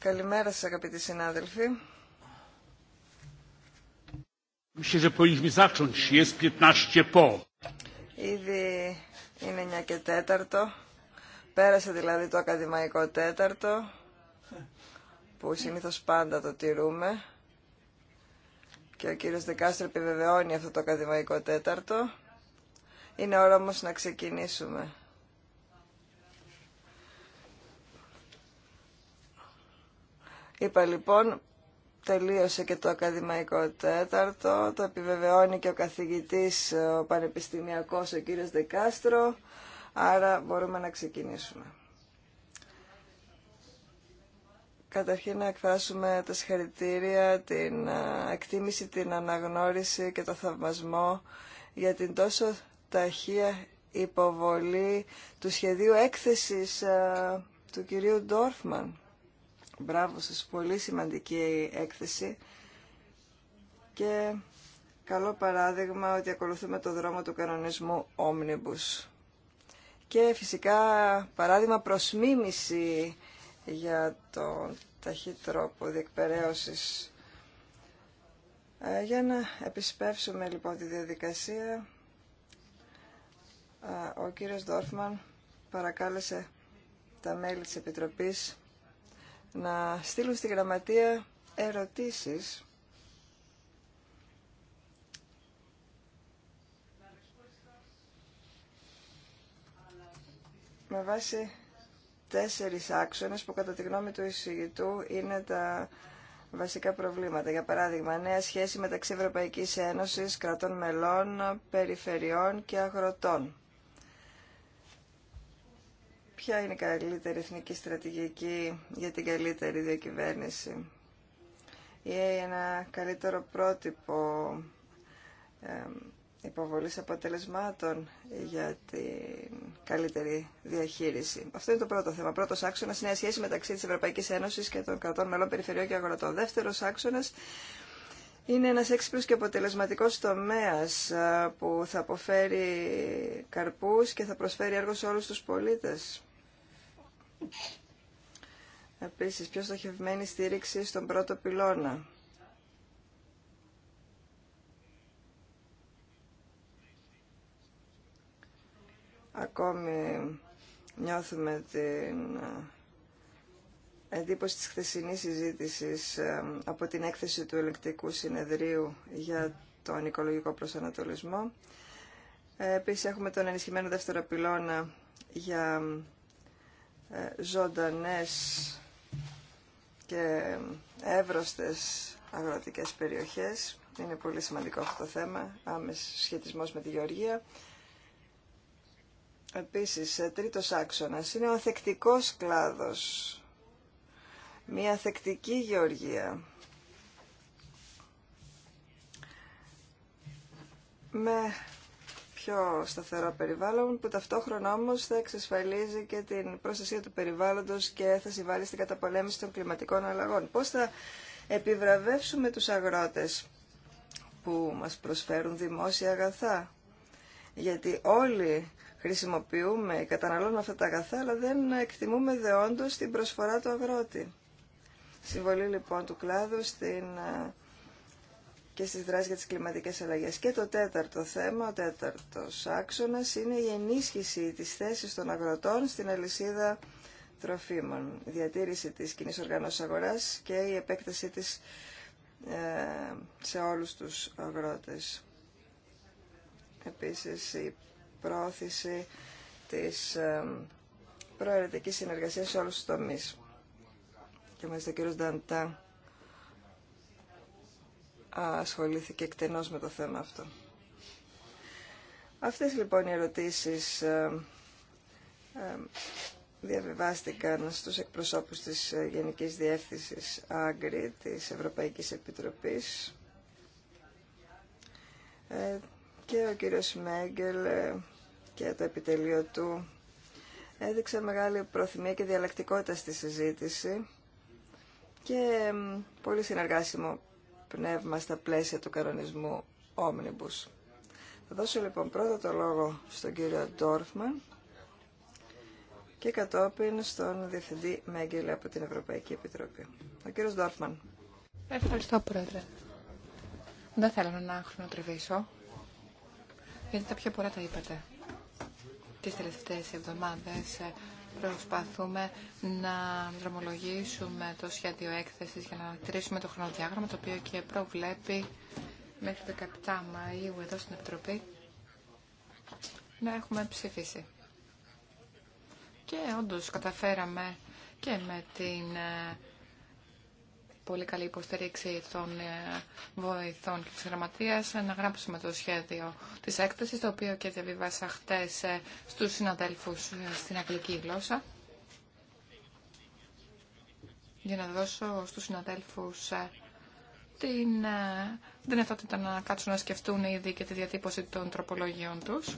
Καλημέρα σας αγαπητοί συνάδελφοι. Ήδη είναι 9 και τέταρτο. Πέρασε δηλαδή το ακαδημαϊκό τέταρτο που συνήθως πάντα το τηρούμε και ο κύριος Δεκάστρο επιβεβαιώνει αυτό το ακαδημαϊκό τέταρτο. Είναι ώρα όμως να ξεκινήσουμε. Είπα λοιπόν, τελείωσε και το ακαδημαϊκό τέταρτο, το επιβεβαιώνει και ο καθηγητής, ο πανεπιστημιακός, ο κύριος Δεκάστρο, άρα μπορούμε να ξεκινήσουμε. Καταρχήν να εκφράσουμε τα συγχαρητήρια, την εκτίμηση, την αναγνώριση και το θαυμασμό για την τόσο ταχεία υποβολή του σχεδίου έκθεσης του κυρίου Ντόρφμαν Μπράβο σας, πολύ σημαντική έκθεση και καλό παράδειγμα ότι ακολουθούμε το δρόμο του κανονισμού Omnibus. Και φυσικά παράδειγμα προς για τον ταχύ τρόπο διεκπαιρέωσης. Ε, για να επισπεύσουμε λοιπόν τη διαδικασία, ε, ο κύριος Δόρφμαν παρακάλεσε τα μέλη της Επιτροπής να στείλουν στη γραμματεία ερωτήσεις με βάση τέσσερις άξονες που κατά τη γνώμη του εισηγητού είναι τα βασικά προβλήματα. Για παράδειγμα, νέα σχέση μεταξύ Ευρωπαϊκής Ένωσης, κρατών μελών, περιφερειών και αγροτών ποια είναι η καλύτερη εθνική στρατηγική για την καλύτερη διακυβέρνηση ή ένα καλύτερο πρότυπο υποβολής αποτελεσμάτων για την καλύτερη διαχείριση. Αυτό είναι το πρώτο θέμα. Πρώτος άξονας είναι η σχέση μεταξύ της Ευρωπαϊκής Ένωσης και των κρατών μελών περιφερειών και αγορατών. Δεύτερος άξονας είναι ένας έξυπνος και αποτελεσματικός τομέας ε, που θα αποφέρει καρπούς και θα προσφέρει έργο σε όλους τους πολίτες. Επίσης, πιο στοχευμένη στήριξη στον πρώτο πυλώνα. Ακόμη νιώθουμε την ε, εντύπωση της χθεσινής συζήτησης ε, από την έκθεση του ελεκτικού συνεδρίου για τον οικολογικό προσανατολισμό. Ε, επίσης έχουμε τον ενισχυμένο δεύτερο πυλώνα για ε, ζωντανές και εύρωστες αγροτικές περιοχές. Είναι πολύ σημαντικό αυτό το θέμα, Άμεση σχετισμός με τη γεωργία. Επίσης, ε, τρίτος άξονας είναι ο θεκτικός κλάδος. Μια θεκτική γεωργία. Με πιο σταθερό περιβάλλον που ταυτόχρονα όμως θα εξασφαλίζει και την προστασία του περιβάλλοντος και θα συμβάλλει στην καταπολέμηση των κλιματικών αλλαγών. Πώς θα επιβραβεύσουμε τους αγρότες που μας προσφέρουν δημόσια αγαθά. Γιατί όλοι χρησιμοποιούμε, καταναλώνουμε αυτά τα αγαθά, αλλά δεν εκτιμούμε δεόντως την προσφορά του αγρότη. Συμβολή λοιπόν του κλάδου στην ε, και στις δράσεις για τις κλιματικές αλλαγές. Και το τέταρτο θέμα, ο τέταρτος άξονας, είναι η ενίσχυση της θέσης των αγροτών στην αλυσίδα τροφίμων, η διατήρηση της κοινής οργάνωσης αγοράς και η επέκτασή της ε, σε όλους τους αγρότες. Επίσης, η πρόθεση της ε, προαιρετικής συνεργασίας σε όλους τους τομείς. Και μάλιστα ο κύριος Νταντά ασχολήθηκε εκτενώς με το θέμα αυτό. Αυτές λοιπόν οι ερωτήσεις ε, ε, διαβιβάστηκαν στους εκπροσώπους της ε, Γενικής Διεύθυνσης Άγκρη της Ευρωπαϊκής Επιτροπής και ο κύριος Μέγκελ και το επιτελείο του έδειξε μεγάλη προθυμία και διαλεκτικότητα στη συζήτηση και πολύ συνεργάσιμο πνεύμα στα πλαίσια του κανονισμού Omnibus. Θα δώσω λοιπόν πρώτα το λόγο στον κύριο Ντόρφμαν και κατόπιν στον Διευθυντή Μέγκελε από την Ευρωπαϊκή Επιτροπή. Ο κύριος Ντόρφμαν. Ευχαριστώ πρόεδρε. Δεν θέλω να χρονοτριβήσω, γιατί τα πιο πολλά τα είπατε. Τις τελευταίες εβδομάδες ε, Προσπαθούμε να δρομολογήσουμε το σχέδιο έκθεσης για να τηρήσουμε το χρονοδιάγραμμα, το οποίο και προβλέπει μέχρι το 17 Μαΐου εδώ στην Επιτροπή να έχουμε ψηφίσει. Και όντως καταφέραμε και με την ε, πολύ καλή υποστήριξη των ε, βοηθών και της γραμματείας να γράψουμε το σχέδιο της έκθεσης, το οποίο και διαβίβασα χτες ε, στους συναδέλφους ε, στην αγγλική γλώσσα. Για να δώσω στους συναδέλφους την δυνατότητα να κάτσουν να σκεφτούν ήδη και τη διατύπωση των τροπολογιών τους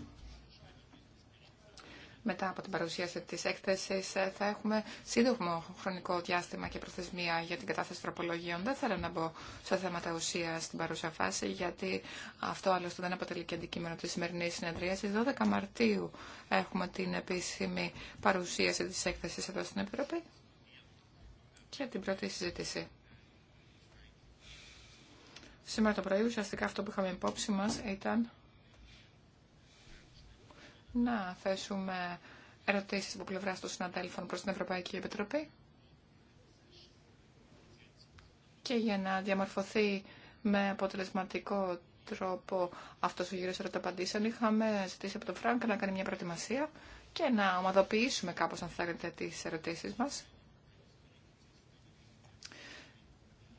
μετά από την παρουσίαση της έκθεσης ε, θα έχουμε σύντομο χρονικό διάστημα και προθεσμία για την κατάθεση τροπολογίων. Δεν θέλω να μπω σε θέματα ουσία στην παρούσα φάση, γιατί αυτό άλλωστε δεν αποτελεί και αντικείμενο τη σημερινή συνεδρία. Στις 12 Μαρτίου έχουμε την επίσημη παρουσίαση της έκθεση εδώ στην Επιτροπή και την πρώτη συζήτηση. Σήμερα το πρωί ουσιαστικά αυτό που είχαμε υπόψη μας ήταν να θέσουμε ερωτήσεις από πλευράς των συναδέλφων προς την Ευρωπαϊκή Επιτροπή και για να διαμορφωθεί με αποτελεσματικό τρόπο αυτός ο γύρος ερωταπαντήσεων είχαμε ζητήσει από τον Φράνκ να κάνει μια προετοιμασία και να ομαδοποιήσουμε κάπως αν θέλετε τις ερωτήσεις μας.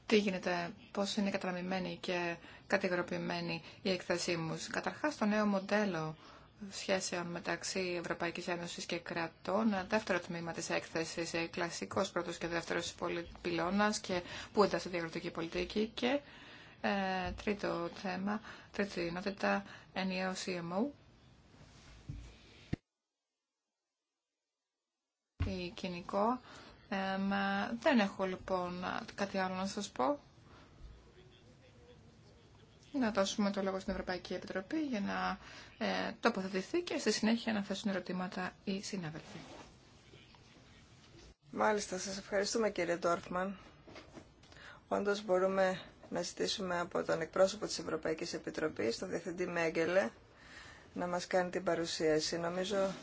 Τι γίνεται, πώς είναι καταναμημένη και κατηγοροποιημένη η εκθεσή μου. Καταρχάς το νέο μοντέλο σχέσεων μεταξύ Ευρωπαϊκής Ένωσης και κρατών. Δεύτερο τμήμα της έκθεσης, ε, κλασικός πρώτος και δεύτερος πυλώνας και που εντάσσεται η διαγροτική πολιτική και ε, τρίτο θέμα, τρίτη ενότητα, ενιαίο CMO. Η κοινικό. Ε, δεν έχω λοιπόν κάτι άλλο να σας πω. Να δώσουμε το λόγο στην Ευρωπαϊκή Επιτροπή για να ε, τοποθετηθεί και στη συνέχεια να θέσουν ερωτήματα οι συνάδελφοι. Μάλιστα, σας ευχαριστούμε κύριε Ντόρφμαν. Όντως μπορούμε να ζητήσουμε από τον εκπρόσωπο της Ευρωπαϊκής Επιτροπής, τον Διευθυντή Μέγκελε, να μας κάνει την παρουσίαση. Νομίζω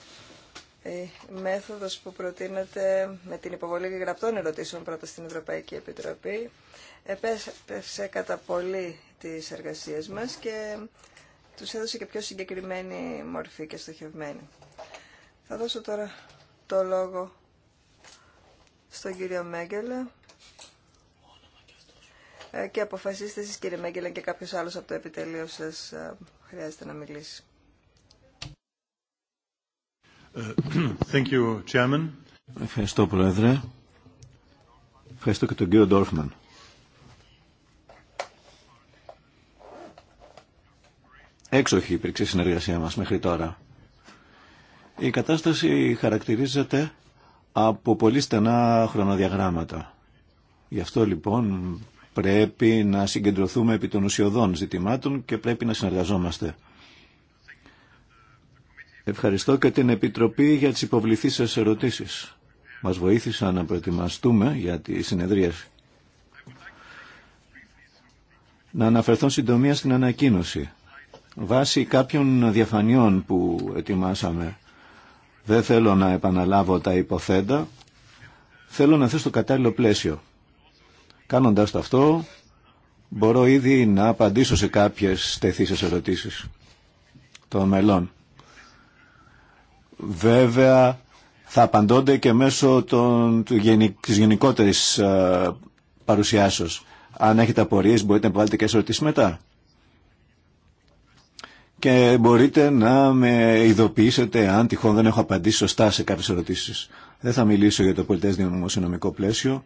η μέθοδος που προτείνεται με την υποβολή γραπτών ερωτήσεων πρώτα στην Ευρωπαϊκή Επιτροπή επέσπευσε κατά πολύ τις εργασίες μας και τους έδωσε και πιο συγκεκριμένη μορφή και στοχευμένη. Θα δώσω τώρα το λόγο στον κύριο Μέγκελε ε, και αποφασίστε εσείς κύριε Μέγκελε και κάποιος άλλος από το επιτελείο σας ε, χρειάζεται να μιλήσει. Ε, thank you, Chairman. Ευχαριστώ Πρόεδρε. Ευχαριστώ και τον κύριο Ντόρφμαν Έξοχη υπήρξε η συνεργασία μας μέχρι τώρα. Η κατάσταση χαρακτηρίζεται από πολύ στενά χρονοδιαγράμματα. Γι' αυτό λοιπόν πρέπει να συγκεντρωθούμε επί των ουσιοδών ζητημάτων και πρέπει να συνεργαζόμαστε. Ευχαριστώ και την Επιτροπή για τις υποβληθείς σας ερωτήσεις. Μας βοήθησαν να προετοιμαστούμε για τη συνεδρία. Να αναφερθώ συντομία στην ανακοίνωση βάσει κάποιων διαφανειών που ετοιμάσαμε. Δεν θέλω να επαναλάβω τα υποθέντα. Θέλω να θέσω το κατάλληλο πλαίσιο. Κάνοντας το αυτό, μπορώ ήδη να απαντήσω σε κάποιες τεθήσεις ερωτήσεις των μελών. Βέβαια, θα απαντώνται και μέσω των, του, της γενικότερης ε, παρουσιάσεως. Αν έχετε απορίες, μπορείτε να βάλετε και ερωτήσεις μετά και μπορείτε να με ειδοποιήσετε αν τυχόν δεν έχω απαντήσει σωστά σε κάποιες ερωτήσεις. Δεν θα μιλήσω για το πολιτές δημοσιονομικό πλαίσιο.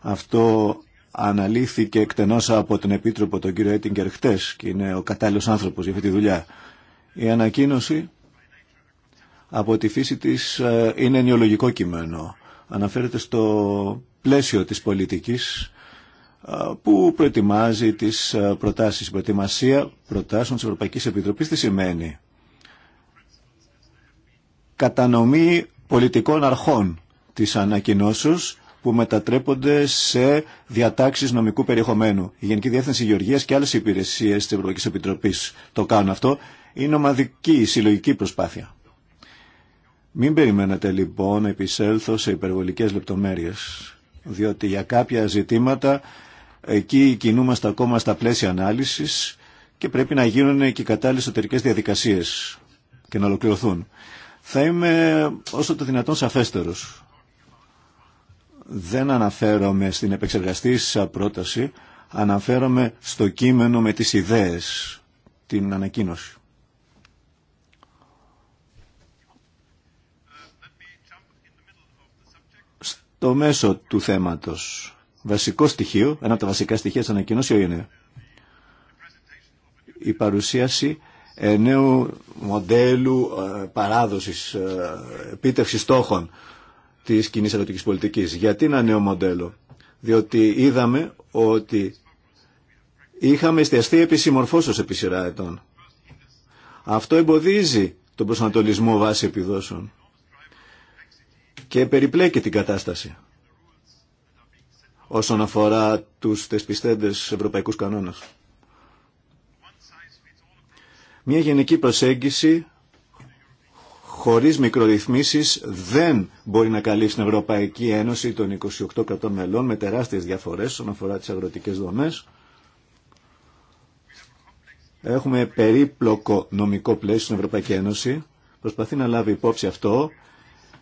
Αυτό αναλύθηκε εκτενώς από τον Επίτροπο τον κύριο Έτιγκερ χτες και είναι ο κατάλληλος άνθρωπος για αυτή τη δουλειά. Η ανακοίνωση από τη φύση της ε, είναι νεολογικό κείμενο. Αναφέρεται στο πλαίσιο της πολιτικής που προετοιμάζει τις προτάσεις. Η προετοιμασία προτάσεων της Ευρωπαϊκής Επιτροπής τι σημαίνει. Κατανομή πολιτικών αρχών της ανακοινώσεως που μετατρέπονται σε διατάξεις νομικού περιεχομένου. Η Γενική Διεύθυνση Γεωργίας και άλλες υπηρεσίες της Ευρωπαϊκής Επιτροπής το κάνουν αυτό. Είναι ομαδική, συλλογική προσπάθεια. Μην περιμένετε λοιπόν να επισέλθω σε υπερβολικές λεπτομέρειες, διότι για κάποια ζητήματα Εκεί κινούμαστε ακόμα στα πλαίσια ανάλυσης και πρέπει να γίνουν και οι κατάλληλες εσωτερικές διαδικασίες και να ολοκληρωθούν. Θα είμαι όσο το δυνατόν σαφέστερος. Δεν αναφέρομαι στην επεξεργαστή σα πρόταση, αναφέρομαι στο κείμενο με τις ιδέες, την ανακοίνωση. Στο μέσο του θέματος βασικό στοιχείο, ένα από τα βασικά στοιχεία της ανακοινώσεως είναι η παρουσίαση ε, νέου μοντέλου ε, παράδοσης, ε, επίτευξης στόχων της κοινής ερωτικής πολιτικής. Γιατί ένα νέο μοντέλο. Διότι είδαμε ότι είχαμε εστιαστεί επί συμμορφώσεως επί σειρά ετών. Αυτό εμποδίζει τον προσανατολισμό βάση επιδόσεων και περιπλέκει την κατάσταση όσον αφορά τους θεσπιστέντες ευρωπαϊκούς κανόνες. Μια γενική προσέγγιση χωρίς μικρορυθμίσεις δεν μπορεί να καλύψει την Ευρωπαϊκή Ένωση των 28 κρατών μελών με τεράστιες διαφορές όσον αφορά τις αγροτικές δομές. Έχουμε περίπλοκο νομικό πλαίσιο στην Ευρωπαϊκή Ένωση. Προσπαθεί να λάβει υπόψη αυτό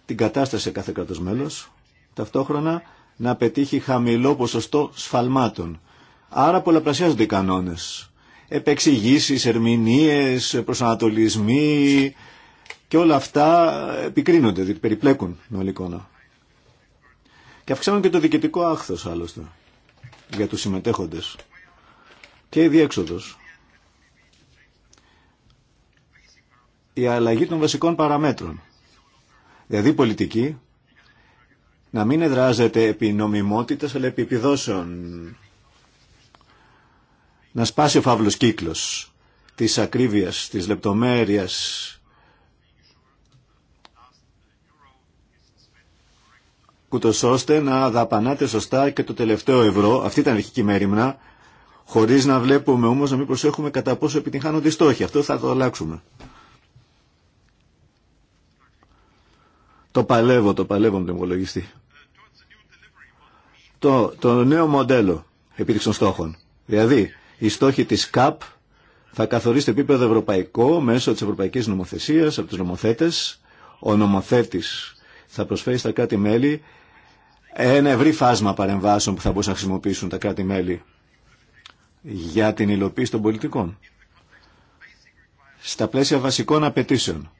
την κατάσταση σε κάθε κράτος μέλος. Ταυτόχρονα να πετύχει χαμηλό ποσοστό σφαλμάτων. Άρα πολλαπλασιάζονται οι κανόνες. Επεξηγήσεις, ερμηνείες, προσανατολισμοί και όλα αυτά επικρίνονται, δηλαδή περιπλέκουν την όλη εικόνα. Και αυξάνουν και το διοικητικό άχθος άλλωστε για τους συμμετέχοντες και η διέξοδος. Η αλλαγή των βασικών παραμέτρων. Δηλαδή η πολιτική να μην εδράζεται επί νομιμότητας αλλά επί επιδόσεων. Να σπάσει ο φαύλος κύκλος της ακρίβειας, της λεπτομέρειας. Ούτως ώστε να δαπανάτε σωστά και το τελευταίο ευρώ, αυτή ήταν η αρχική μέρημνα, χωρίς να βλέπουμε όμως να μην προσέχουμε κατά πόσο επιτυγχάνονται οι στόχοι. Αυτό θα το αλλάξουμε. Το παλεύω, το παλεύω με τον υπολογιστή το, το νέο μοντέλο επίδειξη των στόχων. Δηλαδή, οι στόχοι της ΚΑΠ θα καθορίσουν επίπεδο ευρωπαϊκό μέσω της ευρωπαϊκής νομοθεσίας από τους νομοθέτες. Ο νομοθέτης θα προσφέρει στα κράτη-μέλη ένα ευρύ φάσμα παρεμβάσεων που θα μπορούσαν να χρησιμοποιήσουν τα κράτη-μέλη για την υλοποίηση των πολιτικών. Στα πλαίσια βασικών απαιτήσεων,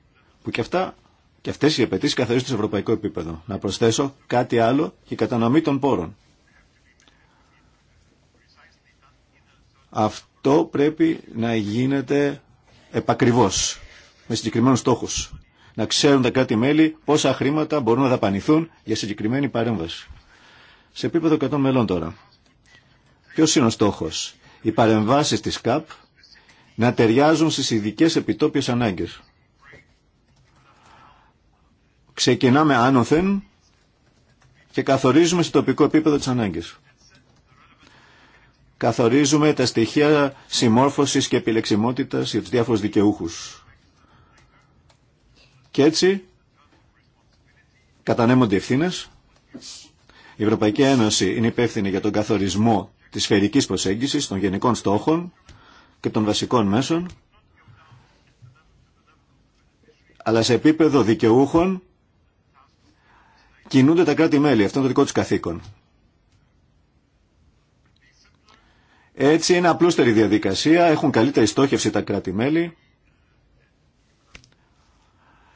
που και, αυτά, και αυτές οι απαιτήσει καθορίζονται σε ευρωπαϊκό επίπεδο. Να προσθέσω κάτι άλλο και η κατανομή των πόρων. Αυτό πρέπει να γίνεται επακριβώς, με συγκεκριμένους στόχους. Να ξέρουν τα κράτη-μέλη πόσα χρήματα μπορούν να δαπανηθούν για συγκεκριμένη παρέμβαση. Σε επίπεδο 100 μελών τώρα. Ποιος είναι ο στόχος. Οι παρεμβάσεις της ΚΑΠ να ταιριάζουν στις ειδικές επιτόπιες ανάγκες. Ξεκινάμε άνωθεν και καθορίζουμε στο τοπικό επίπεδο τις ανάγκες καθορίζουμε τα στοιχεία συμμόρφωσης και επιλεξιμότητας για τους διάφορους δικαιούχους. Και έτσι κατανέμονται ευθύνε. Η Ευρωπαϊκή Ένωση είναι υπεύθυνη για τον καθορισμό της σφαιρικής προσέγγισης, των γενικών στόχων και των βασικών μέσων, αλλά σε επίπεδο δικαιούχων κινούνται τα κράτη-μέλη. Αυτό είναι το δικό τους καθήκον. Έτσι είναι απλούστερη διαδικασία, έχουν καλύτερη στόχευση τα κράτη-μέλη,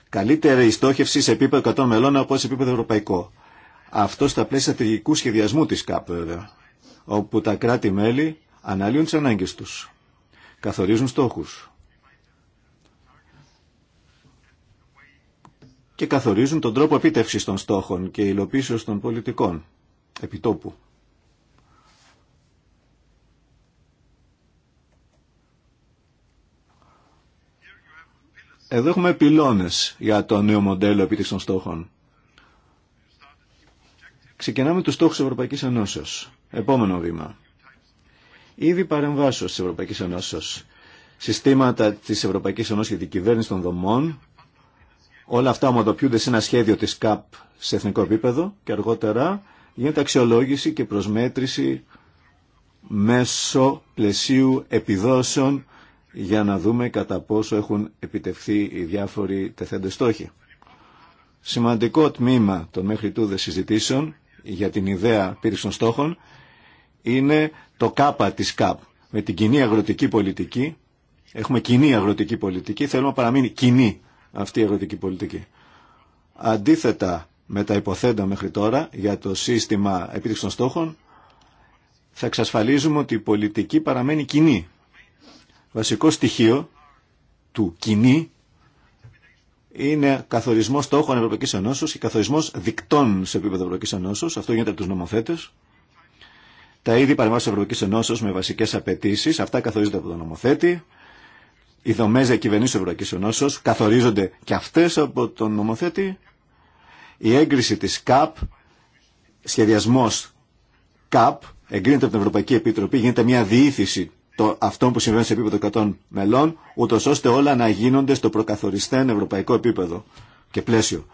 καλύτερη στόχευση σε επίπεδο 100 μελών από σε επίπεδο ευρωπαϊκό. Αυτό στα πλαίσια στρατηγικού σχεδιασμού της ΚΑΠ βέβαια, όπου τα κράτη-μέλη αναλύουν τις ανάγκες τους, καθορίζουν στόχους και καθορίζουν τον τρόπο επίτευξης των στόχων και υλοποίησης των πολιτικών επιτόπου. Εδώ έχουμε επιλόνες για το νέο μοντέλο επίτευξης των στόχων. Ξεκινάμε τους στόχους της Ευρωπαϊκής Ενώσεω, Επόμενο βήμα. Ήδη παρεμβάσεω τη Ευρωπαϊκή Ενώσεω. Συστήματα τη Ευρωπαϊκή Ενώσεω για την κυβέρνηση των δομών. Όλα αυτά ομοδοποιούνται σε ένα σχέδιο τη ΚΑΠ σε εθνικό επίπεδο και αργότερα γίνεται αξιολόγηση και προσμέτρηση μέσω πλαισίου επιδόσεων για να δούμε κατά πόσο έχουν επιτευχθεί οι διάφοροι τεθέντες στόχοι. Σημαντικό τμήμα των μέχρι τούδε συζητήσεων για την ιδέα πύρης στόχων είναι το ΚΑΠΑ της ΚΑΠ. Με την κοινή αγροτική πολιτική, έχουμε κοινή αγροτική πολιτική, θέλουμε να παραμείνει κοινή αυτή η αγροτική πολιτική. Αντίθετα με τα υποθέντα μέχρι τώρα για το σύστημα επίδειξης των στόχων, θα εξασφαλίζουμε ότι η πολιτική παραμένει κοινή βασικό στοιχείο του κοινή είναι καθορισμό στόχων Ευρωπαϊκή Ενώσεω και καθορισμό δικτών σε επίπεδο Ευρωπαϊκή Ενώσεω. Αυτό γίνεται από του νομοθέτε. Τα είδη παρεμβάσει Ευρωπαϊκή Ενώσεω με βασικέ απαιτήσει, αυτά καθορίζονται από τον νομοθέτη. Οι δομέ διακυβερνήσει Ευρωπαϊκή Ενώσεω καθορίζονται και αυτέ από τον νομοθέτη. Η έγκριση τη ΚΑΠ, σχεδιασμό ΚΑΠ, εγκρίνεται από την Ευρωπαϊκή Επιτροπή, γίνεται μια διήθηση το, που συμβαίνει σε επίπεδο 100 μελών, ούτω ώστε όλα να γίνονται στο προκαθοριστέν ευρωπαϊκό επίπεδο και πλαίσιο.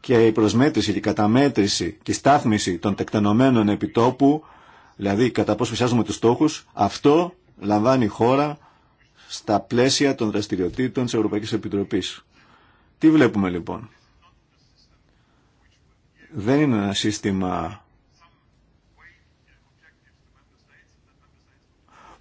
Και η προσμέτρηση και η καταμέτρηση και η στάθμιση των τεκτενωμένων επιτόπου, δηλαδή κατά πώ φυσιάζουμε του στόχους, αυτό λαμβάνει η χώρα στα πλαίσια των δραστηριοτήτων τη Ευρωπαϊκή Επιτροπή. Τι βλέπουμε λοιπόν. Δεν είναι ένα σύστημα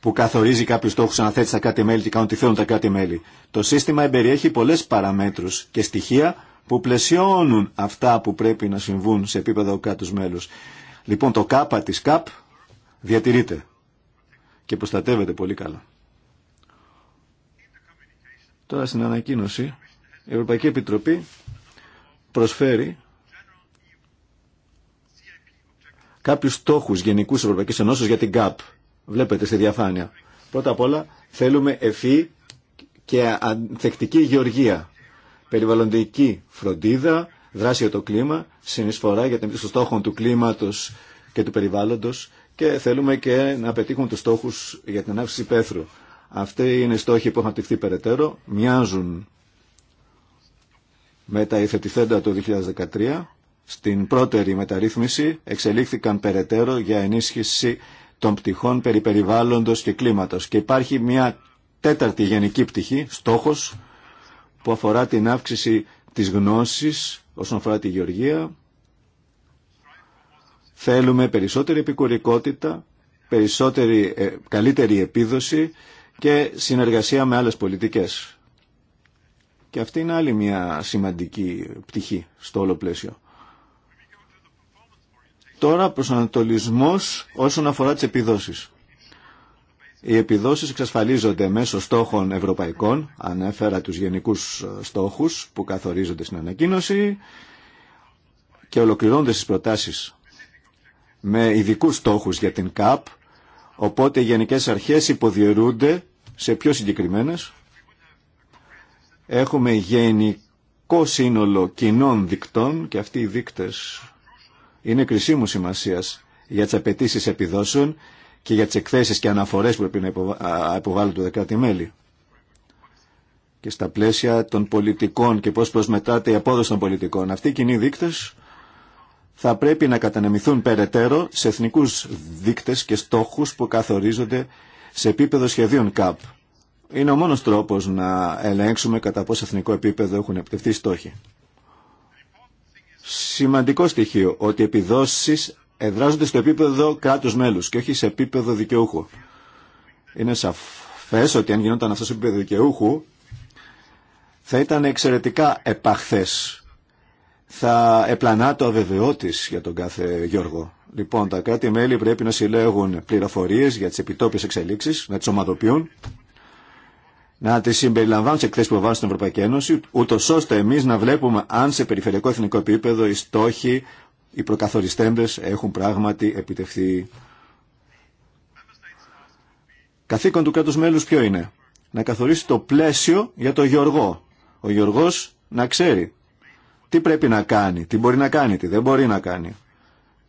που καθορίζει κάποιου στόχου, αναθέτει στα κράτη-μέλη και κάνουν τι θέλουν τα κράτη-μέλη. Το σύστημα εμπεριέχει πολλέ παραμέτρου και στοιχεία που πλαισιώνουν αυτά που πρέπει να συμβούν σε επίπεδο κράτου μέλου. Λοιπόν, το ΚΑΠΑ τη ΚΑΠ διατηρείται και προστατεύεται πολύ καλά. Τώρα στην ανακοίνωση, η Ευρωπαϊκή Επιτροπή προσφέρει κάποιους στόχους γενικούς Ευρωπαϊκής Ενώσεως για την ΚΑΠ Βλέπετε στη διαφάνεια. Πρώτα απ' όλα θέλουμε ευφύ και ανθεκτική γεωργία. Περιβαλλοντική φροντίδα, δράση για το κλίμα, συνεισφορά για την των στόχων του κλίματος και του περιβάλλοντος και θέλουμε και να πετύχουν τους στόχους για την ανάπτυξη πέθρου. Αυτοί είναι οι στόχοι που έχουν απτυχθεί περαιτέρω, μοιάζουν με τα υφετιθέντα του 2013. Στην πρώτερη μεταρρύθμιση εξελίχθηκαν περαιτέρω για ενίσχυση των πτυχών περί περιβάλλοντος και κλίματος. Και υπάρχει μια τέταρτη γενική πτυχή, στόχος, που αφορά την αύξηση της γνώσης όσον αφορά τη γεωργία. Θέλουμε περισσότερη επικουρικότητα, περισσότερη, ε, καλύτερη επίδοση και συνεργασία με άλλες πολιτικές. Και αυτή είναι άλλη μια σημαντική πτυχή στο όλο πλαίσιο. Τώρα Ανατολισμός όσον αφορά τις επιδόσεις. Οι επιδόσεις εξασφαλίζονται μέσω στόχων ευρωπαϊκών, ανέφερα τους γενικούς στόχους που καθορίζονται στην ανακοίνωση και ολοκληρώνονται στις προτάσεις με ειδικού στόχους για την ΚΑΠ, οπότε οι γενικές αρχές υποδιαιρούνται σε πιο συγκεκριμένες. Έχουμε γενικό σύνολο κοινών δικτών και αυτοί οι δείκτες είναι κρισίμου σημασία για τι απαιτήσει επιδόσεων και για τι εκθέσει και αναφορέ που πρέπει να υποβάλλουν το δεκάτη μελη Και στα πλαίσια των πολιτικών και πώ προσμετάται η απόδοση των πολιτικών. Αυτοί οι κοινοί δείκτε θα πρέπει να κατανεμηθούν περαιτέρω σε εθνικού δείκτε και στόχου που καθορίζονται σε επίπεδο σχεδίων ΚΑΠ. Είναι ο μόνος τρόπος να ελέγξουμε κατά πόσο εθνικό επίπεδο έχουν επιτευχθεί στόχοι σημαντικό στοιχείο ότι οι επιδόσεις εδράζονται στο επίπεδο κράτους μέλους και όχι σε επίπεδο δικαιούχου. Είναι σαφές ότι αν γινόταν αυτό σε επίπεδο δικαιούχου θα ήταν εξαιρετικά επαχθές. Θα επλανά το αβεβαιώτης για τον κάθε Γιώργο. Λοιπόν, τα κράτη-μέλη πρέπει να συλλέγουν πληροφορίες για τις επιτόπιες εξελίξεις, να τις ομαδοποιούν να τι συμπεριλαμβάνουν σε εκθέσει που βάζουν στην Ευρωπαϊκή Ένωση, ούτω ώστε εμεί να βλέπουμε αν σε περιφερειακό εθνικό επίπεδο οι στόχοι, οι προκαθοριστέντε έχουν πράγματι επιτευχθεί. Καθήκον του κράτου μέλου ποιο είναι. Να καθορίσει το πλαίσιο για το γεωργό. Ο γεωργό να ξέρει τι πρέπει να κάνει, τι μπορεί να κάνει, τι δεν μπορεί να κάνει.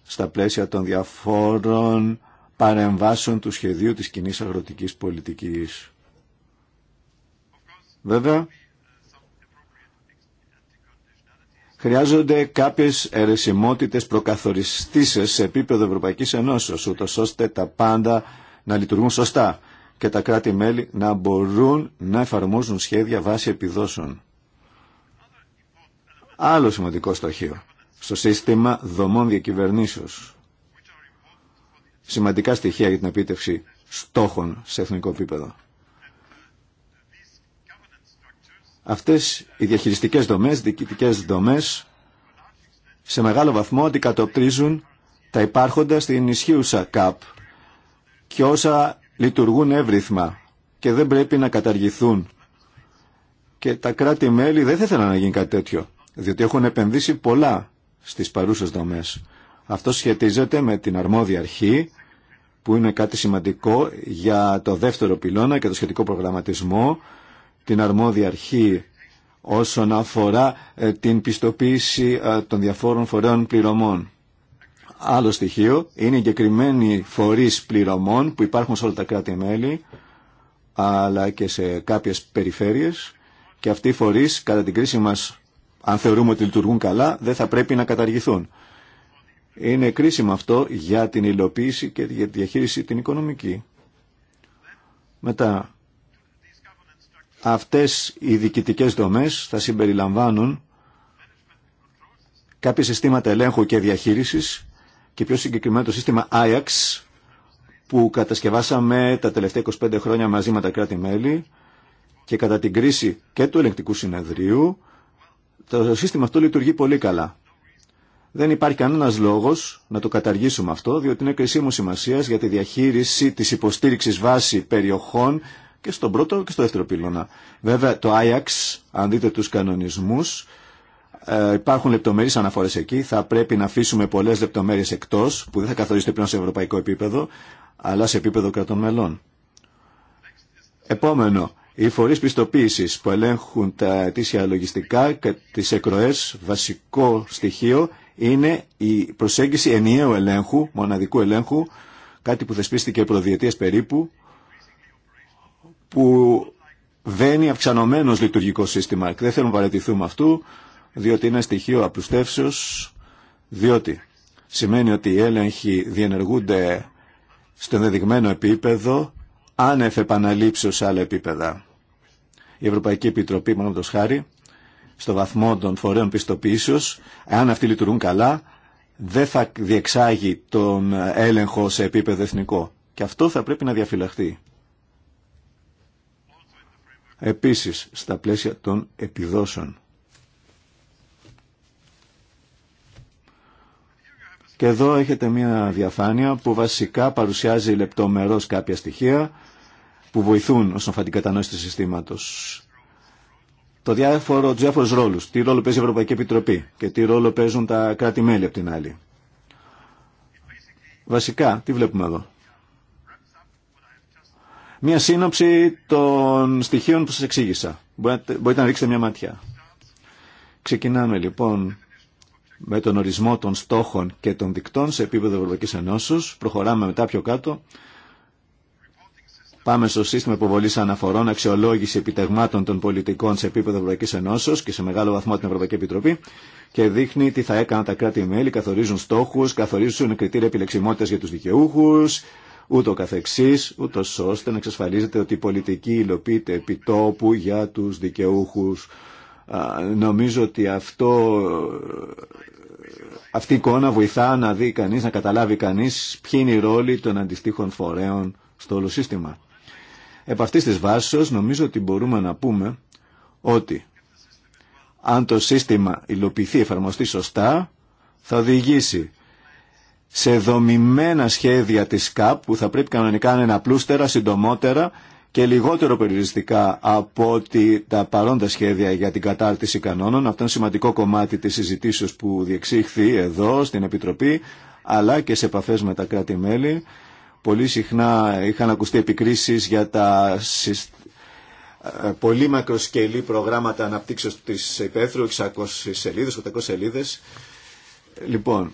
Στα πλαίσια των διαφόρων παρεμβάσεων του σχεδίου της κοινή αγροτικής πολιτική. Βέβαια, χρειάζονται κάποιες αιρεσιμότητες προκαθοριστήσεις σε επίπεδο Ευρωπαϊκής Ενώσεως, ούτως ώστε τα πάντα να λειτουργούν σωστά και τα κράτη-μέλη να μπορούν να εφαρμόζουν σχέδια βάσει επιδόσεων. Άλλο σημαντικό στοχείο, στο σύστημα δομών διακυβερνήσεως. Σημαντικά στοιχεία για την επίτευξη στόχων σε εθνικό επίπεδο. Αυτές οι διαχειριστικές δομές, διοικητικές δομές, σε μεγάλο βαθμό αντικατοπτρίζουν τα υπάρχοντα στην ισχύουσα ΚΑΠ και όσα λειτουργούν εύρυθμα και δεν πρέπει να καταργηθούν. Και τα κράτη-μέλη δεν θα ήθελαν να γίνει κάτι τέτοιο, διότι έχουν επενδύσει πολλά στις παρούσες δομές. Αυτό σχετίζεται με την αρμόδια αρχή, που είναι κάτι σημαντικό για το δεύτερο πυλώνα και το σχετικό προγραμματισμό, την αρμόδια αρχή όσον αφορά ε, την πιστοποίηση ε, των διαφόρων φορέων πληρωμών. Άλλο στοιχείο είναι εγκεκριμένοι φορείς πληρωμών που υπάρχουν σε όλα τα κράτη-μέλη αλλά και σε κάποιες περιφέρειες και αυτοί οι φορείς κατά την κρίση μας αν θεωρούμε ότι λειτουργούν καλά δεν θα πρέπει να καταργηθούν. Είναι κρίσιμο αυτό για την υλοποίηση και για τη διαχείριση την οικονομική. Μετά, Αυτές οι διοικητικές δομές θα συμπεριλαμβάνουν κάποια συστήματα ελέγχου και διαχείρισης και πιο συγκεκριμένα το σύστημα Ajax που κατασκευάσαμε τα τελευταία 25 χρόνια μαζί με τα κράτη-μέλη και κατά την κρίση και του ελεγκτικού συνεδρίου το σύστημα αυτό λειτουργεί πολύ καλά. Δεν υπάρχει κανένας λόγος να το καταργήσουμε αυτό, διότι είναι κρισίμου σημασία για τη διαχείριση της υποστήριξης βάση περιοχών και στον πρώτο και στο δεύτερο πυλώνα. Βέβαια το Ajax, αν δείτε τους κανονισμούς, ε, υπάρχουν λεπτομέρειες αναφορές εκεί. Θα πρέπει να αφήσουμε πολλές λεπτομέρειε εκτός, που δεν θα καθορίζεται πλέον σε ευρωπαϊκό επίπεδο, αλλά σε επίπεδο κρατών μελών. Επόμενο, οι φορεί πιστοποίηση που ελέγχουν τα αιτήσια λογιστικά και τι εκροέ, βασικό στοιχείο είναι η προσέγγιση ενιαίου ελέγχου, μοναδικού ελέγχου, κάτι που θεσπίστηκε προδιετία περίπου που βαίνει αυξανωμένο λειτουργικό σύστημα. δεν θέλουμε να παρατηθούμε αυτού, διότι είναι στοιχείο απλουστεύσεως, διότι σημαίνει ότι οι έλεγχοι διενεργούνται στο ενδεδειγμένο επίπεδο, αν επαναλήψεως σε άλλα επίπεδα. Η Ευρωπαϊκή Επιτροπή, μόνο χάρη, στο βαθμό των φορέων πιστοποίησεως, αν αυτοί λειτουργούν καλά, δεν θα διεξάγει τον έλεγχο σε επίπεδο εθνικό. Και αυτό θα πρέπει να διαφυλαχθεί. Επίσης, στα πλαίσια των επιδόσεων. Και εδώ έχετε μια διαφάνεια που βασικά παρουσιάζει λεπτομερώς κάποια στοιχεία που βοηθούν ως αφορά την κατανόηση του συστήματος. Το διάφορο, τους διάφορους ρόλους. Τι ρόλο παίζει η Ευρωπαϊκή Επιτροπή και τι ρόλο παίζουν τα κράτη-μέλη από την άλλη. Βασικά, τι βλέπουμε εδώ. Μία σύνοψη των στοιχείων που σας εξήγησα. Μπορείτε, μπορείτε να ρίξετε μια ματιά. Ξεκινάμε λοιπόν με τον ορισμό των στόχων και των δικτών σε επίπεδο Ευρωπαϊκής Ενώσεως. Προχωράμε μετά πιο κάτω. Πάμε στο σύστημα υποβολή αναφορών, αξιολόγηση επιτεγμάτων των πολιτικών σε επίπεδο Ευρωπαϊκή Ενώσεω και σε μεγάλο βαθμό την Ευρωπαϊκή Επιτροπή και δείχνει τι θα έκαναν τα κράτη-μέλη, καθορίζουν στόχου, καθορίζουν κριτήρια επιλεξιμότητα για του δικαιούχου, ούτω καθεξής, ούτω ώστε να εξασφαλίζεται ότι η πολιτική υλοποιείται επιτόπου για τους δικαιούχους. Νομίζω ότι αυτό, αυτή η εικόνα βοηθά να δει κανείς, να καταλάβει κανείς ποιοι είναι οι ρόλοι των αντιστοίχων φορέων στο όλο σύστημα. Επ' αυτής της βάσης νομίζω ότι μπορούμε να πούμε ότι αν το σύστημα υλοποιηθεί, εφαρμοστεί σωστά, θα οδηγήσει σε δομημένα σχέδια της ΚΑΠ που θα πρέπει κανονικά να είναι απλούστερα, συντομότερα και λιγότερο περιοριστικά από ότι τα παρόντα σχέδια για την κατάρτιση κανόνων. Αυτό είναι σημαντικό κομμάτι της συζητήσεως που διεξήχθη εδώ στην Επιτροπή αλλά και σε επαφές με τα κράτη-μέλη. Πολύ συχνά είχαν ακουστεί επικρίσεις για τα ε, πολύ μακροσκελή προγράμματα αναπτύξεως της υπαίθρου, 600 σελίδες, 800 σελίδες. Λοιπόν,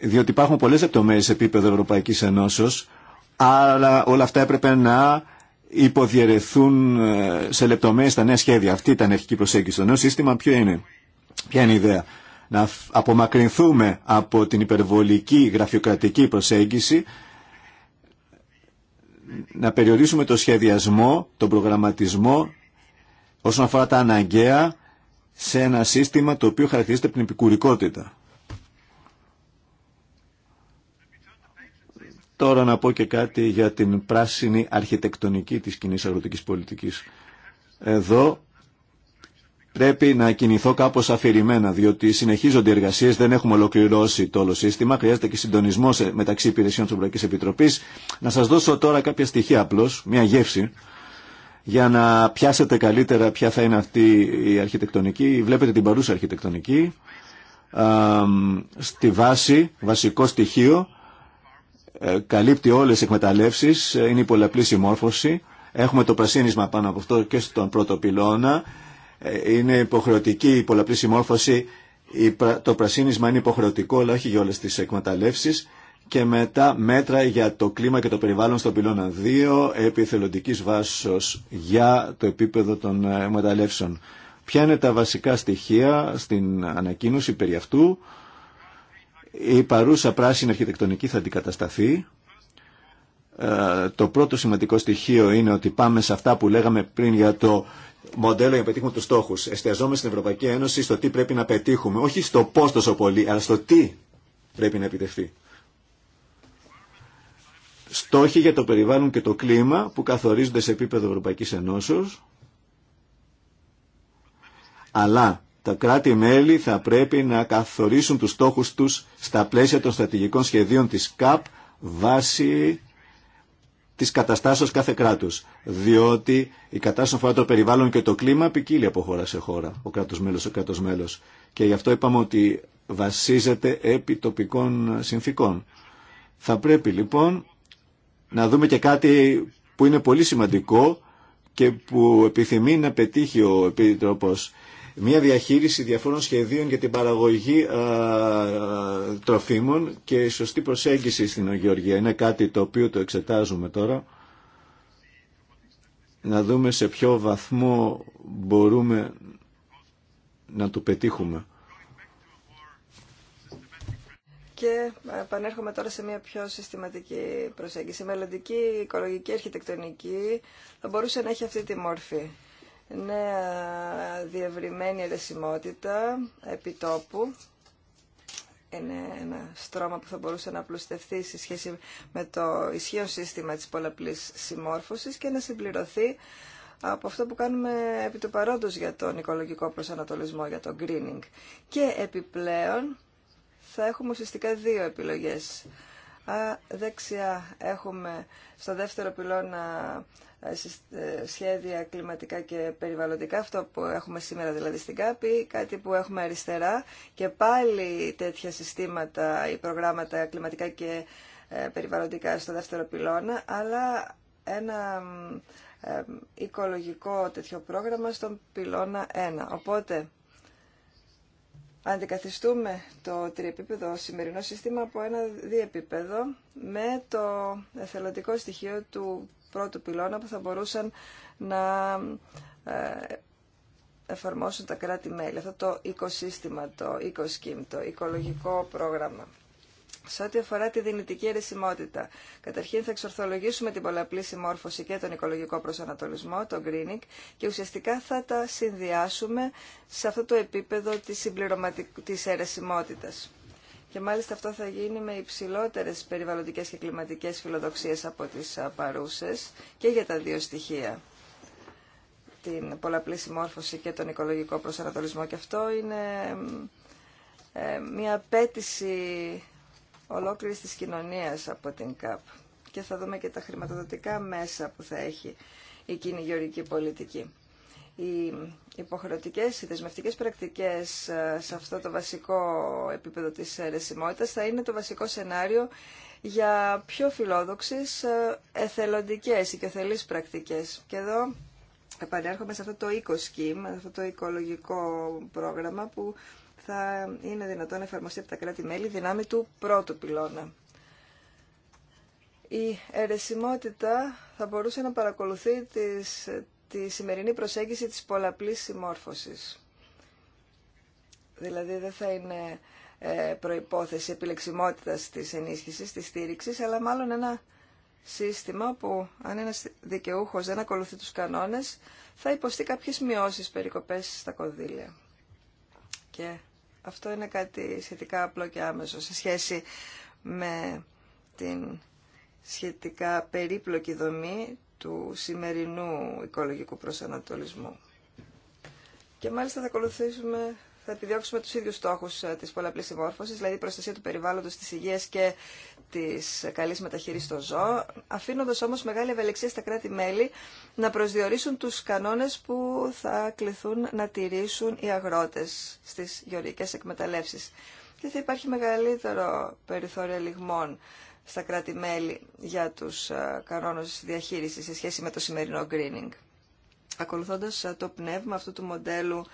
διότι υπάρχουν πολλές λεπτομέρειες σε επίπεδο Ευρωπαϊκής Ενώσεως, αλλά όλα αυτά έπρεπε να υποδιαιρεθούν ε, σε λεπτομέρειες στα νέα σχέδια. Αυτή ήταν η αρχική προσέγγιση. Το νέο σύστημα ποιο είναι, ποια είναι η ιδέα. Να απομακρυνθούμε από την υπερβολική γραφειοκρατική προσέγγιση, να περιορίσουμε το σχεδιασμό, τον προγραμματισμό όσον αφορά τα αναγκαία σε ένα σύστημα το οποίο χαρακτηρίζεται από την επικουρικότητα. Τώρα να πω και κάτι για την πράσινη αρχιτεκτονική της κοινή αγροτικής πολιτικής. Εδώ πρέπει να κινηθώ κάπως αφηρημένα, διότι συνεχίζονται οι εργασίες, δεν έχουμε ολοκληρώσει το όλο σύστημα, χρειάζεται και συντονισμό μεταξύ υπηρεσιών της Ευρωπαϊκής Επιτροπής. Να σας δώσω τώρα κάποια στοιχεία απλώς, μια γεύση, για να πιάσετε καλύτερα ποια θα είναι αυτή η αρχιτεκτονική. Βλέπετε την παρούσα αρχιτεκτονική. στη βάση, βασικό στοιχείο, ε, καλύπτει όλες τις εκμεταλλεύσεις, ε, είναι η πολλαπλή συμμόρφωση. Έχουμε το πρασίνισμα πάνω από αυτό και στον πρώτο πυλώνα. Ε, είναι υποχρεωτική η πολλαπλή συμμόρφωση. Το πρασίνισμα είναι υποχρεωτικό, αλλά όχι για όλες τις εκμεταλλεύσεις. Και μετά μέτρα για το κλίμα και το περιβάλλον στον πυλώνα 2, επιθελοντικής βάσης για το επίπεδο των εκμεταλλεύσεων. Ποια είναι τα βασικά στοιχεία στην ανακοίνωση περί αυτού. Η παρούσα πράσινη αρχιτεκτονική θα αντικατασταθεί. Ε, το πρώτο σημαντικό στοιχείο είναι ότι πάμε σε αυτά που λέγαμε πριν για το μοντέλο για να πετύχουμε του στόχου. Εστιαζόμαστε στην Ευρωπαϊκή Ένωση στο τι πρέπει να πετύχουμε. Όχι στο πώ τόσο πολύ, αλλά στο τι πρέπει να επιτευχθεί. Στόχοι για το περιβάλλον και το κλίμα που καθορίζονται σε επίπεδο Ευρωπαϊκής Ενώσεως. Αλλά τα κράτη-μέλη θα πρέπει να καθορίσουν τους στόχους τους στα πλαίσια των στρατηγικών σχεδίων της ΚΑΠ βάσει της καταστάσεως κάθε κράτους. Διότι η κατάσταση αφορά το περιβάλλον και το κλίμα ποικίλει από χώρα σε χώρα, ο κράτος μέλος, ο κράτος μέλος. Και γι' αυτό είπαμε ότι βασίζεται επί τοπικών συνθήκων. Θα πρέπει λοιπόν να δούμε και κάτι που είναι πολύ σημαντικό και που επιθυμεί να πετύχει ο Επίτροπος μια διαχείριση διαφόρων σχεδίων για την παραγωγή α, τροφίμων και η σωστή προσέγγιση στην Γεωργία. Είναι κάτι το οποίο το εξετάζουμε τώρα. Να δούμε σε ποιο βαθμό μπορούμε να το πετύχουμε. Και επανέρχομαι τώρα σε μια πιο συστηματική προσέγγιση. Η μελλοντική οικολογική αρχιτεκτονική θα μπορούσε να έχει αυτή τη μόρφη νέα διευρυμένη ερεσιμότητα επιτόπου. Είναι ένα στρώμα που θα μπορούσε να απλουστευτεί σε σχέση με το ισχύον σύστημα της πολλαπλής συμμόρφωσης και να συμπληρωθεί από αυτό που κάνουμε επί του παρόντος για τον οικολογικό προσανατολισμό, για το greening. Και επιπλέον θα έχουμε ουσιαστικά δύο επιλογές δεξιά έχουμε στο δεύτερο πυλώνα ε, ε, σχέδια κλιματικά και περιβαλλοντικά, αυτό που έχουμε σήμερα δηλαδή στην ΚΑΠΗ, κάτι που έχουμε αριστερά και πάλι τέτοια συστήματα ή προγράμματα κλιματικά και ε, περιβαλλοντικά στο δεύτερο πυλώνα, αλλά ένα οικολογικό τέτοιο πρόγραμμα στον πυλώνα 1. Οπότε αντικαθιστούμε το τριεπίπεδο σημερινό σύστημα από ένα διεπίπεδο με το εθελοντικό στοιχείο του πρώτου πυλώνα που θα μπορούσαν να ε, εφαρμόσουν τα κράτη-μέλη. Αυτό το οικοσύστημα, το οικοσκήμ, το οικολογικό πρόγραμμα. Σε ό,τι αφορά τη δυνητική αιρεσιμότητα, καταρχήν θα εξορθολογήσουμε την πολλαπλή συμμόρφωση και τον οικολογικό προσανατολισμό, τον greening, και ουσιαστικά θα τα συνδυάσουμε σε αυτό το επίπεδο της, της αιρεσιμότητας. Και μάλιστα αυτό θα γίνει με υψηλότερες περιβαλλοντικές και κλιματικές φιλοδοξίες από τις παρούσες και για τα δύο στοιχεία την πολλαπλή συμμόρφωση και τον οικολογικό προσανατολισμό και αυτό είναι ε, μια απέτηση ολόκληρης της κοινωνίας από την ΚΑΠ. Και θα δούμε και τα χρηματοδοτικά μέσα που θα έχει η κυνηγιορική πολιτική. Οι υποχρεωτικές, οι δεσμευτικές πρακτικές ε, σε αυτό το βασικό επίπεδο της αιρεσιμότητας θα είναι το βασικό σενάριο για πιο φιλόδοξες ε, εθελοντικές, οθελείς πρακτικές. Και εδώ επανέρχομαι σε αυτό το eco scheme, αυτό το οικολογικό πρόγραμμα που θα είναι δυνατόν να εφαρμοστεί από τα κράτη-μέλη δυνάμει του πρώτου πυλώνα. Η αιρεσιμότητα θα μπορούσε να παρακολουθεί τις, τη σημερινή προσέγγιση της πολλαπλής συμμόρφωσης. Δηλαδή δεν θα είναι ε, προϋπόθεση επιλεξιμότητας της ενίσχυσης, της στήριξης, αλλά μάλλον ένα σύστημα που αν ένας δικαιούχος δεν ακολουθεί τους κανόνες θα υποστεί κάποιες μειώσεις περικοπές στα κονδύλια. Και αυτό είναι κάτι σχετικά απλό και άμεσο σε σχέση με την σχετικά περίπλοκη δομή του σημερινού οικολογικού προσανατολισμού. Και μάλιστα θα ακολουθήσουμε θα επιδιώξουμε τους ίδιους στόχους ε, της πολλαπλής συμμόρφωσης, δηλαδή προστασία του περιβάλλοντος, της υγείας και της καλής μεταχείρισης των ζώων, αφήνοντας όμως μεγάλη ευελεξία στα κράτη-μέλη να προσδιορίσουν τους κανόνες που θα κληθούν να τηρήσουν οι αγρότες στις γεωργικές εκμεταλλεύσεις. Και θα υπάρχει μεγαλύτερο περιθώριο λιγμών στα κράτη-μέλη για τους ε, κανόνες διαχείρισης σε σχέση με το σημερινό greening. Ακολουθώντας ε, το πνεύμα αυτού του μοντέλου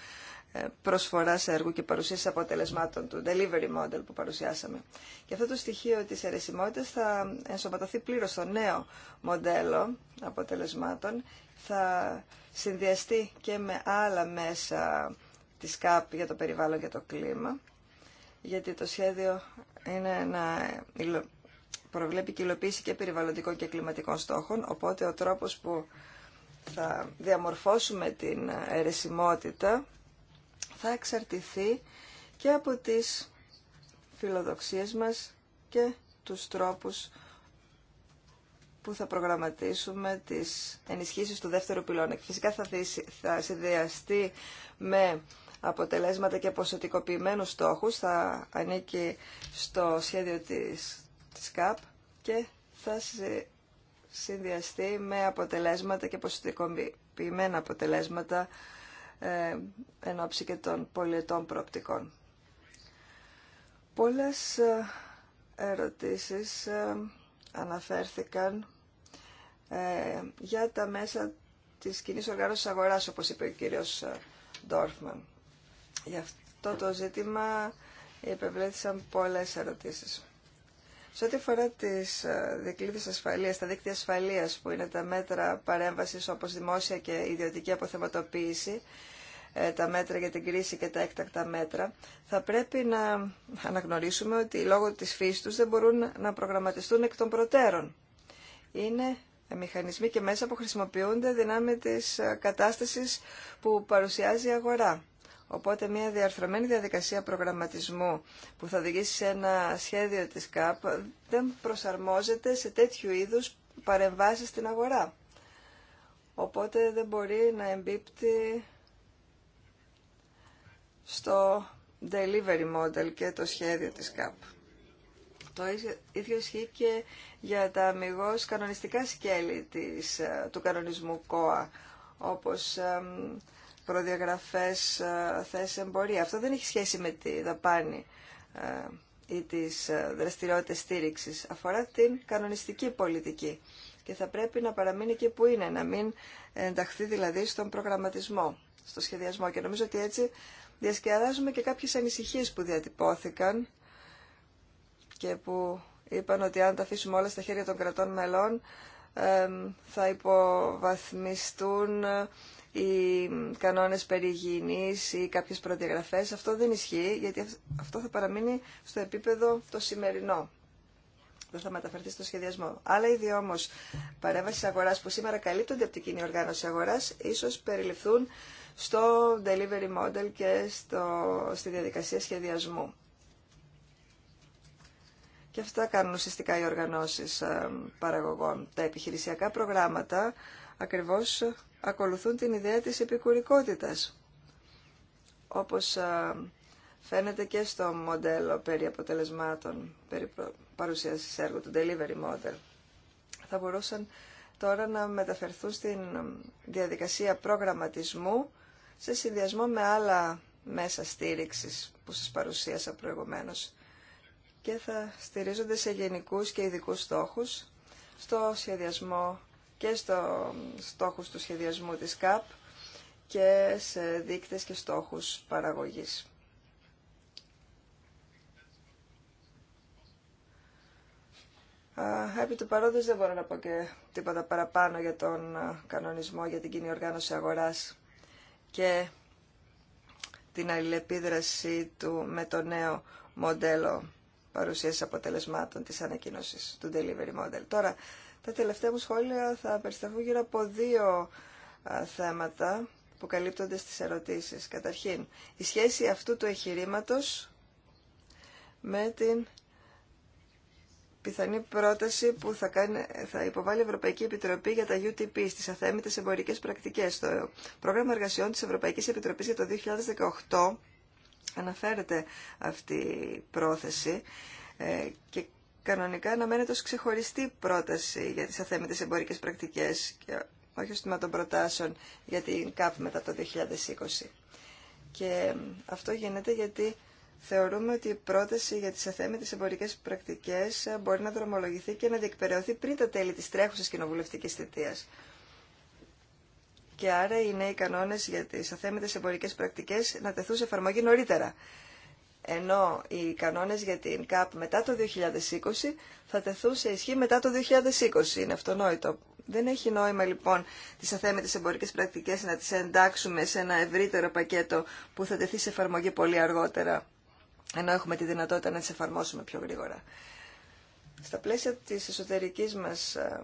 προσφοράς έργου και παρουσίαση αποτελεσμάτων του delivery model που παρουσιάσαμε. Και αυτό το στοιχείο της αιρεσιμότητας θα ενσωματωθεί πλήρως στο νέο μοντέλο αποτελεσμάτων, θα συνδυαστεί και με άλλα μέσα της ΚΑΠ για το περιβάλλον και το κλίμα, γιατί το σχέδιο είναι να προβλέπει και υλοποίηση και περιβαλλοντικών και κλιματικών στόχων, οπότε ο τρόπος που θα διαμορφώσουμε την αιρεσιμότητα θα εξαρτηθεί και από τις φιλοδοξίες μας και τους τρόπους που θα προγραμματίσουμε τις ενισχύσεις του δεύτερου πυλώνα. φυσικά θα, θα συνδυαστεί με αποτελέσματα και ποσοτικοποιημένους στόχους, θα ανήκει στο σχέδιο της, της ΚΑΠ και θα συνδυαστεί με αποτελέσματα και ποσοτικοποιημένα αποτελέσματα ε, εν ώψη και των πολιετών προοπτικών. Πολλές ε, ερωτήσεις ε, αναφέρθηκαν για τα μέσα της κοινής οργάνωσης αγοράς, όπως είπε ο κύριος Ντόρφμαν. Γι' αυτό το ζήτημα υπευλέθησαν πολλές ερωτήσεις. Σε ό,τι αφορά τις δικλείδες ασφαλείας, τα δίκτυα ασφαλείας που είναι τα μέτρα παρέμβασης όπως δημόσια και ιδιωτική αποθεματοποίηση, ε, τα μέτρα για την κρίση και τα έκτακτα μέτρα, θα πρέπει να αναγνωρίσουμε ότι λόγω της φύσης τους δεν μπορούν να προγραμματιστούν εκ των προτέρων. Είναι μηχανισμοί και μέσα που χρησιμοποιούνται δυνάμει της κατάστασης που παρουσιάζει η αγορά. Οπότε μια διαρθρωμένη διαδικασία προγραμματισμού που θα οδηγήσει σε ένα σχέδιο της ΚΑΠ δεν προσαρμόζεται σε τέτοιου είδους παρεμβάσεις στην αγορά. Οπότε δεν μπορεί να εμπίπτει στο delivery model και το σχέδιο της ΚΑΠ. Το ίδιο ισχύει και για τα αμυγός κανονιστικά σκέλη της, ε, του κανονισμού ΚΟΑ, όπως προδιαγραφές ε, θέσεις εμπορία. Αυτό δεν έχει σχέση με τη δαπάνη ε, ή τις δραστηριότητες στήριξης. Αφορά την κανονιστική πολιτική και θα πρέπει να παραμείνει και που είναι, να μην ενταχθεί δηλαδή στον προγραμματισμό, στο σχεδιασμό. Και νομίζω ότι έτσι διασκεδάζουμε και κάποιες ανησυχίες που διατυπώθηκαν και που είπαν ότι αν τα αφήσουμε όλα στα χέρια των κρατών μελών θα υποβαθμιστούν οι κανόνες περί ή κάποιες προδιαγραφές. Αυτό δεν ισχύει, γιατί αυτό θα παραμείνει στο επίπεδο το σημερινό. Δεν θα μεταφερθεί στο σχεδιασμό. Άλλα είδη όμως παρέμβασης αγορά που σήμερα καλύπτονται από την κοινή οργάνωση αγορά, ίσω περιληφθούν στο delivery model και στο, στη διαδικασία σχεδιασμού. Και αυτά κάνουν ουσιαστικά οι οργανώσεις ε, παραγωγών. Τα επιχειρησιακά προγράμματα ακριβώς ακολουθούν την ιδέα της επικουρικότητας. Όπως ε, φαίνεται και στο μοντέλο περί αποτελεσμάτων, περί παρουσίασης έργου, του delivery model. Θα μπορούσαν τώρα να μεταφερθούν στην διαδικασία προγραμματισμού σε συνδυασμό με άλλα μέσα στήριξης που σας παρουσίασα προηγουμένως και θα στηρίζονται σε γενικούς και ειδικούς στόχους στο σχεδιασμό και στο στόχους του σχεδιασμού της ΚΑΠ και σε δείκτες και στόχους παραγωγής. Επί του παρόντος δεν μπορώ να πω και τίποτα παραπάνω για τον κανονισμό για την κοινή οργάνωση αγοράς και την αλληλεπίδραση του με το νέο μοντέλο παρουσίαση αποτελεσμάτων της ανακοίνωσης του delivery model. Τώρα, τα τελευταία μου σχόλια θα περισταθούν γύρω από δύο θέματα που καλύπτονται στις ερωτήσεις. Καταρχήν, η σχέση αυτού του εχειρήματο με την πιθανή πρόταση που θα, κάνει, θα υποβάλει η Ευρωπαϊκή Επιτροπή για τα UTP στις αθέμητες εμπορικές πρακτικές. Το πρόγραμμα εργασιών της Ευρωπαϊκής Επιτροπής για το 2018 αναφέρεται αυτή η πρόθεση ε, και κανονικά αναμένεται ως ξεχωριστή πρόταση για τις αθέμητες εμπορικές πρακτικές και όχι ως τμήμα των προτάσεων για την ΚΑΠ μετά το 2020. Και αυτό γίνεται γιατί θεωρούμε ότι η πρόταση για τις αθέμητες εμπορικές πρακτικές μπορεί να δρομολογηθεί και να διεκπαιρεωθεί πριν τα τέλη της τρέχουσας κοινοβουλευτικής θητείας. Και άρα οι νέοι κανόνες για τις αθέμητες εμπορικές πρακτικές να τεθούν σε εφαρμογή νωρίτερα. Ενώ οι κανόνες για την ΚΑΠ μετά το 2020 θα τεθούν σε ισχύ μετά το 2020. Είναι αυτονόητο. Δεν έχει νόημα λοιπόν τις αθέμετες εμπορικές πρακτικές να τις εντάξουμε σε ένα ευρύτερο πακέτο που θα τεθεί σε εφαρμογή πολύ αργότερα ενώ έχουμε τη δυνατότητα να τις εφαρμόσουμε πιο γρήγορα. Στα πλαίσια της εσωτερικής μας ε,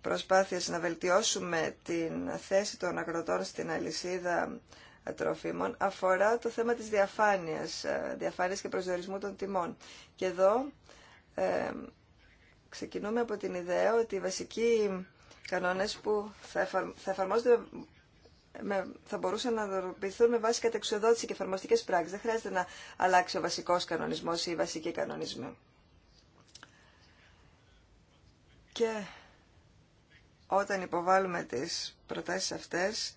προσπάθειας να βελτιώσουμε την θέση των αγροτών στην αλυσίδα τροφίμων αφορά το θέμα της διαφάνειας, ε, διαφάνειας και προσδιορισμού των τιμών. Και εδώ ε, ξεκινούμε από την ιδέα ότι οι βασικοί κανόνες που θα, εφαρμόζονται θα μπορούσαν να δορυπηθούν με βάση κατεξοδότηση και εφαρμοστικές πράξεις. Δεν χρειάζεται να αλλάξει ο βασικός κανονισμός ή οι βασικοί κανονισμοί. Και όταν υποβάλουμε τις προτάσεις αυτές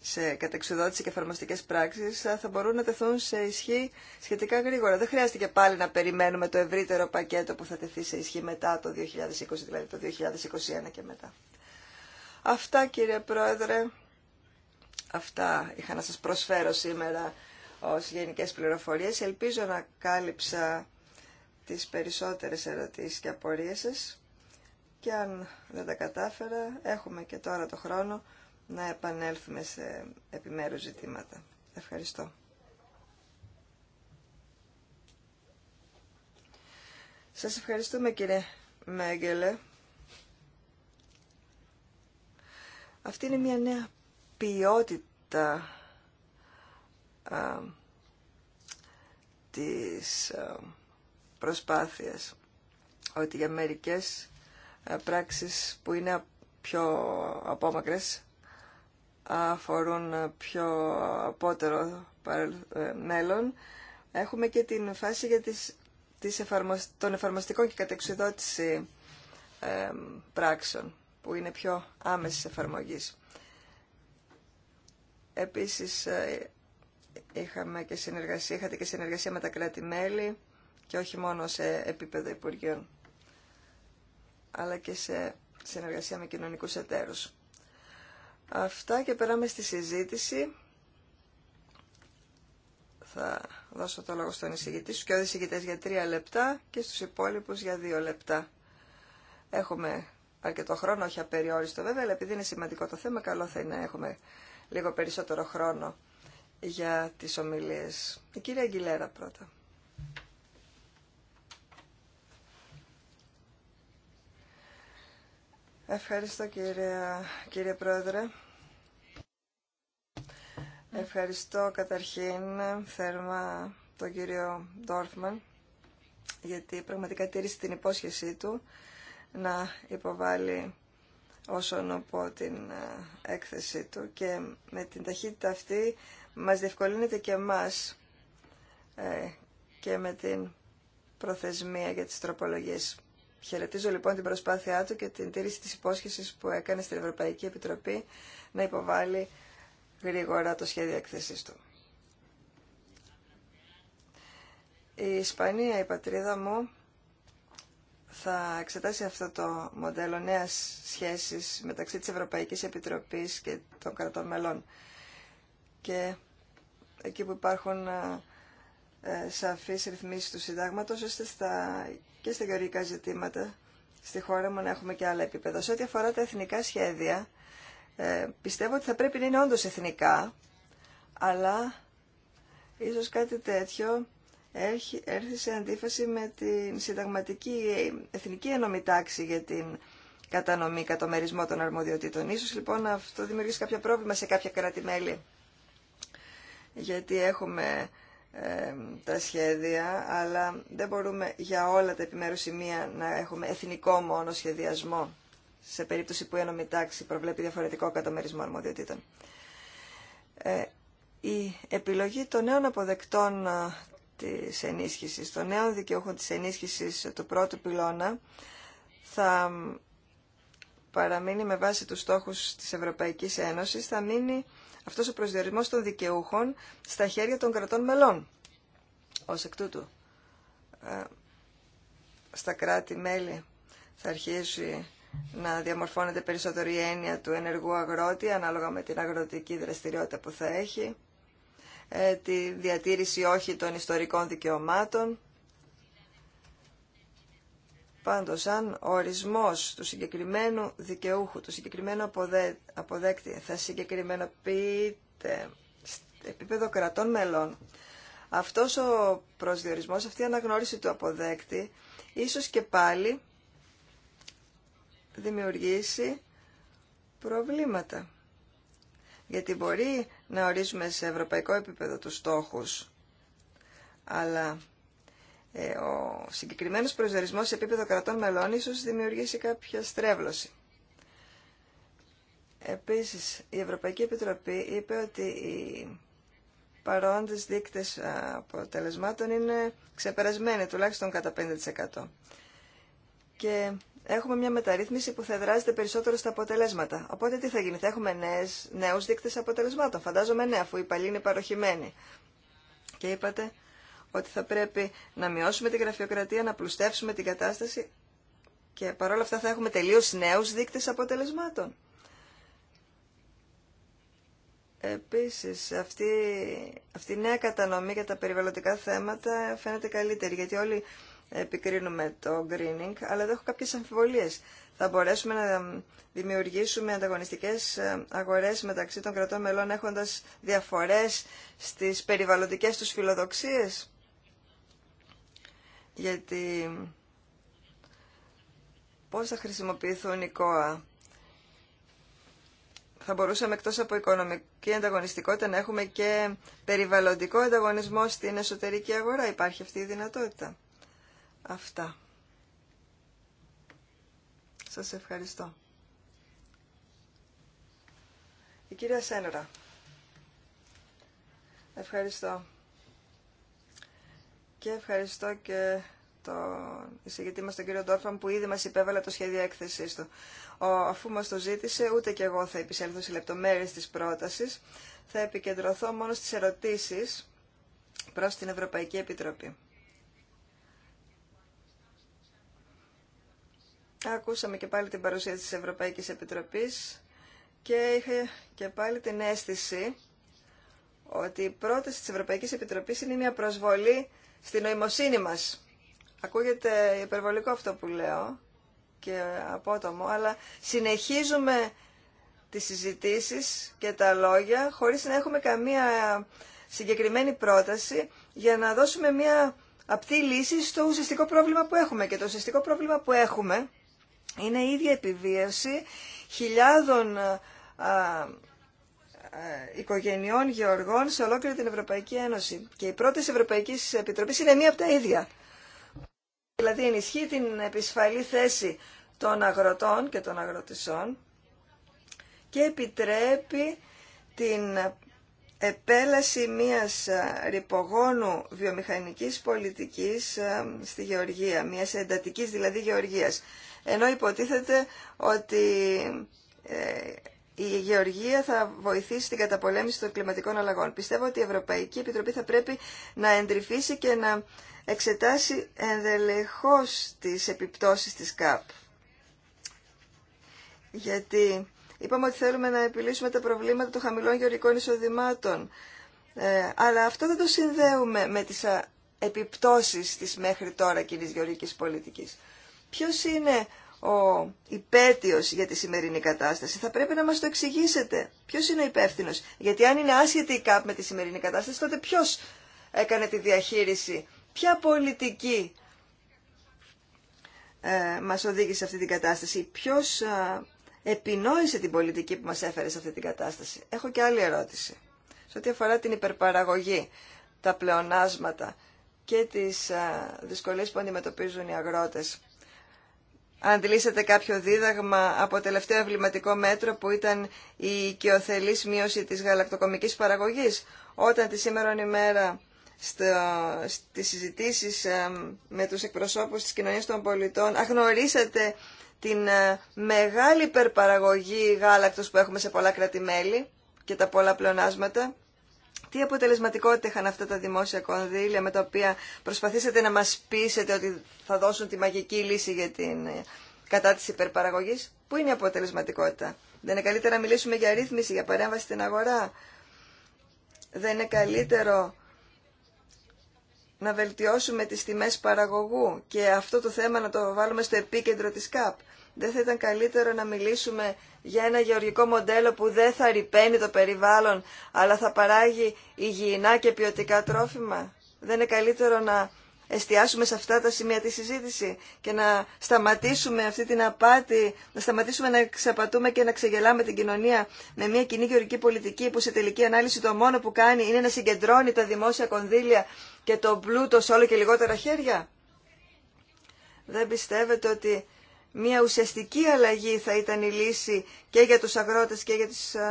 σε κατεξοδότηση και εφαρμοστικές πράξεις θα μπορούν να τεθούν σε ισχύ σχετικά γρήγορα. Δεν χρειάζεται και πάλι να περιμένουμε το ευρύτερο πακέτο που θα τεθεί σε ισχύ μετά το 2020, δηλαδή το 2021 και μετά. Αυτά κύριε Πρόεδρε Αυτά είχα να σας προσφέρω σήμερα ως γενικές πληροφορίες. Ελπίζω να κάλυψα τις περισσότερες ερωτήσεις και απορίες σας και αν δεν τα κατάφερα έχουμε και τώρα το χρόνο να επανέλθουμε σε επιμέρους ζητήματα. Ευχαριστώ. Σας ευχαριστούμε κύριε Μέγκελε. Αυτή είναι μια νέα ποιότητα α, της προσπάθειας. Ότι για μερικές α, πράξεις που είναι πιο απόμακρες αφορούν πιο απότερο ε, μέλλον. Έχουμε και την φάση για τις, τις των εφαρμοστικών και κατεξουδότηση ε, πράξεων, που είναι πιο άμεσης εφαρμογής. Επίσης ε, είχαμε και συνεργασία, είχατε και συνεργασία με τα κράτη-μέλη και όχι μόνο σε επίπεδο Υπουργείων, αλλά και σε συνεργασία με κοινωνικούς εταίρους. Αυτά και περάμε στη συζήτηση. Θα δώσω το λόγο στον εισηγητή, και ο εισηγητές για τρία λεπτά και στους υπόλοιπους για δύο λεπτά. Έχουμε αρκετό χρόνο, όχι απεριόριστο βέβαια, αλλά επειδή είναι σημαντικό το θέμα, καλό θα είναι να έχουμε λίγο περισσότερο χρόνο για τις ομιλίες. Η κυρία Αγγιλέρα πρώτα. Ευχαριστώ κύριε, κύριε Πρόεδρε. Ευχαριστώ καταρχήν θέρμα τον κύριο Ντόρφμαν γιατί πραγματικά τήρησε την υπόσχεσή του να υποβάλει όσον όπο την ε, έκθεσή του και με την ταχύτητα αυτή μας διευκολύνεται και εμάς ε, και με την προθεσμία για τις τροπολογίες. Χαιρετίζω λοιπόν την προσπάθειά του και την τήρηση της υπόσχεσης που έκανε στην Ευρωπαϊκή Επιτροπή να υποβάλει γρήγορα το σχέδιο έκθεσής του. Η Ισπανία, η πατρίδα μου, θα εξετάσει αυτό το μοντέλο νέας σχέσης μεταξύ της Ευρωπαϊκής Επιτροπής και των κρατών μελών. Και εκεί που υπάρχουν ε, ε, σαφείς ρυθμίσεις του συντάγματος, ώστε στα, και στα γεωργικά ζητήματα στη χώρα μου να έχουμε και άλλα επίπεδα. Σε ό,τι αφορά τα εθνικά σχέδια, ε, πιστεύω ότι θα πρέπει να είναι όντως εθνικά, αλλά ίσως κάτι τέτοιο έχει έρθει σε αντίφαση με την συνταγματική εθνική τάξη... για την κατανομή, κατομερισμό των αρμοδιοτήτων. Ίσως λοιπόν αυτό δημιουργήσει κάποια πρόβλημα σε κάποια κράτη-μέλη. Γιατί έχουμε τα σχέδια, αλλά δεν μπορούμε για όλα τα επιμέρους σημεία να έχουμε εθνικό μόνο σχεδιασμό σε περίπτωση που η ένωμη τάξη προβλέπει διαφορετικό κατομερισμό αρμοδιοτήτων. Ε, η επιλογή των νέων αποδεκτών της ενίσχυσης, των νέων δικαιούχων της ενίσχυσης του πρώτου πυλώνα θα παραμείνει με βάση τους στόχους της Ευρωπαϊκής Ένωσης, θα μείνει αυτός ο προσδιορισμός των δικαιούχων στα χέρια των κρατών μελών. Ως εκ τούτου, ε, στα κράτη-μέλη θα αρχίσει να διαμορφώνεται περισσότερο η έννοια του ενεργού αγρότη ανάλογα με την αγροτική δραστηριότητα που θα έχει ε, τη διατήρηση όχι των ιστορικών δικαιωμάτων. Πάντως, αν ο ορισμός του συγκεκριμένου δικαιούχου, του συγκεκριμένου αποδέκτη, θα συγκεκριμενοποιείται σε επίπεδο κρατών μελών, αυτός ο προσδιορισμός, αυτή η αναγνώριση του αποδέκτη, ίσως και πάλι δημιουργήσει προβλήματα. Γιατί μπορεί να ορίσουμε σε ευρωπαϊκό επίπεδο τους στόχους, αλλά ε, ο συγκεκριμένος προσδιορισμός σε επίπεδο κρατών μελών ίσως δημιουργήσει κάποια στρέβλωση. Επίσης, η Ευρωπαϊκή Επιτροπή είπε ότι οι παρόντες δείκτες αποτελεσμάτων είναι ξεπερασμένοι, τουλάχιστον κατά 5%. Και έχουμε μια μεταρρύθμιση που θα δράζεται περισσότερο στα αποτελέσματα. Οπότε τι θα γίνει, θα έχουμε νέου νέους αποτελεσμάτων. Φαντάζομαι ναι, αφού οι παλιοί είναι παροχημένοι. Και είπατε ότι θα πρέπει να μειώσουμε την γραφειοκρατία, να πλουστεύσουμε την κατάσταση και παρόλα αυτά θα έχουμε τελείω νέου δείκτε αποτελεσμάτων. Επίσης, αυτή, αυτή η νέα κατανομή για τα περιβαλλοντικά θέματα φαίνεται καλύτερη, γιατί όλοι επικρίνουμε το greening, αλλά εδώ έχω κάποιες αμφιβολίες. Θα μπορέσουμε να δημιουργήσουμε ανταγωνιστικές ε, αγορές μεταξύ των κρατών μελών έχοντας διαφορές στις περιβαλλοντικές τους φιλοδοξίες. Γιατί πώς θα χρησιμοποιηθούν οι ΚΟΑ. Θα μπορούσαμε εκτός από οικονομική ανταγωνιστικότητα να έχουμε και περιβαλλοντικό ανταγωνισμό στην εσωτερική αγορά. Υπάρχει αυτή η δυνατότητα. Αυτά. Σας ευχαριστώ. Η κυρία Σένορα, Ευχαριστώ. Και ευχαριστώ και τον εισηγητή μας τον κύριο Ντόρφαμ που ήδη μας υπέβαλε το σχέδιο έκθεσής του. αφού μας το ζήτησε, ούτε και εγώ θα επισέλθω σε λεπτομέρειες της πρότασης. Θα επικεντρωθώ μόνο στις ερωτήσεις προς την Ευρωπαϊκή Επιτροπή. Ακούσαμε και πάλι την παρουσία της Ευρωπαϊκής Επιτροπής και είχε και πάλι την αίσθηση ότι η πρόταση της Ευρωπαϊκής Επιτροπής είναι μια προσβολή στην νοημοσύνη μας. Ακούγεται υπερβολικό αυτό που λέω και απότομο, αλλά συνεχίζουμε τις συζητήσεις και τα λόγια χωρίς να έχουμε καμία συγκεκριμένη πρόταση για να δώσουμε μια απτή λύση στο ουσιαστικό πρόβλημα που έχουμε. Και το ουσιαστικό πρόβλημα που έχουμε είναι η ίδια επιβίωση χιλιάδων ε, ε, ε, οικογενειών γεωργών σε ολόκληρη την Ευρωπαϊκή Ένωση. Και η πρώτη Ευρωπαϊκή Επιτροπή είναι μία από τα ίδια. Δηλαδή ενισχύει την επισφαλή θέση των αγροτών και των αγροτησών και επιτρέπει την επέλαση μιας ρηπογόνου βιομηχανικής πολιτικής στη γεωργία, μιας εντατικής δηλαδή γεωργίας ενώ υποτίθεται ότι ε, η γεωργία θα βοηθήσει την καταπολέμηση των κλιματικών αλλαγών. Πιστεύω ότι η Ευρωπαϊκή Επιτροπή θα πρέπει να εντρυφήσει και να εξετάσει ενδελεχώς τις επιπτώσεις της ΚΑΠ. Γιατί είπαμε ότι θέλουμε να επιλύσουμε τα προβλήματα των χαμηλών γεωργικών εισοδημάτων, ε, αλλά αυτό δεν το συνδέουμε με τις ε, επιπτώσεις της μέχρι τώρα κοινής γεωργικής πολιτικής. Ποιος είναι ο υπέτειος για τη σημερινή κατάσταση. Θα πρέπει να μας το εξηγήσετε. Ποιος είναι ο υπεύθυνο. Γιατί αν είναι άσχετη η ΚΑΠ με τη σημερινή κατάσταση, τότε ποιος έκανε τη διαχείριση. Ποια πολιτική ε, μας οδήγησε σε αυτή την κατάσταση. Ποιος ε, επινόησε την πολιτική που μας έφερε σε αυτή την κατάσταση. Έχω και άλλη ερώτηση. Σε ό,τι αφορά την υπερπαραγωγή, τα πλεονάσματα και τις ε, δυσκολίες που αντιμετωπίζουν οι αγρότες αντιλήσατε κάποιο δίδαγμα από τελευταίο εμβληματικό μέτρο που ήταν η οικειοθελής μείωση της γαλακτοκομικής παραγωγής, όταν τη σήμερα ημέρα στο, στις συζητήσεις ε, με τους εκπροσώπους της κοινωνίας των πολιτών αγνωρίσατε την ε, μεγάλη υπερπαραγωγή γάλακτος που έχουμε σε πολλά και τα πολλά πλεονάσματα. Τι αποτελεσματικότητα είχαν αυτά τα δημόσια κονδύλια με τα οποία προσπαθήσατε να μας πείσετε ότι θα δώσουν τη μαγική λύση για την ε, κατά της υπερπαραγωγής. Πού είναι η αποτελεσματικότητα. Δεν είναι καλύτερα να μιλήσουμε για ρύθμιση, για παρέμβαση στην αγορά. Δεν είναι καλύτερο να βελτιώσουμε τις τιμές παραγωγού και αυτό το θέμα να το βάλουμε στο επίκεντρο της ΚΑΠ. Δεν θα ήταν καλύτερο να μιλήσουμε για ένα γεωργικό μοντέλο που δεν θα ρηπαίνει το περιβάλλον, αλλά θα παράγει υγιεινά και ποιοτικά τρόφιμα. Δεν είναι καλύτερο να εστιάσουμε σε αυτά τα σημεία τη συζήτηση και να σταματήσουμε αυτή την απάτη, να σταματήσουμε να ξαπατούμε και να ξεγελάμε την κοινωνία με μια κοινή γεωργική πολιτική που σε τελική ανάλυση το μόνο που κάνει είναι να συγκεντρώνει τα δημόσια κονδύλια και το πλούτο σε όλο και λιγότερα χέρια. Δεν πιστεύετε ότι μια ουσιαστική αλλαγή θα ήταν η λύση και για τους αγρότες και για, τις, ε,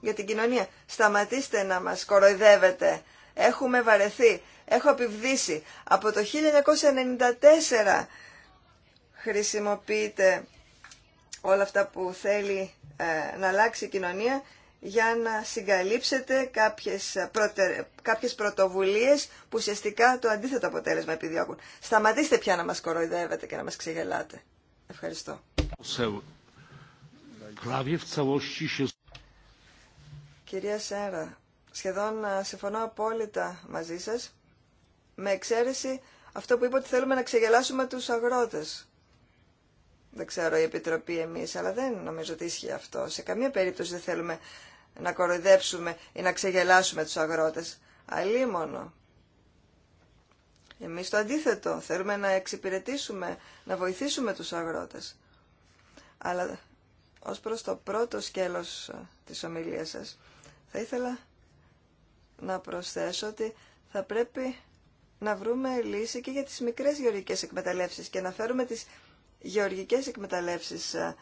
για την κοινωνία. Σταματήστε να μας κοροϊδεύετε. Έχουμε βαρεθεί. Έχω επιβδίσει. Από το 1994 χρησιμοποιείτε όλα αυτά που θέλει ε, να αλλάξει η κοινωνία για να συγκαλύψετε κάποιες, ε, προτε... κάποιες πρωτοβουλίες που ουσιαστικά το αντίθετο αποτέλεσμα επιδιώκουν. Σταματήστε πια να μας κοροϊδεύετε και να μας ξεγελάτε. Ευχαριστώ. Κυρία Σέρα, σχεδόν συμφωνώ απόλυτα μαζί σας, με εξαίρεση αυτό που είπα ότι θέλουμε να ξεγελάσουμε τους αγρότες. Δεν ξέρω η Επιτροπή εμείς, αλλά δεν νομίζω ότι ισχύει αυτό. Σε καμία περίπτωση δεν θέλουμε να κοροϊδέψουμε ή να ξεγελάσουμε τους αγρότες. Αλλήμωνο, εμείς το αντίθετο, θέλουμε να εξυπηρετήσουμε, να βοηθήσουμε τους αγρότες. Αλλά ως προς το πρώτο σκέλος ε, της ομιλίας σας, θα ήθελα να προσθέσω ότι θα πρέπει να βρούμε λύση και για τις μικρές γεωργικές εκμεταλλεύσεις και να φέρουμε τις γεωργικές εκμεταλλεύσεις ε,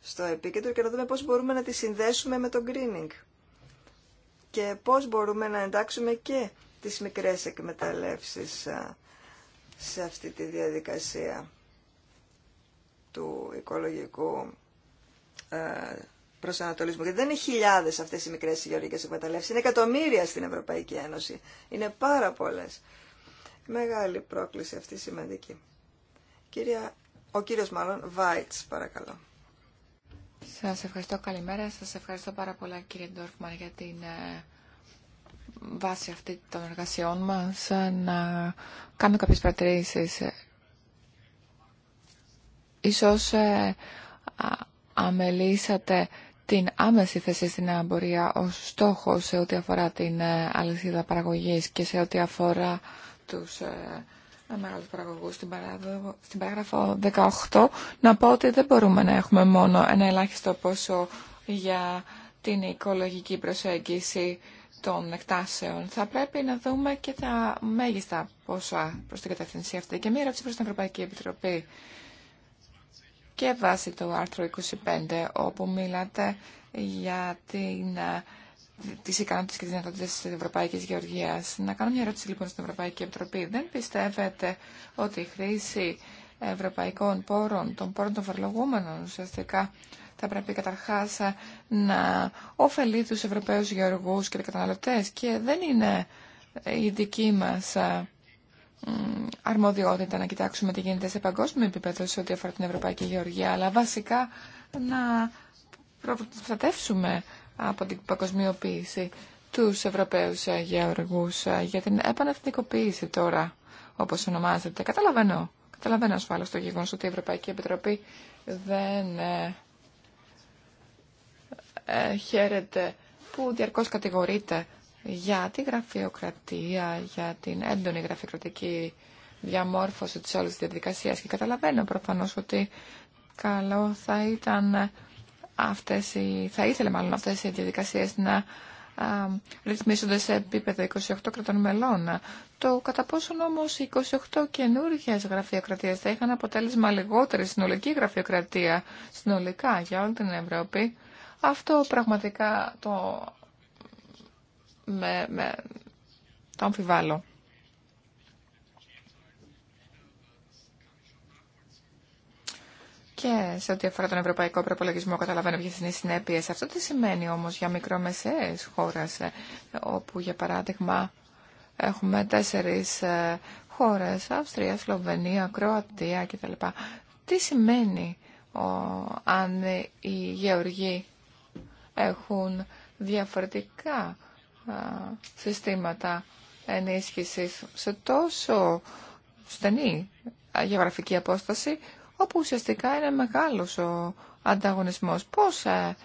στο επίκεντρο και να δούμε πώς μπορούμε να τις συνδέσουμε με το greening και πώς μπορούμε να εντάξουμε και τις μικρές εκμεταλλεύσεις ε, σε αυτή τη διαδικασία του οικολογικού ε, προσανατολισμού. Γιατί δεν είναι χιλιάδες αυτές οι μικρές γεωργικές εκμεταλλεύσεις, είναι εκατομμύρια στην Ευρωπαϊκή Ένωση. Είναι πάρα πολλές. Μεγάλη πρόκληση αυτή σημαντική. Κυρία, ο κύριος μάλλον Βάιτς, παρακαλώ. Σας ευχαριστώ. Καλημέρα. Σας ευχαριστώ πάρα πολλά κύριε Ντόρφμαν για την ε, βάσει αυτή των εργασιών μας ε, να κάνω κάποιες παρατηρήσεις. Ίσως ε, αμελήσατε την άμεση θέση στην αμπορία ως στόχο σε ό,τι αφορά την ε, αλυσίδα παραγωγής και σε ό,τι αφορά τους μεγάλους παραγωγούς στην, παράδο, στην παράγραφο 18 να πω ότι δεν μπορούμε να έχουμε μόνο ένα ελάχιστο πόσο για την οικολογική προσέγγιση των εκτάσεων. Θα πρέπει να δούμε και τα μέγιστα ποσά προς την κατεύθυνση αυτή. Και μία ερώτηση προς την Ευρωπαϊκή Επιτροπή και βάσει το άρθρο 25, όπου μιλάτε για την, ε, τις και τι δυνατότητε της Ευρωπαϊκής Γεωργίας. Να κάνω μια ερώτηση λοιπόν στην Ευρωπαϊκή Επιτροπή. Δεν πιστεύετε ότι η χρήση ευρωπαϊκών πόρων, των πόρων των φορολογούμενων ουσιαστικά θα πρέπει καταρχάς να ωφελεί τους Ευρωπαίους γεωργούς και καταναλωτές και δεν είναι η δική μας ε, αρμοδιότητα να κοιτάξουμε τι γίνεται σε παγκόσμιο επίπεδο σε ό,τι αφορά την Ευρωπαϊκή Γεωργία, αλλά βασικά να προστατεύσουμε από την παγκοσμιοποίηση τους Ευρωπαίους ε, γεωργούς ε, για την επαναθνικοποίηση τώρα, όπως ονομάζεται. Καταλαβαίνω, καταλαβαίνω ασφάλως το γεγονός ότι η Ευρωπαϊκή Επιτροπή δεν ε, χαίρεται που διαρκώς κατηγορείται για τη γραφειοκρατία, για την έντονη γραφειοκρατική διαμόρφωση της όλης της διαδικασίας και καταλαβαίνω προφανώς ότι καλό θα ήταν αυτές οι, θα ήθελε μάλλον αυτές οι διαδικασίες να α, ρυθμίσονται σε επίπεδο 28 κρατών μελών. Το κατά πόσον όμως οι 28 καινούργιε γραφειοκρατίες θα είχαν αποτέλεσμα λιγότερη συνολική γραφειοκρατία συνολικά για όλη την Ευρώπη, αυτό πραγματικά το, με, με, το αμφιβάλλω. Και σε ό,τι αφορά τον ευρωπαϊκό προπολογισμό, καταλαβαίνω ποιε είναι οι συνέπειε. Αυτό τι σημαίνει όμω για μικρομεσαίε χώρε, ε, όπου για παράδειγμα έχουμε τέσσερι ε, χώρε, Αυστρία, Σλοβενία, Κροατία κτλ. Τι σημαίνει ο, αν οι γεωργοί έχουν διαφορετικά συστήματα ενίσχυσης σε τόσο στενή γεωγραφική απόσταση, όπου ουσιαστικά είναι μεγάλος ο ανταγωνισμός. Πώς ε,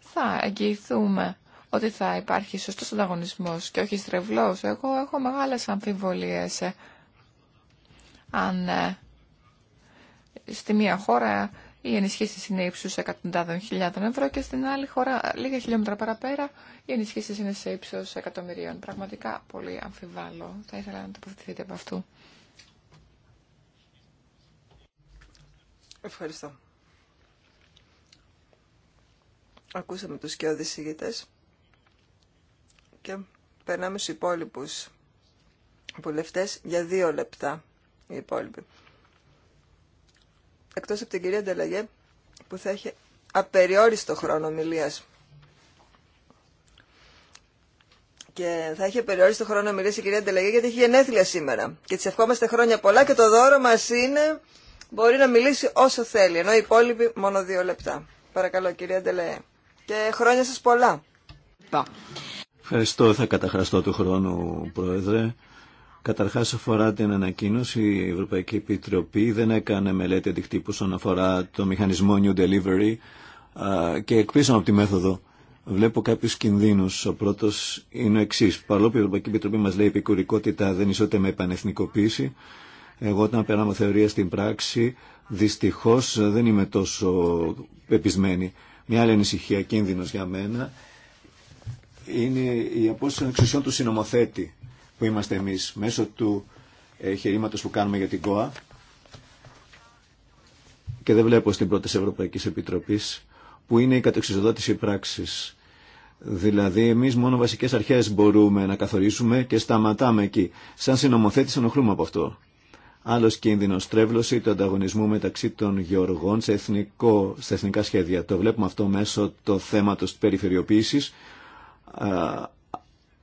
θα εγγυηθούμε ότι θα υπάρχει σωστός ανταγωνισμός και όχι στρεβλός. Εγώ έχω μεγάλες αμφιβολίες ε, αν ε, στη μία χώρα οι ενισχύσει είναι ύψου εκατοντάδων χιλιάδων ευρώ και στην άλλη χώρα, λίγα χιλιόμετρα παραπέρα, οι ενισχύσει είναι σε ύψο εκατομμυρίων. Πραγματικά πολύ αμφιβάλλω. Θα ήθελα να τοποθετηθείτε από αυτού. Ευχαριστώ. Ακούσαμε τους και ηγητές και περνάμε στους υπόλοιπους βουλευτές για δύο λεπτά οι εκτός από την κυρία Ντελαγέ που θα έχει απεριόριστο χρόνο ομιλίας. Και θα έχει απεριόριστο χρόνο ομιλίας η κυρία Ντελαγέ γιατί έχει γενέθλια σήμερα. Και της ευχόμαστε χρόνια πολλά και το δώρο μας είναι μπορεί να μιλήσει όσο θέλει, ενώ οι υπόλοιποι μόνο δύο λεπτά. Παρακαλώ κυρία Ντελαγέ. Και χρόνια σας πολλά. Ευχαριστώ, θα καταχραστώ του χρόνου, Πρόεδρε. Καταρχάς αφορά την ανακοίνωση, η Ευρωπαϊκή Επιτροπή δεν έκανε μελέτη αντικτύπου όσον αφορά το μηχανισμό New Delivery και εκπίσω από τη μέθοδο. Βλέπω κάποιου κίνδυνου. Ο πρώτο είναι ο εξή. Παρόλο που η Ευρωπαϊκή Επιτροπή μα λέει επικουρικότητα δεν ισότητα με επανεθνικοποίηση, εγώ όταν πέραμε θεωρία στην πράξη, Δυστυχώ δεν είμαι τόσο πεπισμένη. Μια άλλη ανησυχία, κίνδυνο για μένα, είναι η απόσταση των εξουσιών του συνομοθέτη που είμαστε εμείς μέσω του εγχειρήματο που κάνουμε για την ΚΟΑ και δεν βλέπω στην πρώτη Ευρωπαϊκή Επιτροπή που είναι η κατεξοδότηση πράξης. Δηλαδή, εμεί μόνο βασικέ αρχέ μπορούμε να καθορίσουμε και σταματάμε εκεί. Σαν συνομοθέτη, ενοχλούμε από αυτό. Άλλο κίνδυνο, τρέβλωση του ανταγωνισμού μεταξύ των γεωργών σε εθνικό, στα εθνικά σχέδια. Το βλέπουμε αυτό μέσω το θέματο τη περιφερειοποίηση.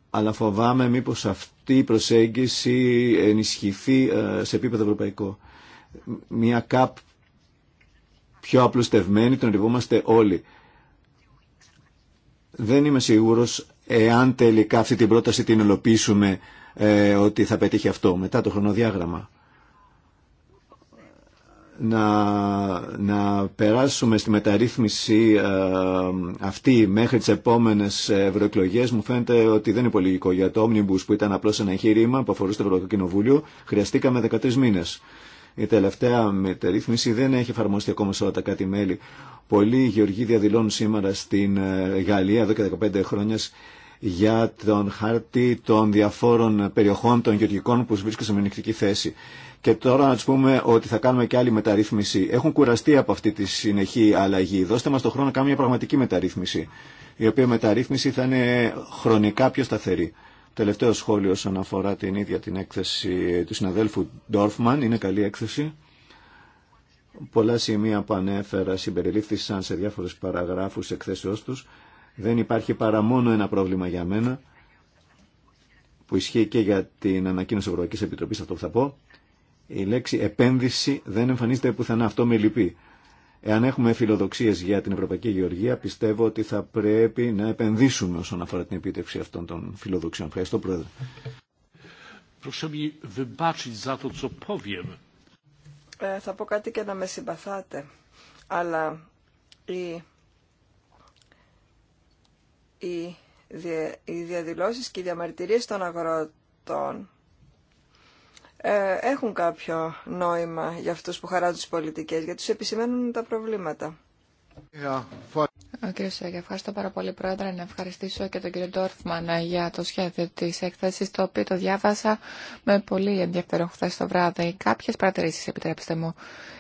Αλλά φοβάμαι μήπω αυτό η προσέγγιση ενισχυθεί ε, σε επίπεδο ευρωπαϊκό. Μια ΚΑΠ πιο απλουστευμένη, τον ριβόμαστε όλοι. Δεν είμαι σίγουρος εάν τελικά αυτή την πρόταση την ελοπίσουμε ε, ότι θα πετύχει αυτό μετά το χρονοδιάγραμμα να, να περάσουμε στη μεταρρύθμιση ε, αυτή μέχρι τις επόμενες ευρωεκλογέ μου φαίνεται ότι δεν είναι πολύ λογικό για το Omnibus που ήταν απλώς ένα εγχείρημα που αφορούσε το Ευρωπαϊκό Κοινοβούλιο χρειαστήκαμε 13 μήνες. Η τελευταία μεταρρύθμιση δεν έχει εφαρμοστεί ακόμα σε όλα τα κάτι μέλη. Πολλοί γεωργοί διαδηλώνουν σήμερα στην ε, Γαλλία εδώ και 15 χρόνια για τον χάρτη των διαφόρων περιοχών των γεωργικών που βρίσκονται σε μενικτική θέση και τώρα να του πούμε ότι θα κάνουμε και άλλη μεταρρύθμιση. Έχουν κουραστεί από αυτή τη συνεχή αλλαγή. Δώστε μα το χρόνο να κάνουμε μια πραγματική μεταρρύθμιση. Η οποία μεταρρύθμιση θα είναι χρονικά πιο σταθερή. Τελευταίο σχόλιο όσον αφορά την ίδια την έκθεση του συναδέλφου Ντόρφμαν. Είναι καλή έκθεση. Πολλά σημεία που ανέφερα συμπεριλήφθησαν σε διάφορου παραγράφου εκθέσεώ του. Δεν υπάρχει παρά μόνο ένα πρόβλημα για μένα που ισχύει και για την ανακοίνωση Ευρωπαϊκή Επιτροπή, αυτό που θα πω η λέξη επένδυση δεν εμφανίζεται πουθενά. Αυτό με λυπεί. Εάν έχουμε φιλοδοξίες για την Ευρωπαϊκή Γεωργία, πιστεύω ότι θα πρέπει να επενδύσουμε όσον αφορά την επίτευξη αυτών των φιλοδοξιών. Ευχαριστώ, Πρόεδρε. Ε, θα πω κάτι και να με συμπαθάτε, αλλά οι, διαδηλώσεις και οι διαμαρτυρίες των αγρότων ε, έχουν κάποιο νόημα για αυτούς που χαράζουν τις πολιτικές, γιατί τους επισημαίνουν τα προβλήματα. Ο κύριο Σέγγε, ευχαριστώ πάρα πολύ πρόεδρε να ευχαριστήσω και τον κύριο Ντόρφμαν για το σχέδιο της έκθεσης το οποίο το διάβασα με πολύ ενδιαφέρον χθε το βράδυ. Κάποιες παρατηρήσεις επιτρέψτε μου.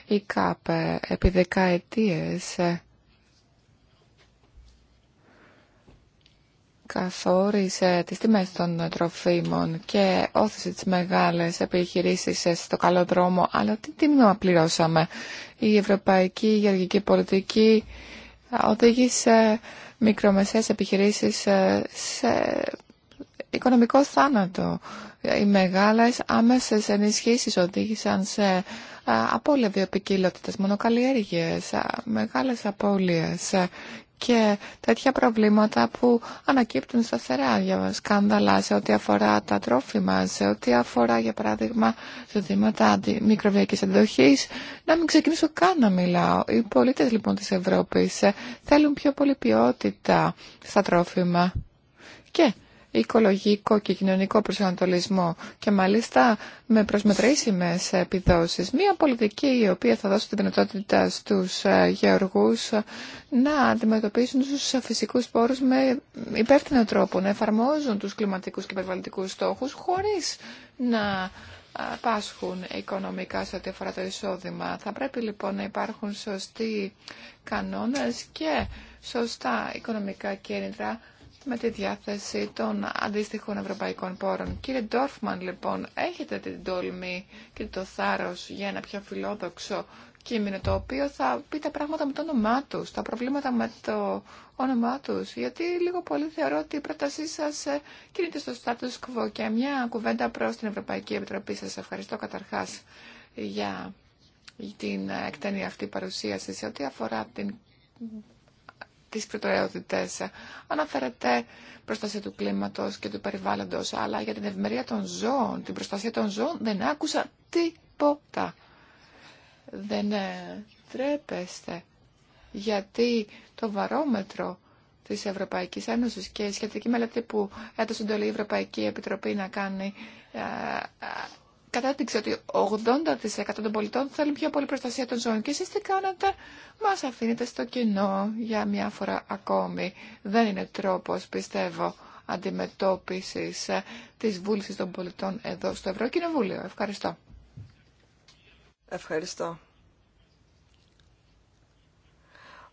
Η ΚΑΠ ε, επί δεκαετίε. Ε, καθόρισε τις τιμές των τροφίμων και όθησε τις μεγάλες επιχειρήσεις στο καλό δρόμο, αλλά τι τίμημα πληρώσαμε. Η ευρωπαϊκή γεωργική πολιτική οδήγησε μικρομεσαίες επιχειρήσεις σε οικονομικό θάνατο. Οι μεγάλες άμεσες ενισχύσεις οδήγησαν σε απώλεια βιοπικιλότητας, μονοκαλλιέργειες, μεγάλες απώλειες και τέτοια προβλήματα που ανακύπτουν σταθερά για σκάνδαλα σε ό,τι αφορά τα τρόφιμα, σε ό,τι αφορά για παράδειγμα ζητήματα μικροβιακής εντοχής, να μην ξεκινήσω καν να μιλάω. Οι πολίτες λοιπόν της Ευρώπης ε, θέλουν πιο πολύ ποιότητα στα τρόφιμα. Και οικολογικό και κοινωνικό προσανατολισμό και μάλιστα με προσμετρήσιμες επιδόσεις. Μία πολιτική η οποία θα δώσει τη δυνατότητα στους ε, γεωργούς ε, να αντιμετωπίσουν τους φυσικούς πόρους με υπεύθυνο τρόπο, να εφαρμόζουν τους κλιματικούς και περιβαλλοντικούς στόχους χωρίς να ε, πάσχουν οικονομικά σε ό,τι αφορά το εισόδημα. Θα πρέπει λοιπόν να υπάρχουν σωστοί κανόνες και σωστά οικονομικά κίνητρα με τη διάθεση των αντίστοιχων ευρωπαϊκών πόρων. Κύριε Ντόρφμαν, λοιπόν, έχετε την τόλμη και το θάρρος για ένα πιο φιλόδοξο κείμενο, το οποίο θα πει τα πράγματα με το όνομά τους, τα προβλήματα με το όνομά τους, γιατί λίγο πολύ θεωρώ ότι η πρότασή σας ε, κινείται στο status quo και μια κουβέντα προς την Ευρωπαϊκή Επιτροπή. Σας ευχαριστώ καταρχάς για την ε, εκτενή αυτή παρουσίαση σε ό,τι αφορά την τις προτεραιότητες. Αναφέρεται προστασία του κλίματος και του περιβάλλοντος, αλλά για την ευημερία των ζώων, την προστασία των ζώων δεν άκουσα τίποτα. Δεν ε, τρέπεστε. Γιατί το βαρόμετρο της Ευρωπαϊκής Ένωσης και η σχετική μελέτη που έδωσε εντολή η Ευρωπαϊκή Επιτροπή να κάνει ε, κατάδειξε ότι 80% των πολιτών θέλουν πιο πολύ προστασία των ζώων. Και εσείς τι κάνετε, μας αφήνετε στο κοινό για μια φορά ακόμη. Δεν είναι τρόπος, πιστεύω, αντιμετώπισης ε, της βούλησης των πολιτών εδώ στο Ευρωκοινοβούλιο. Ευχαριστώ. Ευχαριστώ.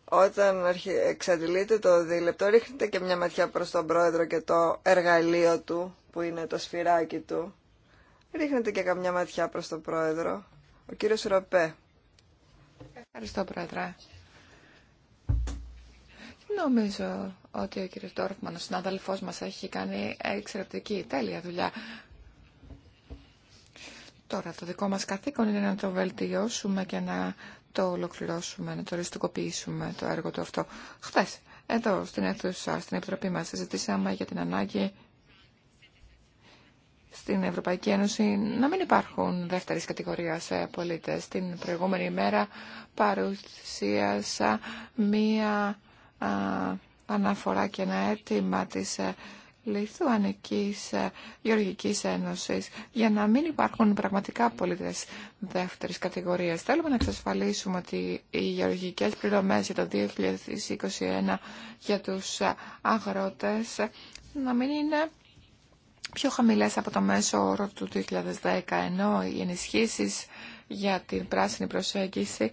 Όταν εξαντλείτε το δίλεπτο, ρίχνετε και μια ματιά προς τον πρόεδρο και το εργαλείο του, που είναι το σφυράκι του Ρίχνετε και καμιά ματιά προς τον Πρόεδρο. Ο κύριος Ροπέ. Ευχαριστώ, Πρόεδρε. Νομίζω ότι ο κύριος Ντόρφμαν, ο συνάδελφός μας, έχει κάνει εξαιρετική, τέλεια δουλειά. Τώρα, το δικό μας καθήκον είναι να το βελτιώσουμε και να το ολοκληρώσουμε, να το ριστικοποιήσουμε το έργο του αυτό. Χθες, εδώ, στην αίθουσα, στην Επιτροπή μας, συζητήσαμε για την ανάγκη στην Ευρωπαϊκή Ένωση να μην υπάρχουν δεύτερης κατηγορίας ε, πολίτες. Την προηγούμενη ημέρα παρουσίασα μία αναφορά και ένα αίτημα της ε, Λιθουανικής ε, Γεωργικής Ένωσης για να μην υπάρχουν πραγματικά πολίτες δεύτερης κατηγορίας. Θέλουμε να εξασφαλίσουμε ότι οι γεωργικές πληρωμές για το 2021 για τους αγρότες να μην είναι πιο χαμηλές από το μέσο όρο του 2010, ενώ οι ενισχύσεις για την πράσινη προσέγγιση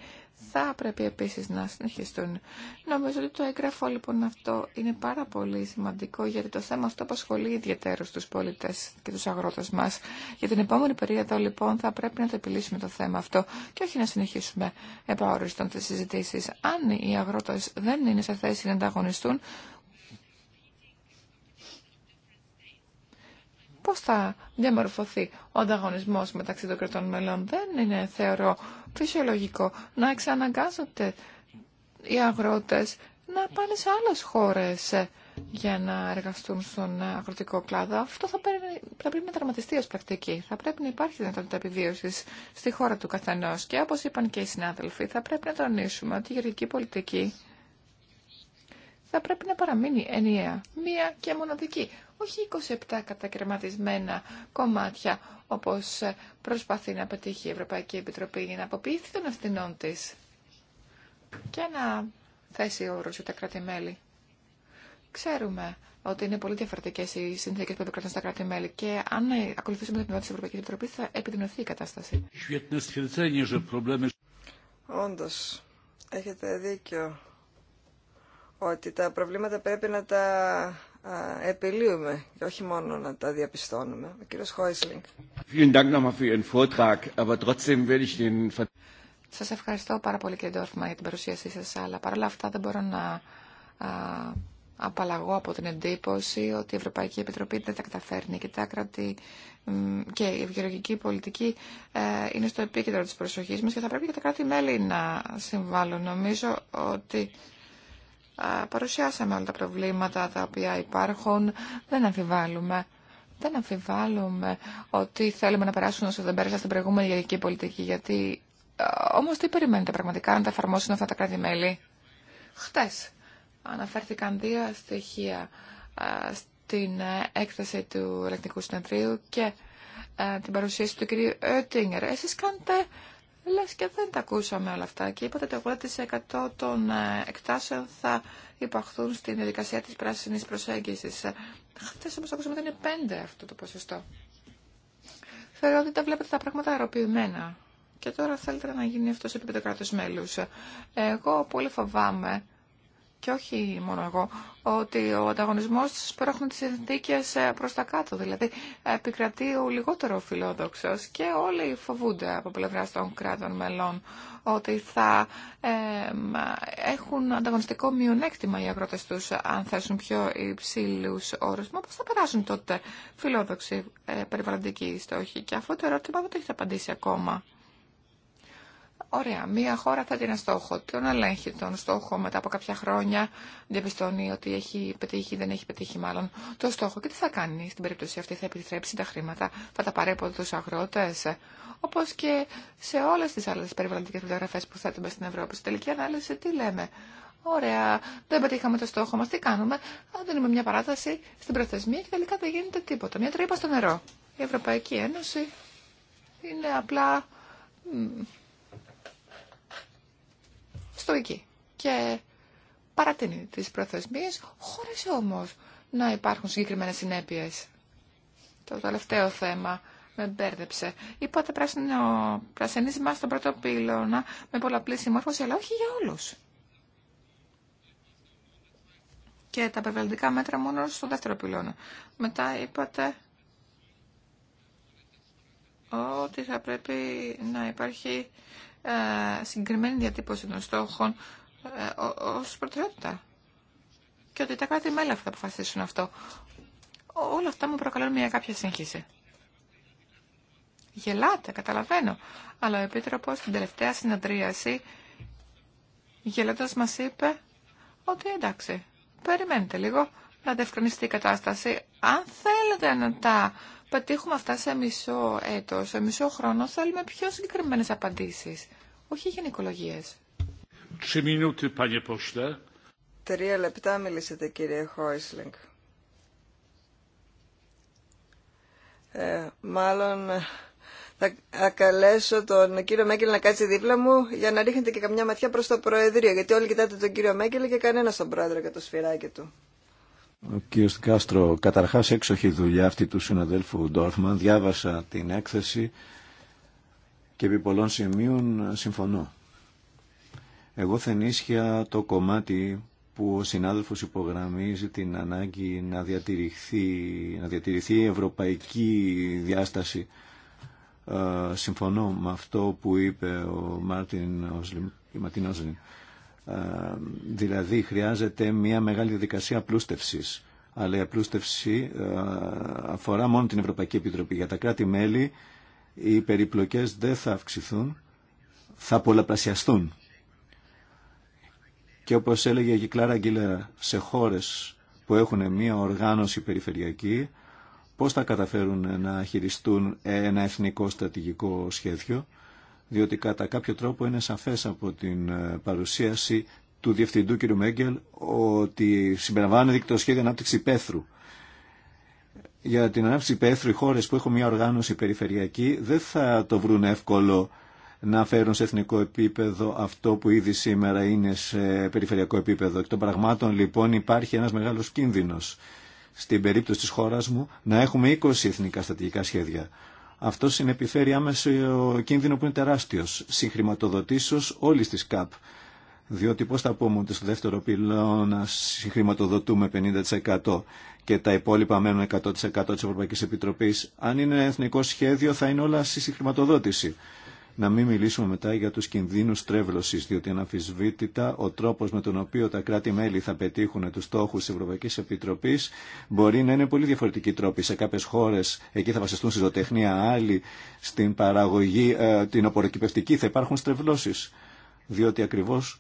θα πρέπει επίσης να συνεχιστούν. Νομίζω ότι το έγγραφο λοιπόν αυτό είναι πάρα πολύ σημαντικό γιατί το θέμα αυτό απασχολεί ιδιαίτερο τους πολίτες και τους αγρότες μας. Για την επόμενη περίοδο λοιπόν θα πρέπει να το επιλύσουμε το θέμα αυτό και όχι να συνεχίσουμε επαόριστον τις συζητήσεις. Αν οι αγρότες δεν είναι σε θέση να ανταγωνιστούν, Πώ θα διαμορφωθεί ο ανταγωνισμό μεταξύ των κρατών μελών. Δεν είναι, θεωρώ, φυσιολογικό να εξαναγκάζονται οι αγρότες να πάνε σε άλλες χώρες για να εργαστούν στον αγροτικό κλάδο. Αυτό θα πρέπει, θα πρέπει να τραυματιστεί ω πρακτική. Θα πρέπει να υπάρχει δυνατότητα επιβίωση στη χώρα του καθενό. Και όπω είπαν και οι συνάδελφοι, θα πρέπει να τονίσουμε ότι η πολιτική θα πρέπει να παραμείνει ενιαία, μία και μοναδική. Όχι 27 κατακρεματισμένα κομμάτια, όπως προσπαθεί να πετύχει η Ευρωπαϊκή Επιτροπή για να αποποιηθεί των ευθυνών τη και να θέσει όρους για τα κράτη-μέλη. Ξέρουμε ότι είναι πολύ διαφορετικέ οι συνθήκε που επικρατούν στα κράτη-μέλη και αν ακολουθήσουμε την τη Ευρωπαϊκή Επιτροπή θα επιδεινωθεί η κατάσταση. Όντω, έχετε δίκιο ότι τα προβλήματα πρέπει να τα επιλύουμε και όχι μόνο να τα διαπιστώνουμε. Ο κύριος Χόισλινγκ. Σας ευχαριστώ πάρα πολύ κύριε Ντόρφμα για την παρουσίασή σας, αλλά παρόλα αυτά δεν μπορώ να απαλλαγώ από την εντύπωση ότι η Ευρωπαϊκή Επιτροπή δεν τα καταφέρνει και τα κρατή και η ευγεωργική πολιτική ε, είναι στο επίκεντρο της προσοχής μας και θα πρέπει και τα κράτη-μέλη να συμβάλλουν. Νομίζω ότι παρουσιάσαμε όλα τα προβλήματα τα οποία υπάρχουν. Δεν αμφιβάλλουμε. Δεν αμφιβάλλουμε ότι θέλουμε να περάσουν όσο δεν πέρασαν στην προηγούμενη γεωργική πολιτική. Γιατί όμω τι περιμένετε πραγματικά να τα εφαρμόσουν αυτά τα κράτη-μέλη. Χτε αναφέρθηκαν δύο στοιχεία στην έκθεση του Ελεκτικού Συνεδρίου και την παρουσίαση του κ. Oettinger. Εσείς κάνετε Λες και δεν τα ακούσαμε όλα αυτά και είπατε ότι 80% των ε, εκτάσεων θα υπαχθούν στην διαδικασία της πράσινης προσέγγισης. Χθες όμως ακούσαμε ότι είναι 5 αυτό το ποσοστό. Θεωρώ ότι τα βλέπετε τα πράγματα αεροποιημένα. Και τώρα θέλετε να γίνει αυτό σε επίπεδο κρατου μέλους. Εγώ πολύ φοβάμαι και όχι μόνο εγώ, ότι ο ανταγωνισμό σπρώχνει τις συνθήκε ε, προ τα κάτω, δηλαδή επικρατεί ο λιγότερο φιλόδοξο και όλοι φοβούνται από πλευρά των κράτων μελών ότι θα έχουν ανταγωνιστικό μειονέκτημα οι αγρότε τους αν θέσουν πιο υψηλου όρου, Μα πώς θα περάσουν τότε φιλόδοξοι ε, περιβαλλοντικοί στόχοι και αυτό το ερώτημα δεν το έχετε απαντήσει ακόμα. Ωραία, μία χώρα θα ένα στόχο, τον ελέγχει τον στόχο μετά από κάποια χρόνια, διαπιστώνει ότι έχει πετύχει ή δεν έχει πετύχει μάλλον το στόχο. Και τι θα κάνει στην περίπτωση αυτή, θα επιτρέψει τα χρήματα, θα τα παρέπω από τους αγρότες, όπως και σε όλες τις άλλες περιβαλλοντικές μεταγραφές που θέτουμε στην Ευρώπη. Στη τελική ανάλυση τι λέμε, Ωραία, δεν πετύχαμε το στόχο μα. Τι κάνουμε, δίνουμε μια παράταση στην προθεσμία και τελικά δεν γίνεται τίποτα. Μια τρύπα στο νερό. Η Ευρωπαϊκή Ένωση είναι απλά στο εκεί και παρατείνει τις προθεσμίες χωρίς όμως να υπάρχουν συγκεκριμένες συνέπειες. Το τελευταίο θέμα με μπέρδεψε. Είπατε πράσινο, πρασινίσμα στον πρώτο πυλώνα με πολλαπλή συμμόρφωση, αλλά όχι για όλους. Και τα περιβαλλοντικά μέτρα μόνο στο δεύτερο πυλώνα. Μετά είπατε ότι θα πρέπει να υπάρχει ε, συγκεκριμένη διατύπωση των στόχων ε, ως προτεραιότητα. Και ότι τα κράτη μέλη θα αποφασίσουν αυτό. Όλα αυτά μου προκαλούν μια κάποια σύγχυση. Γελάτε, καταλαβαίνω. Αλλά ο Επίτροπος στην τελευταία συναντρίαση γελώντα, μα είπε ότι εντάξει, περιμένετε λίγο να αντευκρινιστεί η κατάσταση. Αν θέλετε να τα πετύχουμε αυτά σε μισό έτος, σε μισό χρόνο, θέλουμε πιο συγκεκριμένε απαντήσει όχι γυναικολογίες. Τρία λεπτά μιλήσατε κύριε Χόισλινγκ. Ε, μάλλον θα καλέσω τον κύριο Μέγκελ να κάτσει δίπλα μου για να ρίχνετε και καμιά ματιά προς το Προεδρείο. Γιατί όλοι κοιτάτε τον κύριο Μέγκελ και κανένα τον Πρόεδρο και το σφυράκι του. Ο κύριος Κάστρο, καταρχάς έξοχη δουλειά αυτή του συναδέλφου Ντόρφμαν. Διάβασα την έκθεση και επί πολλών σημείων ε, συμφωνώ. Εγώ θα ενίσχυα το κομμάτι που ο συνάδελφος υπογραμμίζει την ανάγκη να διατηρηθεί, να διατηρηθεί η ευρωπαϊκή διάσταση. Ε, συμφωνώ με αυτό που είπε ο Μάρτιν Όσλιμ, ε, δηλαδή χρειάζεται μια μεγάλη διαδικασία απλούστευσης. Αλλά η απλούστευση αφορά μόνο την Ευρωπαϊκή Επιτροπή. Για τα κράτη-μέλη οι περιπλοκές δεν θα αυξηθούν, θα πολλαπλασιαστούν. Και όπως έλεγε η Κλάρα Αγγιλέρα, σε χώρες που έχουν μία οργάνωση περιφερειακή, πώς θα καταφέρουν να χειριστούν ένα εθνικό στρατηγικό σχέδιο, διότι κατά κάποιο τρόπο είναι σαφές από την ε, παρουσίαση του Διευθυντού κ. Μέγκελ ότι συμπεριλαμβάνεται το σχέδιο ανάπτυξη πέθρου για την ανάπτυξη πέθρου οι χώρες που έχουν μια οργάνωση περιφερειακή δεν θα το βρουν εύκολο να φέρουν σε εθνικό επίπεδο αυτό που ήδη σήμερα είναι σε περιφερειακό επίπεδο. Εκ των πραγμάτων λοιπόν υπάρχει ένας μεγάλος κίνδυνος στην περίπτωση της χώρας μου να έχουμε 20 εθνικά στατηγικά σχέδια. Αυτό συνεπιφέρει άμεσο κίνδυνο που είναι τεράστιος, συγχρηματοδοτήσεως όλης της ΚΑΠ διότι πώς θα πούμε ότι στο δεύτερο πυλώνα συγχρηματοδοτούμε 50% και τα υπόλοιπα μένουν 100% της Ευρωπαϊκής Επιτροπής. Αν είναι εθνικό σχέδιο θα είναι όλα στη συγχρηματοδότηση. Να μην μιλήσουμε μετά για τους κινδύνους τρέβλωσης, διότι αναφυσβήτητα ο τρόπος με τον οποίο τα κράτη-μέλη θα πετύχουν τους στόχους της Ευρωπαϊκής Επιτροπής μπορεί να είναι πολύ διαφορετικοί τρόποι. Σε κάποιες χώρες εκεί θα βασιστούν στη ζωοτεχνία, άλλοι στην παραγωγή, ε, την οποροκυπευτική θα υπάρχουν στρεβλώσεις. Διότι ακριβώς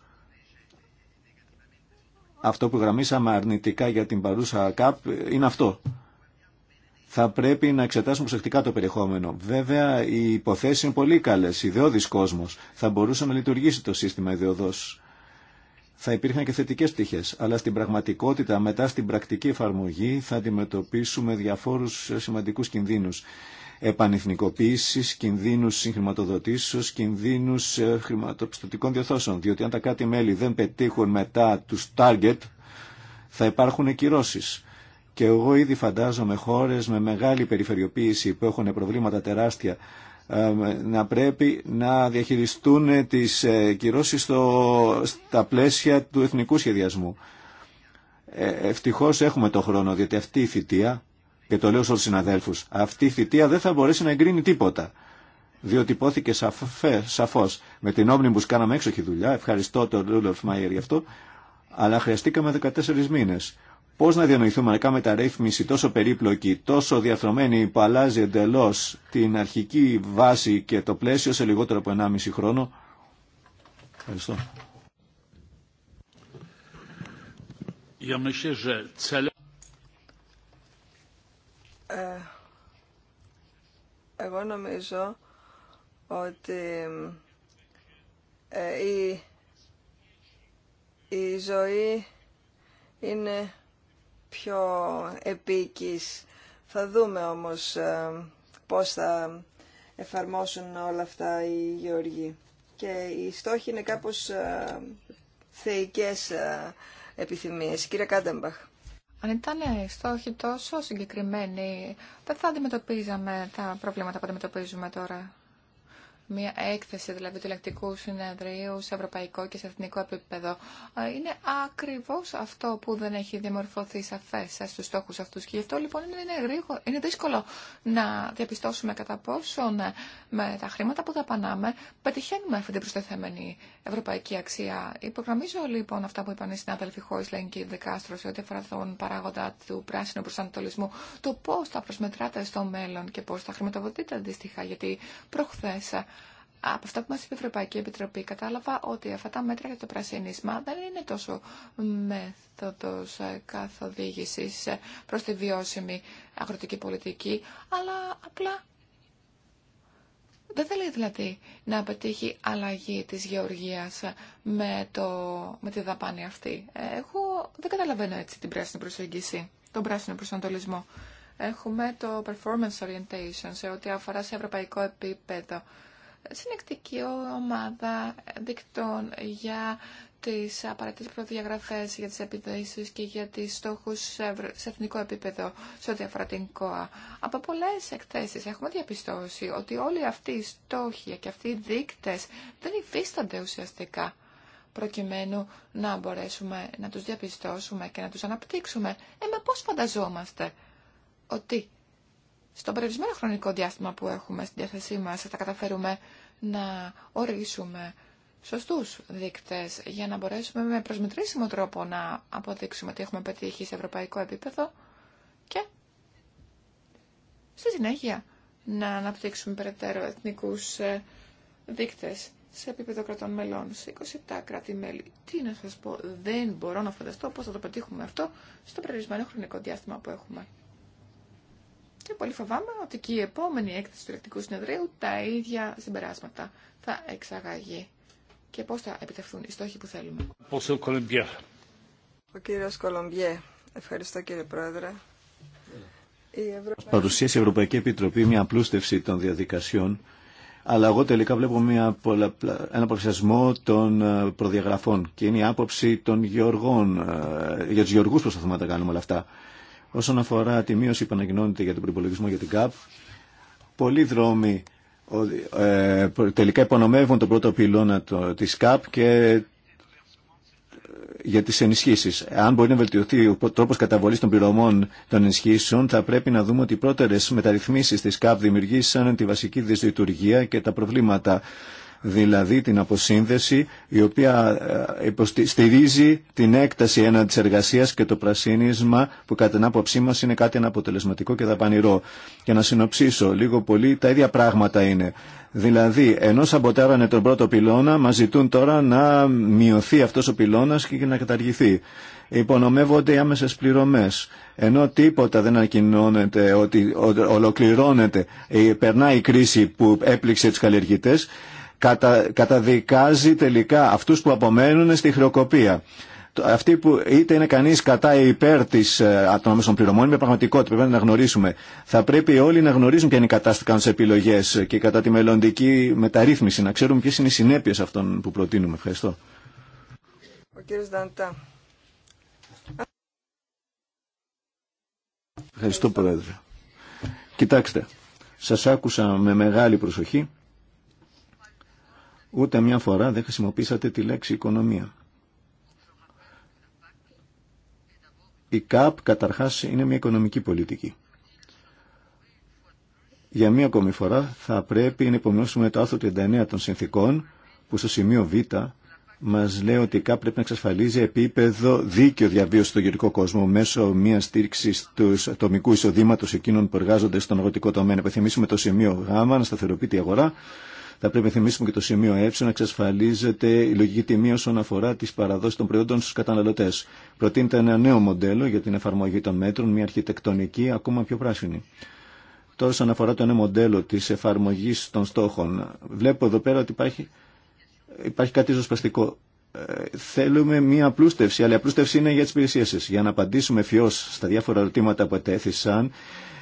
αυτό που γραμμίσαμε αρνητικά για την παρούσα ΚΑΠ είναι αυτό. Θα πρέπει να εξετάσουμε προσεκτικά το περιεχόμενο. Βέβαια, οι υποθέσει είναι πολύ καλέ, ιδεώδη κόσμο. Θα μπορούσε να λειτουργήσει το σύστημα ιδεωδώ. Θα υπήρχαν και θετικέ πτυχέ. Αλλά στην πραγματικότητα, μετά στην πρακτική εφαρμογή, θα αντιμετωπίσουμε διαφόρου σημαντικού κινδύνου επανεθνικοποίησης, κινδύνου συγχρηματοδοτήσεως, κινδύνου ε, χρηματοπιστωτικών διοθώσεων. Διότι αν τα κράτη-μέλη δεν πετύχουν μετά τους target, θα υπάρχουν κυρώσει. Και εγώ ήδη φαντάζομαι χώρε με μεγάλη περιφερειοποίηση που έχουν προβλήματα τεράστια ε, να πρέπει να διαχειριστούν τις ε, κυρώσεις στα πλαίσια του εθνικού σχεδιασμού. ευτυχώς έχουμε το χρόνο, διότι αυτή η θητεία και το λέω στους συναδέλφους, αυτή η θητεία δεν θα μπορέσει να εγκρίνει τίποτα. Διότι υπόθηκε σαφέ, σαφώς με την Omnibus κάναμε έξοχη δουλειά, ευχαριστώ τον Ρούλοφ Μάιερ γι' αυτό, αλλά χρειαστήκαμε 14 μήνες. Πώς να διανοηθούμε να κάνουμε τα ρύθμιση τόσο περίπλοκη, τόσο διαφρομένη που αλλάζει εντελώ την αρχική βάση και το πλαίσιο σε λιγότερο από 1,5 χρόνο. Ευχαριστώ. Ε, εγώ νομίζω ότι ε, η, η ζωή είναι πιο επίκης. Θα δούμε όμως ε, πώς θα εφαρμόσουν όλα αυτά οι γεωργοί. Και οι στόχοι είναι κάπως ε, θεϊκές ε, επιθυμίες. Κύριε Κάντεμπαχ. Αν ήταν στόχοι τόσο συγκεκριμένοι, δεν θα αντιμετωπίζαμε τα προβλήματα που αντιμετωπίζουμε τώρα μια έκθεση δηλαδή του ελεκτικού συνεδρίου σε ευρωπαϊκό και σε εθνικό επίπεδο. Ε, είναι ακριβώς αυτό που δεν έχει διαμορφωθεί σαφές ε, στους στόχους αυτούς και γι' αυτό λοιπόν είναι, είναι δύσκολο να διαπιστώσουμε κατά πόσον ε, με τα χρήματα που δαπανάμε πετυχαίνουμε αυτή την προστεθέμενη ευρωπαϊκή αξία. Υπογραμμίζω λοιπόν αυτά που είπαν οι συνάδελφοι Χόισλεν και Δεκάστρο σε ό,τι αφορά τον παράγοντα του πράσινου προσανατολισμού, το πώ θα προσμετράτε στο μέλλον και πώ θα χρηματοδοτείτε αντίστοιχα. Γιατί προχθέ από αυτά που μας είπε η Ευρωπαϊκή Επιτροπή κατάλαβα ότι αυτά τα μέτρα για το πρασινίσμα δεν είναι τόσο μέθοδος ε, καθοδήγησης ε, προς τη βιώσιμη αγροτική πολιτική, αλλά απλά δεν θέλει δηλαδή να πετύχει αλλαγή της γεωργίας με, το, με τη δαπάνη αυτή. Εγώ δεν καταλαβαίνω έτσι την πράσινη προσέγγιση, τον πράσινο προσανατολισμό. Έχουμε το performance orientation σε ό,τι αφορά σε ευρωπαϊκό επίπεδο συνεκτική ομάδα δικτών για τις απαραίτητες προδιαγραφές για τις επιδοήσεις και για τις στόχους σε εθνικό επίπεδο σε ό,τι αφορά την ΚΟΑ. Από πολλές εκθέσεις έχουμε διαπιστώσει ότι όλοι αυτοί οι στόχοι και αυτοί οι δείκτες δεν υφίστανται ουσιαστικά προκειμένου να μπορέσουμε να τους διαπιστώσουμε και να τους αναπτύξουμε. Ε, μα πώς φανταζόμαστε ότι στον περιορισμένο χρονικό διάστημα που έχουμε στη διάθεσή μας θα καταφέρουμε να ορίσουμε σωστούς δείκτες για να μπορέσουμε με προσμετρήσιμο τρόπο να αποδείξουμε ότι έχουμε πετύχει σε ευρωπαϊκό επίπεδο και στη συνέχεια να αναπτύξουμε περαιτέρω εθνικούς ε, δείκτες σε επίπεδο κρατών μελών, σε 27 κράτη-μέλη. Τι να σας πω, δεν μπορώ να φανταστώ πώς θα το πετύχουμε αυτό στο περιορισμένο χρονικό διάστημα που έχουμε. Και πολύ φοβάμαι ότι και η επόμενη έκθεση του Ελεκτικού Συνεδρίου τα ίδια συμπεράσματα θα εξαγαγεί. Και πώς θα επιτευχθούν οι στόχοι που θέλουμε. Ο κύριος Κολομπιέ. Ευχαριστώ κύριε Πρόεδρε. Η Ευρωπαϊκή... Παρουσίασε η Ευρωπαϊκή Επιτροπή μια απλούστευση των διαδικασιών, αλλά εγώ τελικά βλέπω μια ένα πολλαπλασιασμό των ε, προδιαγραφών και είναι η άποψη των γεωργών. Ε, για τους γεωργούς προσπαθούμε να τα κάνουμε όλα αυτά. Όσον αφορά τη μείωση που ανακοινώνεται για τον προπολογισμό για την ΚΑΠ, πολλοί δρόμοι ε, τελικά υπονομεύουν τον πρώτο πυλώνα της ΚΑΠ και ε, για τις ενισχύσεις. Αν μπορεί να βελτιωθεί ο τρόπος καταβολής των πληρωμών των ενισχύσεων, θα πρέπει να δούμε ότι οι πρώτερες μεταρρυθμίσεις της ΚΑΠ δημιουργήσαν τη βασική δυσλειτουργία και τα προβλήματα δηλαδή την αποσύνδεση η οποία ε, στηρίζει την έκταση ένα της εργασίας και το πρασίνισμα που κατά την άποψή μας είναι κάτι αναποτελεσματικό και δαπανηρό. και να συνοψίσω, λίγο πολύ τα ίδια πράγματα είναι. Δηλαδή, ενώ σαμποτάρανε τον πρώτο πυλώνα, μας ζητούν τώρα να μειωθεί αυτός ο πυλώνας και να καταργηθεί. Υπονομεύονται οι άμεσες πληρωμές. Ενώ τίποτα δεν ανακοινώνεται ότι ολοκληρώνεται, ε, περνάει η κρίση που έπληξε τους καλλιεργητέ κατα, καταδικάζει τελικά αυτούς που απομένουν στη χρεοκοπία. Αυτή που είτε είναι κανεί κατά ή υπέρ τη ε, των άμεσων πληρωμών, είναι πραγματικότητα. Πρέπει να γνωρίσουμε. Θα πρέπει όλοι να γνωρίζουν ποια είναι η κατάσταση κάνουν τι επιλογέ και κατά τη μελλοντική μεταρρύθμιση, να ξέρουμε ποιε είναι οι συνέπειε αυτών που προτείνουμε. Ευχαριστώ. Ο Δαντά. Ευχαριστώ, Πρόεδρε. Κοιτάξτε, σας άκουσα με μεγάλη προσοχή Ούτε μια φορά δεν χρησιμοποίησατε τη λέξη οικονομία. Η ΚΑΠ καταρχάς είναι μια οικονομική πολιτική. Για μία ακόμη φορά θα πρέπει να υπομειώσουμε το άρθρο 39 των συνθήκων που στο σημείο Β μας λέει ότι η ΚΑΠ πρέπει να εξασφαλίζει επίπεδο δίκαιο διαβίωση στον γεωρικό κόσμο μέσω μια στήριξη του ατομικού εισοδήματο εκείνων που εργάζονται στον αγροτικό τομέα. Να υπενθυμίσουμε το σημείο Γ να σταθεροποιεί τη αγορά θα πρέπει να θυμίσουμε και το σημείο ε να εξασφαλίζεται η λογική τιμή όσον αφορά τι παραδόσει των προϊόντων στου καταναλωτέ. Προτείνεται ένα νέο μοντέλο για την εφαρμογή των μέτρων, μια αρχιτεκτονική ακόμα πιο πράσινη. Τώρα, όσον αφορά το νέο μοντέλο τη εφαρμογή των στόχων, βλέπω εδώ πέρα ότι υπάρχει, υπάρχει κάτι ζωσπαστικό. Ε, θέλουμε μία απλούστευση, αλλά η απλούστευση είναι για τι υπηρεσίε σα. Για να απαντήσουμε φιώ στα διάφορα ερωτήματα που ετέθησαν,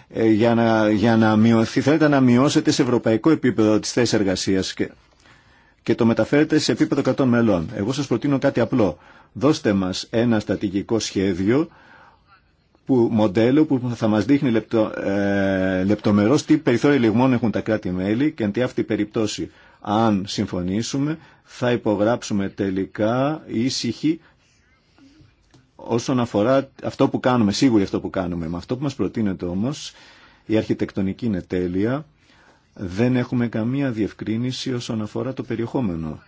ε, για να, για να μειωθεί, θέλετε να μειώσετε σε ευρωπαϊκό επίπεδο τις θέσεις εργασίας και, και το μεταφέρετε σε επίπεδο 100 μελών. Εγώ σας προτείνω κάτι απλό. Δώστε μας ένα στρατηγικό σχέδιο που, μοντέλο που θα μας δείχνει λεπτο, ε, λεπτομερώς τι περιθώρια λιγμών έχουν τα κράτη-μέλη και τι αυτή η περιπτώση. Αν συμφωνήσουμε θα υπογράψουμε τελικά ήσυχη όσον αφορά αυτό που κάνουμε, σίγουρα αυτό που κάνουμε. Με αυτό που μας προτείνεται όμως, η αρχιτεκτονική είναι τέλεια, δεν έχουμε καμία διευκρίνηση όσον αφορά το περιεχόμενο.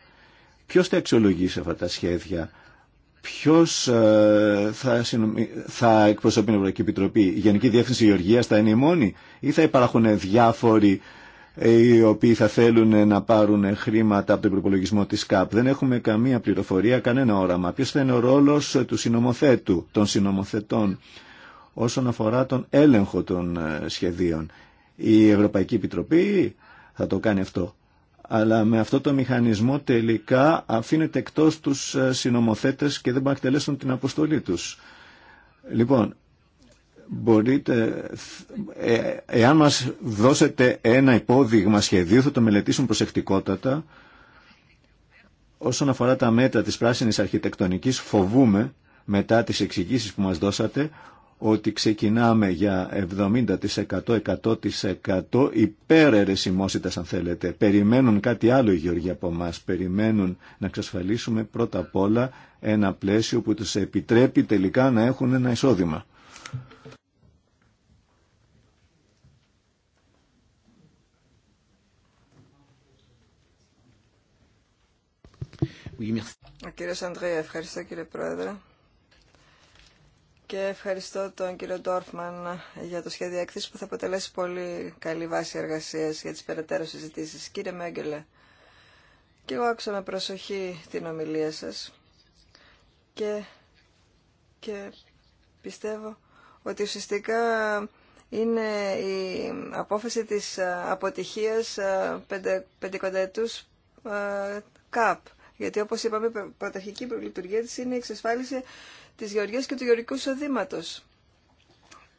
Ποιος θα αξιολογήσει αυτά τα σχέδια, ποιος ε, θα, θα εκπροσωπεί την Ευρωπαϊκή Επιτροπή, η Γενική Διεύθυνση Γεωργίας θα είναι η μόνη ή θα υπάρχουν διάφοροι ε, οι οποίοι θα θέλουν να πάρουν χρήματα από τον προπολογισμό της ΚΑΠ. Δεν έχουμε καμία πληροφορία, κανένα όραμα. Ποιος θα είναι ο ρόλος του συνομοθέτου, των συνομοθετών όσον αφορά τον έλεγχο των ε, σχεδίων. Η Ευρωπαϊκή Επιτροπή θα το κάνει αυτό. Αλλά με αυτό το μηχανισμό τελικά αφήνεται εκτός τους ε, συνομοθέτες και δεν μπορούν να εκτελέσουν την αποστολή τους. Λοιπόν, μπορείτε, ε, εάν μας δώσετε ένα υπόδειγμα σχεδίου θα το μελετήσουν προσεκτικότατα όσον αφορά τα μέτρα της πράσινης αρχιτεκτονικής φοβούμε μετά τις εξηγήσεις που μας δώσατε ότι ξεκινάμε για 70% 100% υπεραιρεσιμότητας αν θέλετε. Περιμένουν κάτι άλλο οι Γεωργοί από εμά. Περιμένουν να εξασφαλίσουμε πρώτα απ' όλα ένα πλαίσιο που τους επιτρέπει τελικά να έχουν ένα εισόδημα. Ο κύριος ευχαριστώ κύριε Πρόεδρε. Και ευχαριστώ τον κύριο Ντόρφμαν για το σχέδιο έκθεση που θα αποτελέσει πολύ καλή βάση εργασία για τι περαιτέρω συζητήσει. Κύριε Μέγκελε, και εγώ άκουσα με προσοχή την ομιλία σα και, και πιστεύω ότι ουσιαστικά είναι η απόφαση της αποτυχίας ε, πεντε, ε, ΚΑΠ. Γιατί όπως είπαμε, η πρωταρχική λειτουργία της είναι η εξασφάλιση της γεωργίας και του γεωργικού εισοδήματος.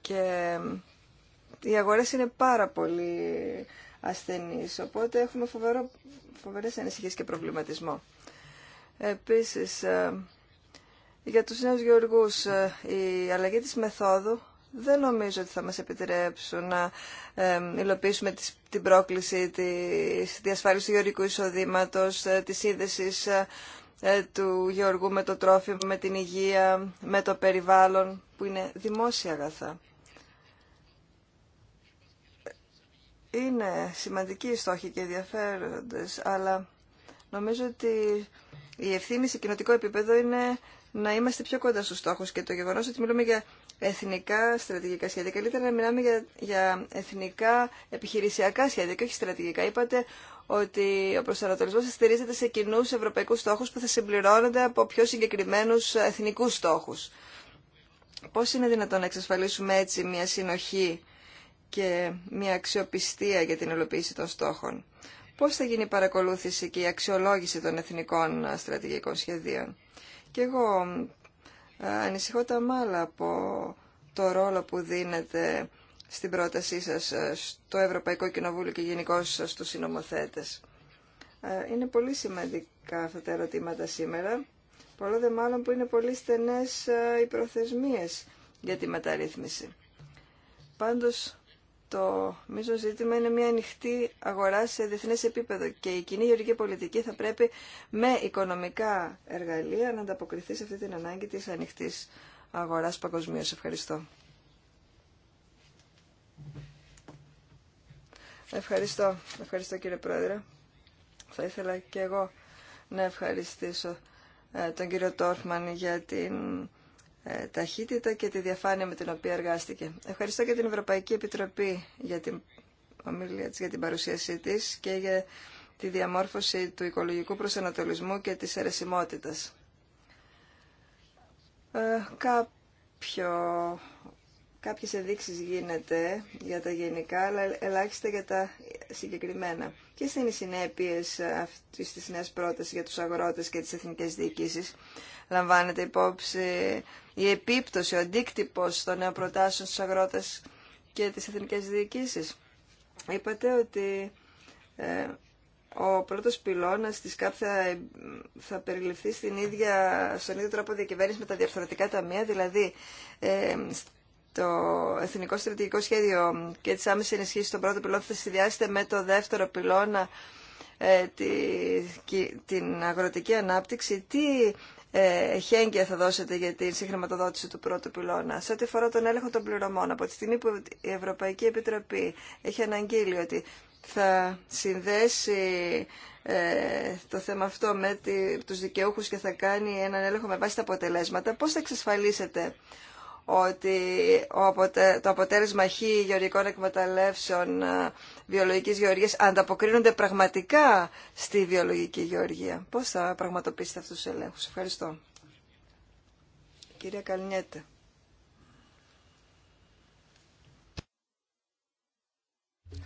Και οι αγορές είναι πάρα πολύ ασθενείς, οπότε έχουμε φοβερό, φοβερές ανησυχίες και προβληματισμό. Επίσης, ε, για τους νέους γεωργούς, ε, η αλλαγή της μεθόδου δεν νομίζω ότι θα μας επιτρέψουν να υλοποιήσουμε την πρόκληση της διασφάλισης του γεωργικού εισοδήματος, ε, της σύνδεσης ε, ε, του γεωργού με το τρόφιμο, με την υγεία, με το περιβάλλον, που είναι δημόσια αγαθά. Είναι σημαντικοί οι στόχοι και ενδιαφέροντες, αλλά νομίζω ότι η ευθύνη σε κοινοτικό επίπεδο είναι να είμαστε πιο κοντά στους στόχους και το γεγονός ότι μιλούμε για εθνικά στρατηγικά σχέδια. Καλύτερα να μιλάμε για, για εθνικά επιχειρησιακά σχέδια και όχι στρατηγικά. Είπατε ότι ο προσανατολισμός στηρίζεται σε κοινού ευρωπαϊκούς στόχους που θα συμπληρώνονται από πιο συγκεκριμένου εθνικού στόχου. Πώ είναι δυνατόν να εξασφαλίσουμε έτσι μια συνοχή και μια αξιοπιστία για την υλοποίηση των στόχων. πώ θα γίνει η παρακολούθηση και η αξιολόγηση των εθνικών στρατηγικών σχεδίων. Και εγώ ανησυχώ τα μάλα από το ρόλο που δίνετε στην πρότασή σας ε, στο Ευρωπαϊκό Κοινοβούλιο και γενικώ στους συνομοθέτες. Ε, είναι πολύ σημαντικά αυτά τα ερωτήματα σήμερα, πολλό δε μάλλον που είναι πολύ στενές ε, οι προθεσμίες για τη μεταρρύθμιση. Πάντως, το μείζον ζήτημα είναι μια ανοιχτή αγορά σε διεθνέ επίπεδο και η κοινή γεωργική πολιτική θα πρέπει με οικονομικά εργαλεία να ανταποκριθεί σε αυτή την ανάγκη της ανοιχτής αγοράς παγκοσμίω. Ευχαριστώ. Ευχαριστώ. Ευχαριστώ κύριε Πρόεδρε. Θα ήθελα και εγώ να ευχαριστήσω ε, τον κύριο Τόρφμαν για την ε, ταχύτητα και τη διαφάνεια με την οποία εργάστηκε. Ευχαριστώ και την Ευρωπαϊκή Επιτροπή για την ομιλία της, για την παρουσίασή της και για τη διαμόρφωση του οικολογικού προσανατολισμού και της αιρεσιμότητας. Ε, κάποιο, κάποιες ενδείξεις γίνεται για τα γενικά, αλλά ελάχιστα για τα συγκεκριμένα. Ποιε είναι οι συνέπειε αυτή τη νέα πρόταση για του αγρότε και τι εθνικέ διοικήσει. Λαμβάνεται υπόψη η επίπτωση, ο αντίκτυπο των νέων προτάσεων στου αγρότε και τι εθνικέ διοικήσει. Είπατε ότι ε, ο πρώτος πυλώνας της ΚΑΠ θα, περιληφθεί στην ίδια, στον ίδιο τρόπο διακυβέρνηση με τα διαφορετικά ταμεία, δηλαδή ε, το Εθνικό Στρατηγικό Σχέδιο και τις άμεσες ενισχύσεις των πρώτο πυλώνα θα συνδυάσετε με το δεύτερο πυλώνα ε, τη, την αγροτική ανάπτυξη. Τι ε, χέγγια θα δώσετε για την συγχρηματοδότηση του πρώτου πυλώνα σε ό,τι αφορά τον έλεγχο των πληρωμών. Από τη στιγμή που η Ευρωπαϊκή Επιτροπή έχει αναγγείλει ότι θα συνδέσει ε, το θέμα αυτό με τους δικαιούχους και θα κάνει έναν έλεγχο με βάση τα αποτελέσματα, πώς θα εξασφαλίσετε ότι το αποτέλεσμα χ γεωργικών εκμεταλλεύσεων ε, βιολογικής γεωργίας ανταποκρίνονται πραγματικά στη βιολογική γεωργία. Πώς θα πραγματοποιήσετε αυτούς τους ελέγχους. Ευχαριστώ. Κυρία Καλνιέτε.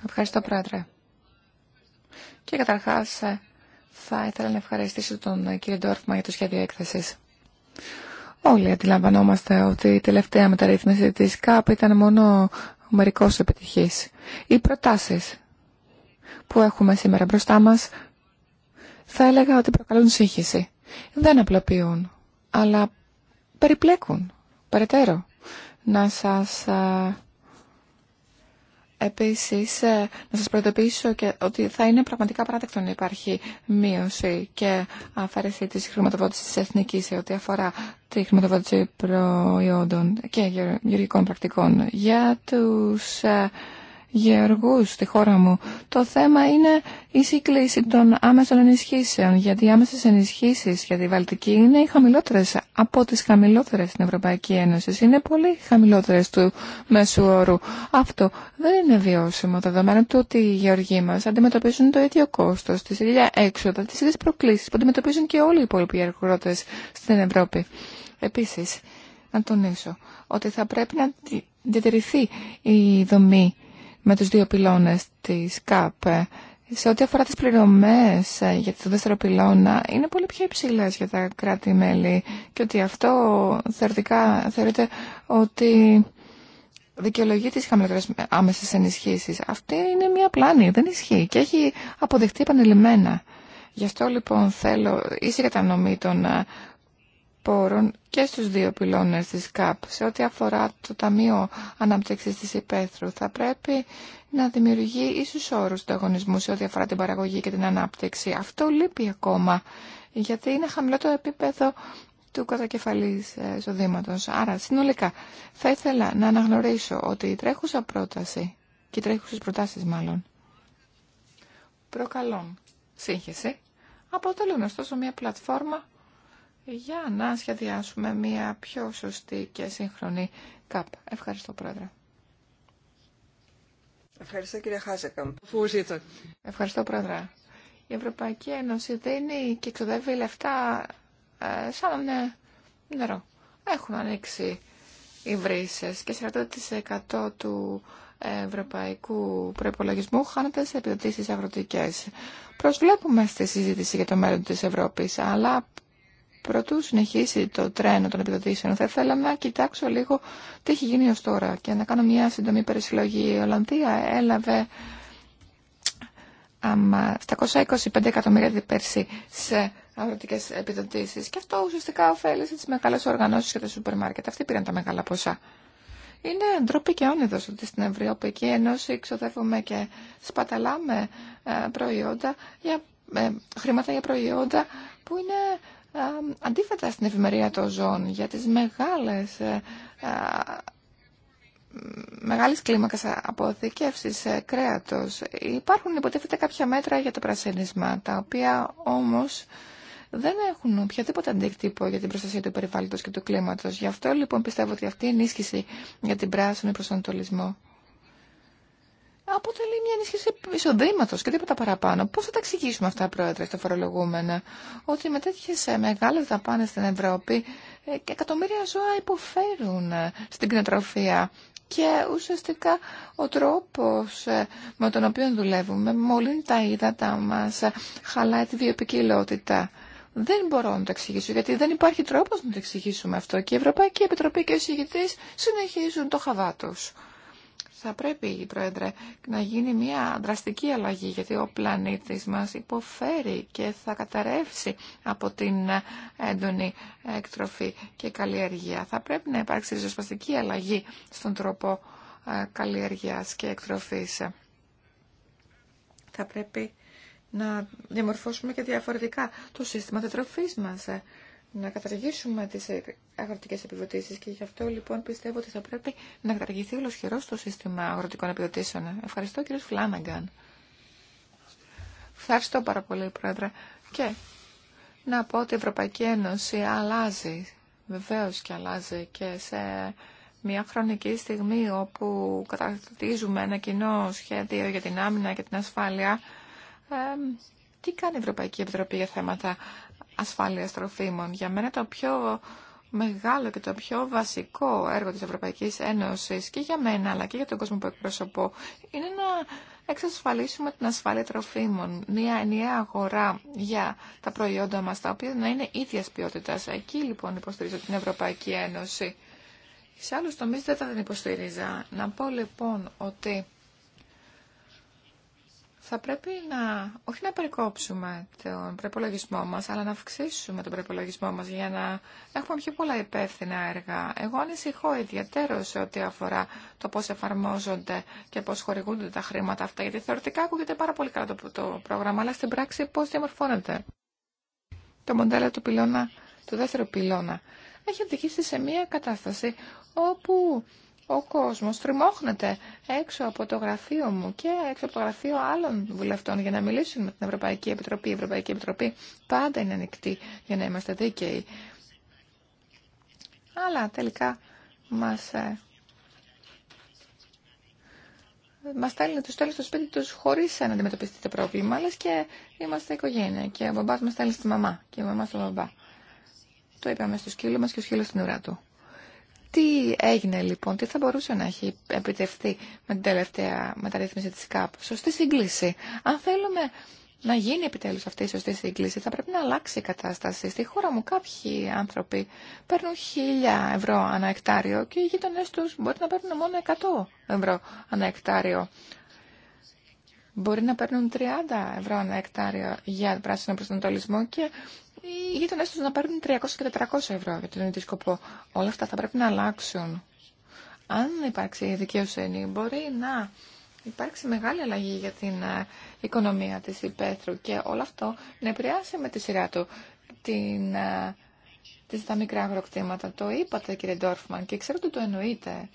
Ευχαριστώ πρόεδρε. Και καταρχάς ε, θα ήθελα να ευχαριστήσω τον ε, κύριο Ντόρφμα για το σχέδιο έκθεσης. Όλοι αντιλαμβανόμαστε ότι η τελευταία μεταρρύθμιση της ΚΑΠ ήταν μόνο μερικώς επιτυχής. Οι προτάσεις που έχουμε σήμερα μπροστά μας θα έλεγα ότι προκαλούν σύγχυση. Δεν απλοποιούν, αλλά περιπλέκουν περαιτέρω. Να σας Επίσης, ε, να σας προειδοποιήσω και ότι θα είναι πραγματικά παράδεκτο να υπάρχει μείωση και αφαίρεση της χρηματοδότησης της εθνικής σε ό,τι αφορά τη χρηματοδότηση προϊόντων και γεωργικών πρακτικών για τους ε, γεωργούς στη χώρα μου. Το θέμα είναι η σύγκληση των άμεσων ενισχύσεων, γιατί οι άμεσες ενισχύσεις για τη Βαλτική είναι οι χαμηλότερες από τις χαμηλότερες στην Ευρωπαϊκή Ένωση. Είναι πολύ χαμηλότερες του μέσου όρου. Αυτό δεν είναι βιώσιμο, δεδομένου του ότι οι γεωργοί μας αντιμετωπίζουν το ίδιο κόστος, τις ίδια έξοδα, τις ίδιες προκλήσεις που αντιμετωπίζουν και όλοι οι υπόλοιποι εργοδότες στην Ευρώπη. Επίσης, να τονίσω ότι θα πρέπει να διατηρηθεί η δομή με τους δύο πυλώνες της ΚΑΠ. Σε ό,τι αφορά τις πληρωμές ε, για το δεύτερο πυλώνα, είναι πολύ πιο υψηλέ για τα κράτη-μέλη και ότι αυτό θεωρητικά θεωρείται ότι δικαιολογεί τις χαμηλότερες άμεσες ενισχύσεις. Αυτή είναι μια πλάνη, δεν ισχύει και έχει αποδεχτεί επανειλημμένα. Γι' αυτό λοιπόν θέλω ίση κατανομή των ε, πόρων και στους δύο πυλώνες της ΚΑΠ. Σε ό,τι αφορά το Ταμείο Αναπτύξης της Υπέθρου θα πρέπει να δημιουργεί ίσους όρους του αγωνισμού σε ό,τι αφορά την παραγωγή και την ανάπτυξη. Αυτό λείπει ακόμα γιατί είναι χαμηλό το επίπεδο του κατακεφαλής ε, εισοδήματος. Άρα, συνολικά, θα ήθελα να αναγνωρίσω ότι η τρέχουσα πρόταση και οι τρέχουσες προτάσεις μάλλον προκαλών σύγχυση αποτελούν ωστόσο μια πλατφόρμα για να σχεδιάσουμε μια πιο σωστή και σύγχρονη ΚΑΠ. Ευχαριστώ, Πρόεδρε. Ευχαριστώ, κύριε Χάζεκαμ. Ευχαριστώ, Πρόεδρε. Η Ευρωπαϊκή Ένωση δίνει και εξοδεύει λεφτά ε, σαν νερό. Έχουν ανοίξει οι βρύσες και 40% του ευρωπαϊκού προπολογισμού χάνονται σε επιδοτήσεις αγροτικές. Προσβλέπουμε στη συζήτηση για το μέλλον της Ευρώπης, αλλά Πρωτού συνεχίσει το τρένο των επιδοτήσεων, θα ήθελα να κοιτάξω λίγο τι έχει γίνει ως τώρα και να κάνω μια σύντομη περισυλλογή. Η Ολλανδία έλαβε άμα, 725 εκατομμύρια πέρσι σε αγροτικέ επιδοτήσει. και αυτό ουσιαστικά ωφέλησε τι μεγάλε οργανώσει και τα σούπερ μάρκετ. Αυτοί πήραν τα μεγάλα ποσά. Είναι ντροπή και όνειρο ότι στην Ευρωπαϊκή Ένωση ξοδεύουμε και σπαταλάμε ε, προϊόντα για, ε, χρήματα για προϊόντα που είναι αντίθετα στην ευημερία των ζώων για τις μεγάλες ε, μεγάλες κλίμακες αποθηκεύσεις ε, κρέατος. Υπάρχουν υποτίθεται κάποια μέτρα για το πρασίνισμα, τα οποία όμως δεν έχουν οποιαδήποτε αντίκτυπο για την προστασία του περιβάλλοντος και του κλίματος. Γι' αυτό λοιπόν πιστεύω ότι αυτή η ενίσχυση για την πράσινη προσανατολισμό αποτελεί μια ενίσχυση εισοδήματο και τίποτα παραπάνω. Πώ θα τα εξηγήσουμε αυτά, Πρόεδρε, στα φορολογούμενα, ότι με τέτοιε μεγάλε δαπάνε στην Ευρώπη ε, και εκατομμύρια ζώα υποφέρουν ε, στην κτηνοτροφία. Και ουσιαστικά ο τρόπος ε, με τον οποίο δουλεύουμε μολύνει τα ύδατα μας, χαλάει τη βιοπικιλότητα. Δεν μπορώ να το εξηγήσω, γιατί δεν υπάρχει τρόπος να το εξηγήσουμε αυτό. Και η Ευρωπαϊκή Επιτροπή και ο συγητής συνεχίζουν το χαβά τους θα πρέπει, Πρόεδρε, να γίνει μια δραστική αλλαγή, γιατί ο πλανήτης μας υποφέρει και θα καταρρεύσει από την έντονη εκτροφή και καλλιεργία. Θα πρέπει να υπάρξει ζωσπαστική αλλαγή στον τρόπο ε, καλλιεργίας και εκτροφής. Θα πρέπει να διαμορφώσουμε και διαφορετικά το σύστημα τετροφής μας να καταργήσουμε τις αγροτικές επιδοτήσεις και γι' αυτό λοιπόν πιστεύω ότι θα πρέπει να καταργηθεί ολοσχερός το σύστημα αγροτικών επιδοτήσεων. Ευχαριστώ κύριο Φλάναγκαν. Ευχαριστώ πάρα πολύ πρόεδρε. Και να πω ότι η Ευρωπαϊκή Ένωση αλλάζει, βεβαίως και αλλάζει και σε μια χρονική στιγμή όπου καταρτίζουμε ένα κοινό σχέδιο για την άμυνα και την ασφάλεια. τι κάνει η Ευρωπαϊκή Επιτροπή για θέματα Ασφάλεια τροφίμων. Για μένα το πιο μεγάλο και το πιο βασικό έργο της Ευρωπαϊκής Ένωσης και για μένα αλλά και για τον κόσμο που εκπροσωπώ είναι να εξασφαλίσουμε την ασφάλεια τροφίμων, μια ενιαία αγορά για τα προϊόντα μας τα οποία να είναι ίδιας ποιότητας. Εκεί λοιπόν υποστηρίζω την Ευρωπαϊκή Ένωση. Σε άλλους τομείς δεν θα την υποστηρίζα. Να πω λοιπόν ότι θα πρέπει να, όχι να περικόψουμε τον προπολογισμό μας, αλλά να αυξήσουμε τον προπολογισμό μας για να έχουμε πιο πολλά υπεύθυνα έργα. Εγώ ανησυχώ ιδιαίτερο σε ό,τι αφορά το πώς εφαρμόζονται και πώς χορηγούνται τα χρήματα αυτά, γιατί θεωρητικά ακούγεται πάρα πολύ καλά το, πρόγραμμα, αλλά στην πράξη πώς διαμορφώνεται. Το μοντέλο του, του δεύτερου πυλώνα έχει οδηγήσει σε μια κατάσταση όπου ο κόσμος τριμώχνεται έξω από το γραφείο μου και έξω από το γραφείο άλλων βουλευτών για να μιλήσουν με την Ευρωπαϊκή Επιτροπή. Η Ευρωπαϊκή Επιτροπή πάντα είναι ανοιχτή για να είμαστε δίκαιοι. Αλλά τελικά μας, ε, στέλνει, τους στο σπίτι τους χωρίς να αντιμετωπιστεί το πρόβλημα, αλλά και είμαστε οικογένεια και ο μπαμπάς μας στέλνει στη μαμά και η μαμά στον μπαμπά. Το είπαμε στο σκύλο μας και ο σκύλος στην ουρά του. Τι έγινε λοιπόν, τι θα μπορούσε να έχει επιτευχθεί με την τελευταία μεταρρύθμιση της ΚΑΠ. Σωστή σύγκληση. Αν θέλουμε να γίνει επιτέλους αυτή η σωστή σύγκληση, θα πρέπει να αλλάξει η κατάσταση. Στη χώρα μου κάποιοι άνθρωποι παίρνουν 1000 ευρώ ανά εκτάριο και οι γείτονές τους μπορεί να παίρνουν μόνο 100 ευρώ ανά εκτάριο. Μπορεί να παίρνουν 30 ευρώ ανά εκτάριο για πράσινο προσανατολισμό και οι γείτονές τους να παίρνουν 300 και 400 ευρώ για τον ίδιο σκοπό. Όλα αυτά θα πρέπει να αλλάξουν. Αν υπάρξει δικαιοσύνη, μπορεί να υπάρξει μεγάλη αλλαγή για την ε, οικονομία της υπαίθρου και όλο αυτό να επηρεάσει με τη σειρά του την, ε, τις, τα μικρά αγροκτήματα. Το είπατε κύριε Ντόρφμαν και ξέρω ότι το εννοείτε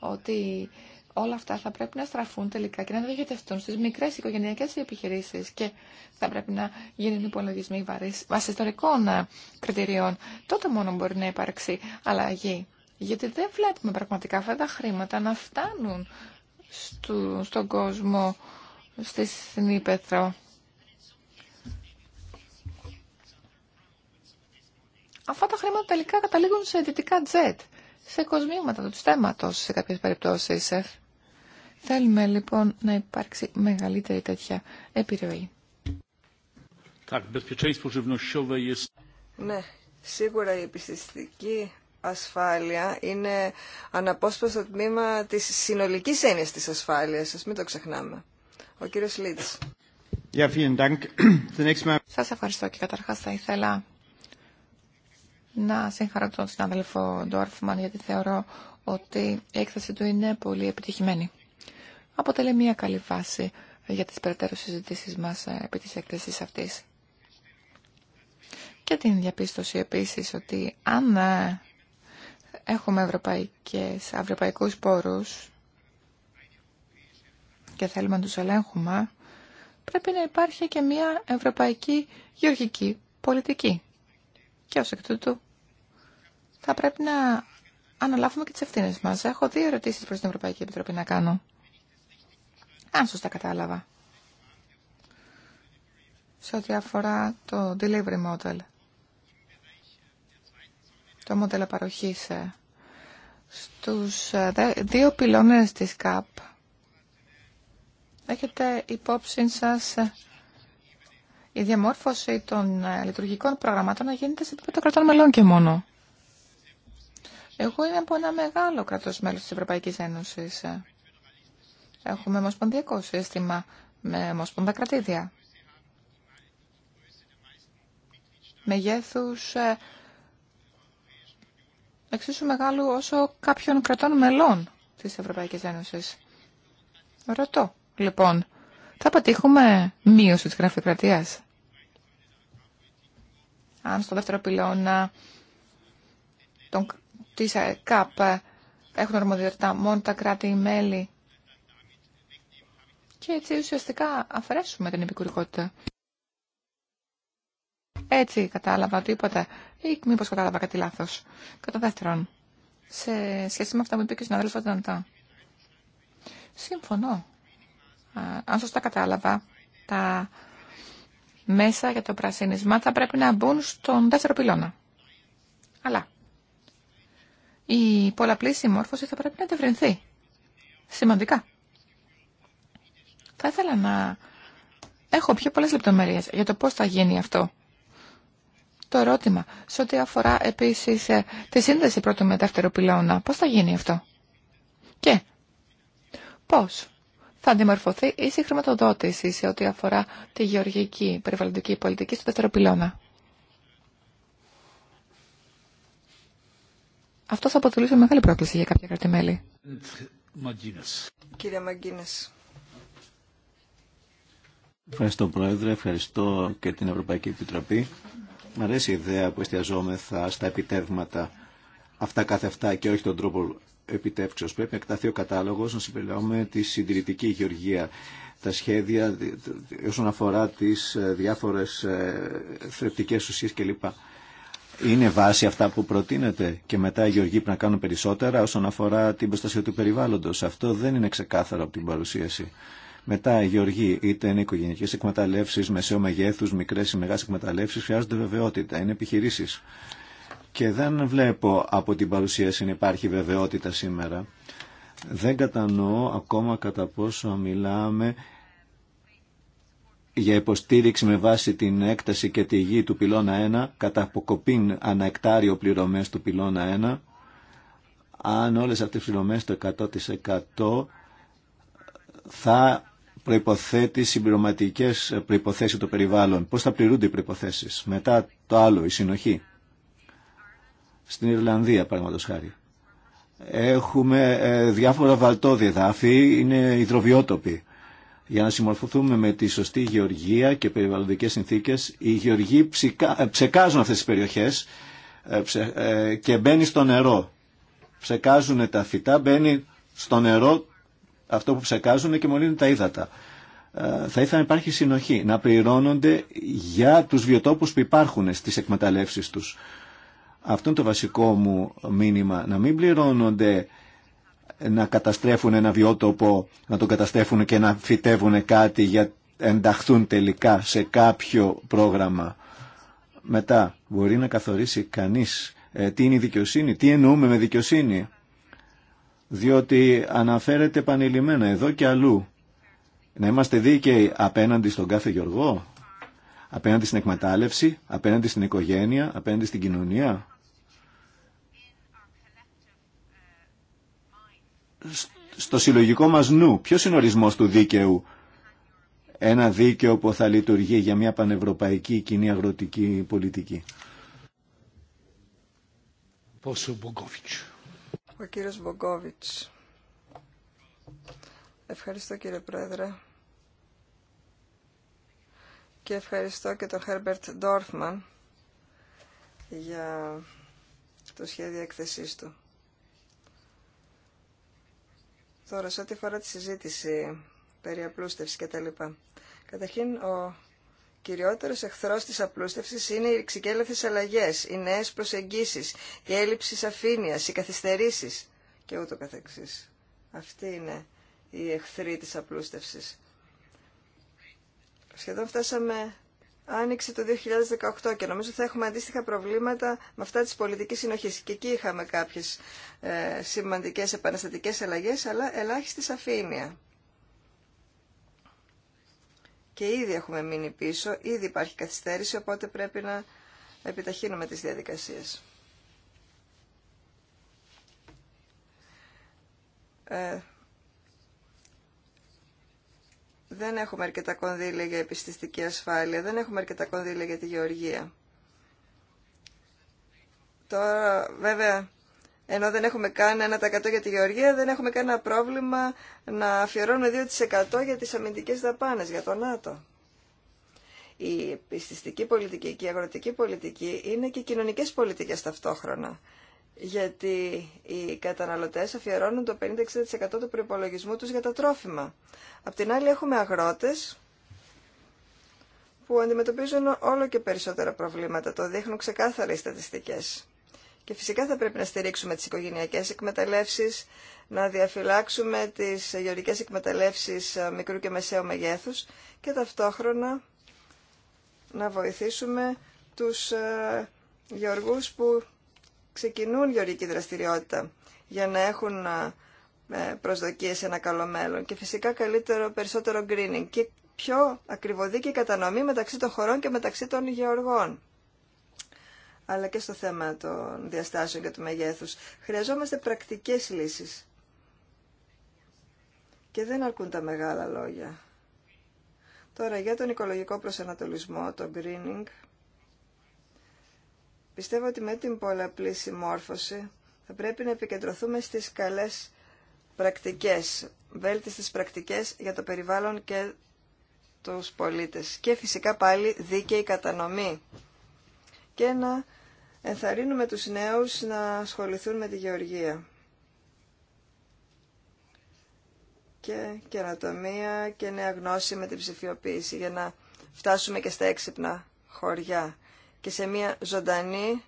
ότι όλα αυτά θα πρέπει να στραφούν τελικά και να διοχετευτούν στι μικρές οικογενειακές επιχειρήσεις και θα πρέπει να γίνουν υπολογισμοί βάσει ιστορικών ε, κριτηριών. Τότε μόνο μπορεί να υπάρξει αλλαγή. Γιατί δεν βλέπουμε πραγματικά αυτά τα χρήματα να φτάνουν στο, στον κόσμο, στη συνήπεθρο. Αυτά τα χρήματα τελικά καταλήγουν σε δυτικά τζετ, σε κοσμήματα του στέματος σε κάποιες περιπτώσεις ε, Θέλουμε λοιπόν να υπάρξει μεγαλύτερη τέτοια επιρροή. Ναι, σίγουρα η επιστηστική ασφάλεια είναι αναπόσπαστο τμήμα της συνολικής έννοιας της ασφάλειας. Ας μην το ξεχνάμε. Ο κύριος Λίτς. Σας ευχαριστώ και καταρχάς θα ήθελα να συγχαρώ τον συνάδελφο Ντόρφμαν γιατί θεωρώ ότι η έκθεση του είναι πολύ επιτυχημένη αποτελεί μια καλή βάση για τις περαιτέρω συζητήσεις μας ε, επί της έκθεσης αυτής. Και την διαπίστωση επίσης ότι αν ε, έχουμε ευρωπαϊκές, ευρωπαϊκούς πόρους και θέλουμε να τους ελέγχουμε, πρέπει να υπάρχει και μια ευρωπαϊκή γεωργική πολιτική. Και ως εκ τούτου θα πρέπει να αναλάβουμε και τις ευθύνες μας. Έχω δύο ερωτήσεις προς την Ευρωπαϊκή Επιτροπή να κάνω αν σωστά κατάλαβα. Σε ό,τι αφορά το delivery model, το μοντέλο παροχής, ε. στους ε, δύο πυλώνες της ΚΑΠ, έχετε υπόψη σας ε, η διαμόρφωση των λειτουργικών προγραμμάτων να γίνεται σε επίπεδο κρατών μελών και μόνο. Εγώ είμαι από ένα μεγάλο κράτος μέλος της Ευρωπαϊκής Ένωσης Έχουμε ομοσπονδιακό σύστημα με ομοσπονδα κρατήδια. Μεγέθους ε, εξίσου μεγάλου όσο κάποιων κρατών μελών της Ευρωπαϊκής Ένωσης. Ρωτώ, λοιπόν, θα πετύχουμε μείωση της γραφειοκρατίας. Αν στο δεύτερο πυλώνα των, της ΚΑΠ έχουν ορμοδιότητα μόνο τα κράτη-μέλη και έτσι ουσιαστικά αφαιρέσουμε την επικουρικότητα. Έτσι κατάλαβα ότι είπατε ή μήπως κατάλαβα κάτι λάθος. Κατά δεύτερον, σε σχέση με αυτά που είπε και ο συναδέλφος Νταντά. Συμφωνώ. Αν σωστά κατάλαβα, τα μέσα για το πρασίνισμα θα πρέπει να μπουν στον δεύτερο πυλώνα. Αλλά η πολλαπλή συμμόρφωση θα πρέπει να τευρυνθεί. Σημαντικά. Θα ήθελα να έχω πιο πολλές λεπτομέρειες για το πώς θα γίνει αυτό. Το ερώτημα σε ό,τι αφορά επίσης ε, τη σύνδεση πρώτου με δεύτερο πυλώνα. Πώς θα γίνει αυτό. Και πώς θα αντιμορφωθεί η συγχρηματοδότηση σε ό,τι αφορά τη γεωργική περιβαλλοντική πολιτική στο δεύτερο πυλώνα. Αυτό θα αποτελούσε μεγάλη πρόκληση για κάποια κρατημέλη. Κύριε Μαγκίνες. Ευχαριστώ Πρόεδρε, ευχαριστώ και την Ευρωπαϊκή Επιτροπή. Μ' αρέσει η ιδέα που εστιαζόμεθα στα επιτεύγματα αυτά κάθε αυτά και όχι τον τρόπο επιτεύξεως. Πρέπει να εκταθεί ο κατάλογος να συμπεριλαμβάνουμε τη συντηρητική γεωργία, τα σχέδια όσον αφορά τις ε, διάφορες ε, θρεπτικές ουσίες κλπ. Είναι βάση αυτά που προτείνεται και μετά οι γεωργοί πρέπει να κάνουν περισσότερα όσον αφορά την προστασία του περιβάλλοντος. Αυτό δεν είναι ξεκάθαρο από την παρουσίαση. Μετά οι γεωργοί, είτε είναι οικογενειακέ εκμεταλλεύσει, μεσαίου μεγέθου, μικρέ ή μεγάλε εκμεταλλεύσει, χρειάζονται βεβαιότητα. Είναι επιχειρήσει. Και δεν βλέπω από την παρουσίαση να υπάρχει βεβαιότητα σήμερα. Δεν κατανοώ ακόμα κατά πόσο μιλάμε για υποστήριξη με βάση την έκταση και τη γη του πυλώνα 1, κατά αποκοπήν αναεκτάριο πληρωμές του πυλώνα 1, αν όλες αυτές οι πληρωμές το 100% θα προϋποθέτει συμπληρωματικές ε, προϋποθέσεις των περιβάλλων. Πώς θα πληρούνται οι προϋποθέσεις. Μετά το άλλο, η συνοχή. Στην Ιρλανδία, παραδείγματο χάρη. Έχουμε ε, διάφορα βαλτόδια εδάφη, είναι υδροβιότοποι. Για να συμμορφωθούμε με τη σωστή γεωργία και περιβαλλοντικές συνθήκες, οι γεωργοί ε, ψεκάζουν αυτές τις περιοχές και μπαίνει στο νερό. Ψεκάζουν τα φυτά, μπαίνει στο νερό αυτό που ψεκάζουν και μολύνουν τα ύδατα. Ε, θα ήθελα να υπάρχει συνοχή, να πληρώνονται για τους βιοτόπους που υπάρχουν στις εκμεταλλεύσεις τους. Αυτό είναι το βασικό μου μήνυμα, να μην πληρώνονται να καταστρέφουν ένα βιότοπο, να τον καταστρέφουν και να φυτεύουν κάτι για να ενταχθούν τελικά σε κάποιο πρόγραμμα. Μετά μπορεί να καθορίσει κανείς ε, τι είναι η δικαιοσύνη, τι εννοούμε με δικαιοσύνη διότι αναφέρεται επανειλημμένα εδώ και αλλού. Να είμαστε δίκαιοι απέναντι στον κάθε Γιωργό, απέναντι στην εκμετάλλευση, απέναντι στην οικογένεια, απέναντι στην κοινωνία. Στο συλλογικό μας νου, ποιος είναι ο ορισμός του δίκαιου, ένα δίκαιο που θα λειτουργεί για μια πανευρωπαϊκή κοινή αγροτική πολιτική. Πόσο ο κύριος Βογκόβιτς. Ευχαριστώ κύριε Πρόεδρε. Και ευχαριστώ και τον Χέρμπερτ Ντόρφμαν για το σχέδιο εκθεσής του. Τώρα, σε ό,τι αφορά τη συζήτηση περί απλούστευσης και τα λοιπά. Καταρχήν, ο κυριότερος εχθρό τη απλούστευσης είναι οι ρηξικέλευθες αλλαγέ, οι νέε προσεγγίσει, η έλλειψη σαφήνεια, οι καθυστερήσει και ούτω καθεξής. Αυτή είναι η εχθρή της απλούστευσης. Σχεδόν φτάσαμε άνοιξη το 2018 και νομίζω θα έχουμε αντίστοιχα προβλήματα με αυτά της πολιτικής συνοχής. Και εκεί είχαμε κάποιες ε, σημαντικές επαναστατικές αλλαγές, αλλά ελάχιστη σαφήνεια και ήδη έχουμε μείνει πίσω, ήδη υπάρχει καθυστέρηση, οπότε πρέπει να επιταχύνουμε τις διαδικασίες. Ε, δεν έχουμε αρκετά κονδύλια για επιστηστική ασφάλεια, δεν έχουμε αρκετά κονδύλια για τη γεωργία. Τώρα, βέβαια, ενώ δεν έχουμε καν 1% για τη γεωργία, δεν έχουμε κανένα πρόβλημα να αφιερώνουμε 2% για τις αμυντικές δαπάνες, για το ΝΑΤΟ. Η πιστιστική πολιτική και η αγροτική πολιτική είναι και κοινωνικές πολιτικές ταυτόχρονα. Γιατί οι καταναλωτές αφιερώνουν το 50-60% του προπολογισμού τους για τα τρόφιμα. Απ' την άλλη έχουμε αγρότες που αντιμετωπίζουν όλο και περισσότερα προβλήματα. Το δείχνουν ξεκάθαρα οι στατιστικές. Και φυσικά θα πρέπει να στηρίξουμε τις οικογενειακές εκμεταλλεύσεις, να διαφυλάξουμε τις γεωρικές εκμεταλλεύσεις μικρού και μεσαίου μεγέθους και ταυτόχρονα να βοηθήσουμε τους ε, γεωργούς που ξεκινούν γεωργική δραστηριότητα για να έχουν ε, προσδοκίες σε ένα καλό μέλλον και φυσικά καλύτερο, περισσότερο greening και πιο ακριβωδική κατανομή μεταξύ των χωρών και μεταξύ των γεωργών αλλά και στο θέμα των διαστάσεων και του μεγέθους. Χρειαζόμαστε πρακτικές λύσεις. Και δεν αρκούν τα μεγάλα λόγια. Τώρα για τον οικολογικό προσανατολισμό, το greening, πιστεύω ότι με την πολλαπλή συμμόρφωση θα πρέπει να επικεντρωθούμε στις καλές πρακτικές, βέλτιστες πρακτικές για το περιβάλλον και τους πολίτες. Και φυσικά πάλι δίκαιη κατανομή και να ενθαρρύνουμε τους νέους να ασχοληθούν με τη γεωργία και καινοτομία και νέα γνώση με την ψηφιοποίηση για να φτάσουμε και στα έξυπνα χωριά και σε μια ζωντανή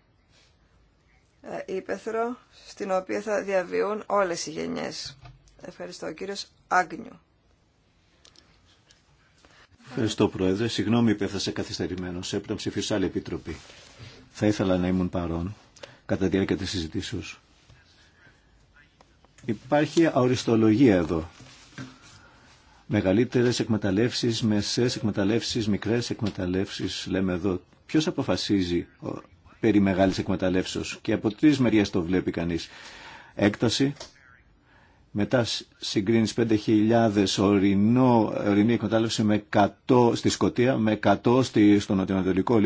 ε, ύπεθρο στην οποία θα διαβιούν όλες οι γενιές. Ευχαριστώ. Ο κύριος Άγνιου. Ευχαριστώ Πρόεδρε. Συγγνώμη που καθυστερημένος. Έπρεπε να ψηφίσω άλλη επιτροπή. Θα ήθελα να ήμουν παρόν κατά τη διάρκεια της συζητήσεως. Υπάρχει αοριστολογία εδώ. Μεγαλύτερες εκμεταλλεύσεις, μεσές εκμεταλλεύσεις, μικρές εκμεταλλεύσεις, λέμε εδώ. Ποιος αποφασίζει περί μεγάλης εκμεταλλεύσεως και από τρεις μεριές το βλέπει κανείς. Έκταση, μετά συγκρίνεις 5.000 ορεινό, ορεινή εκμετάλλευση με 100 στη Σκοτία, με 100 στο νοτιοανατολικό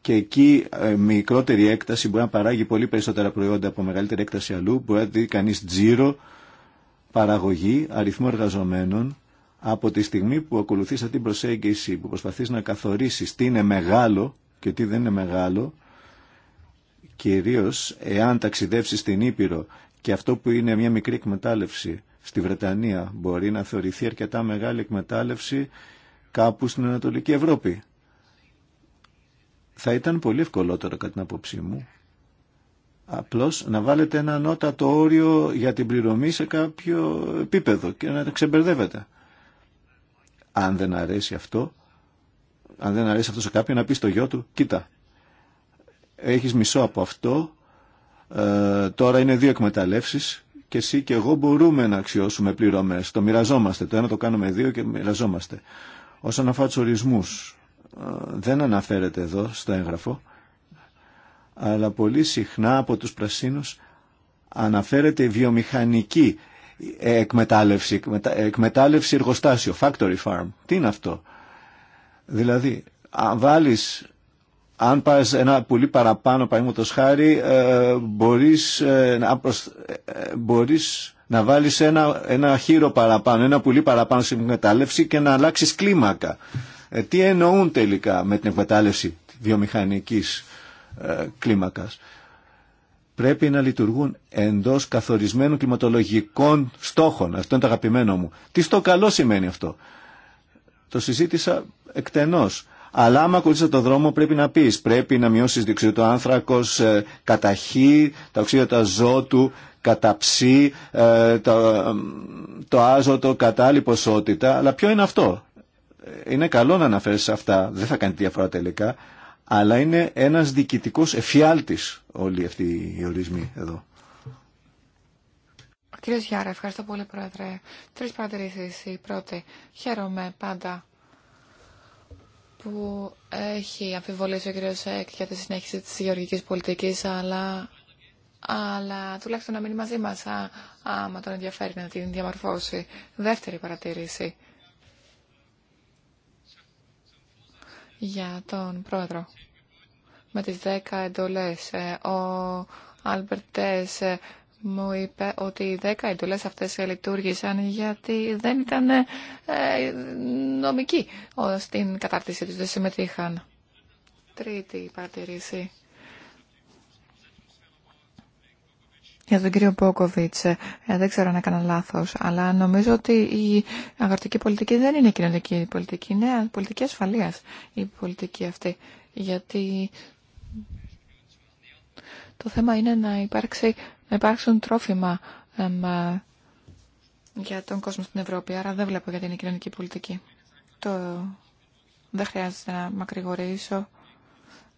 και εκεί ε, μικρότερη έκταση μπορεί να παράγει πολύ περισσότερα προϊόντα από μεγαλύτερη έκταση αλλού. Μπορεί να δει κανείς τζίρο, παραγωγή, αριθμό εργαζομένων. Από τη στιγμή που ακολουθεί αυτή την προσέγγιση, που προσπαθεί να καθορίσει τι είναι μεγάλο και τι δεν είναι μεγάλο, κυρίω εάν ταξιδεύσει στην Ήπειρο και αυτό που είναι μια μικρή εκμετάλλευση στη Βρετανία μπορεί να θεωρηθεί αρκετά μεγάλη εκμετάλλευση κάπου στην Ανατολική Ευρώπη θα ήταν πολύ ευκολότερο κατά την απόψή μου απλώς να βάλετε ένα ανώτατο όριο για την πληρωμή σε κάποιο επίπεδο και να ξεμπερδεύετε. Αν δεν αρέσει αυτό, αν δεν αρέσει αυτό σε κάποιον να πει στο γιο του, κοίτα, έχεις μισό από αυτό, ε, τώρα είναι δύο εκμεταλλεύσεις και εσύ και εγώ μπορούμε να αξιώσουμε πληρωμές, το μοιραζόμαστε, το ένα το κάνουμε δύο και μοιραζόμαστε. Όσον αφορά του ορισμούς, δεν αναφέρεται εδώ στο έγγραφο, αλλά πολύ συχνά από τους πρασίνους αναφέρεται η βιομηχανική εκμετάλλευση, εκμετάλλευση εργοστάσιο, factory farm. Τι είναι αυτό. Δηλαδή, αν βάλεις, αν πας ένα πολύ παραπάνω, παραδείγματος χάρη, ε, μπορείς, ε, να προσ... Ε, ε, μπορείς να βάλεις ένα, ένα χείρο παραπάνω, ένα πολύ παραπάνω στην εκμετάλλευση και να αλλάξεις κλίμακα. Ε, τι εννοούν τελικά με την εκμετάλλευση βιομηχανικής ε, κλίμακας. Πρέπει να λειτουργούν εντός καθορισμένων κλιματολογικών στόχων. Αυτό είναι το αγαπημένο μου. Τι στο καλό σημαίνει αυτό. Το συζήτησα εκτενώς. Αλλά άμα ακολουθήσει το δρόμο πρέπει να πεις, πρέπει να μειώσεις διοξείδιο του άνθρακος, ε, κατά τα οξύδια του αζότου, ε, το, το άζωτο κατά άλλη ποσότητα. Αλλά ποιο είναι αυτό είναι καλό να αναφέρεις αυτά, δεν θα κάνει διαφορά τελικά, αλλά είναι ένας διοικητικός εφιάλτης όλοι αυτοί οι ορισμοί εδώ. Κύριε Γιάρα, ευχαριστώ πολύ Πρόεδρε. Τρεις παρατηρήσεις. Η πρώτη, χαίρομαι πάντα που έχει αμφιβολήσει ο κύριος Σεκ για τη συνέχιση της γεωργικής πολιτικής, αλλά, αλλά τουλάχιστον να μείνει μαζί μας, άμα τον ενδιαφέρει να την διαμορφώσει. Δεύτερη παρατήρηση. για τον πρόεδρο. Με τις δέκα εντολές, ε, ο Αλμπερτές ε, μου είπε ότι οι δέκα εντολές αυτές ε, λειτουργήσαν γιατί δεν ήταν νομικοί στην κατάρτιση τους, δεν συμμετείχαν. Τρίτη παρατηρήση. για τον κύριο Μπόκοβιτς. Ε, δεν ξέρω αν έκανα λάθος, αλλά νομίζω ότι η αγροτική πολιτική δεν είναι κοινωνική πολιτική, είναι πολιτική ασφαλείας η πολιτική αυτή. Γιατί το θέμα είναι να, υπάρξει, να υπάρξουν τρόφιμα για τον κόσμο στην Ευρώπη, άρα δεν βλέπω γιατί είναι κοινωνική πολιτική. Το... Δεν χρειάζεται να μακρηγορήσω.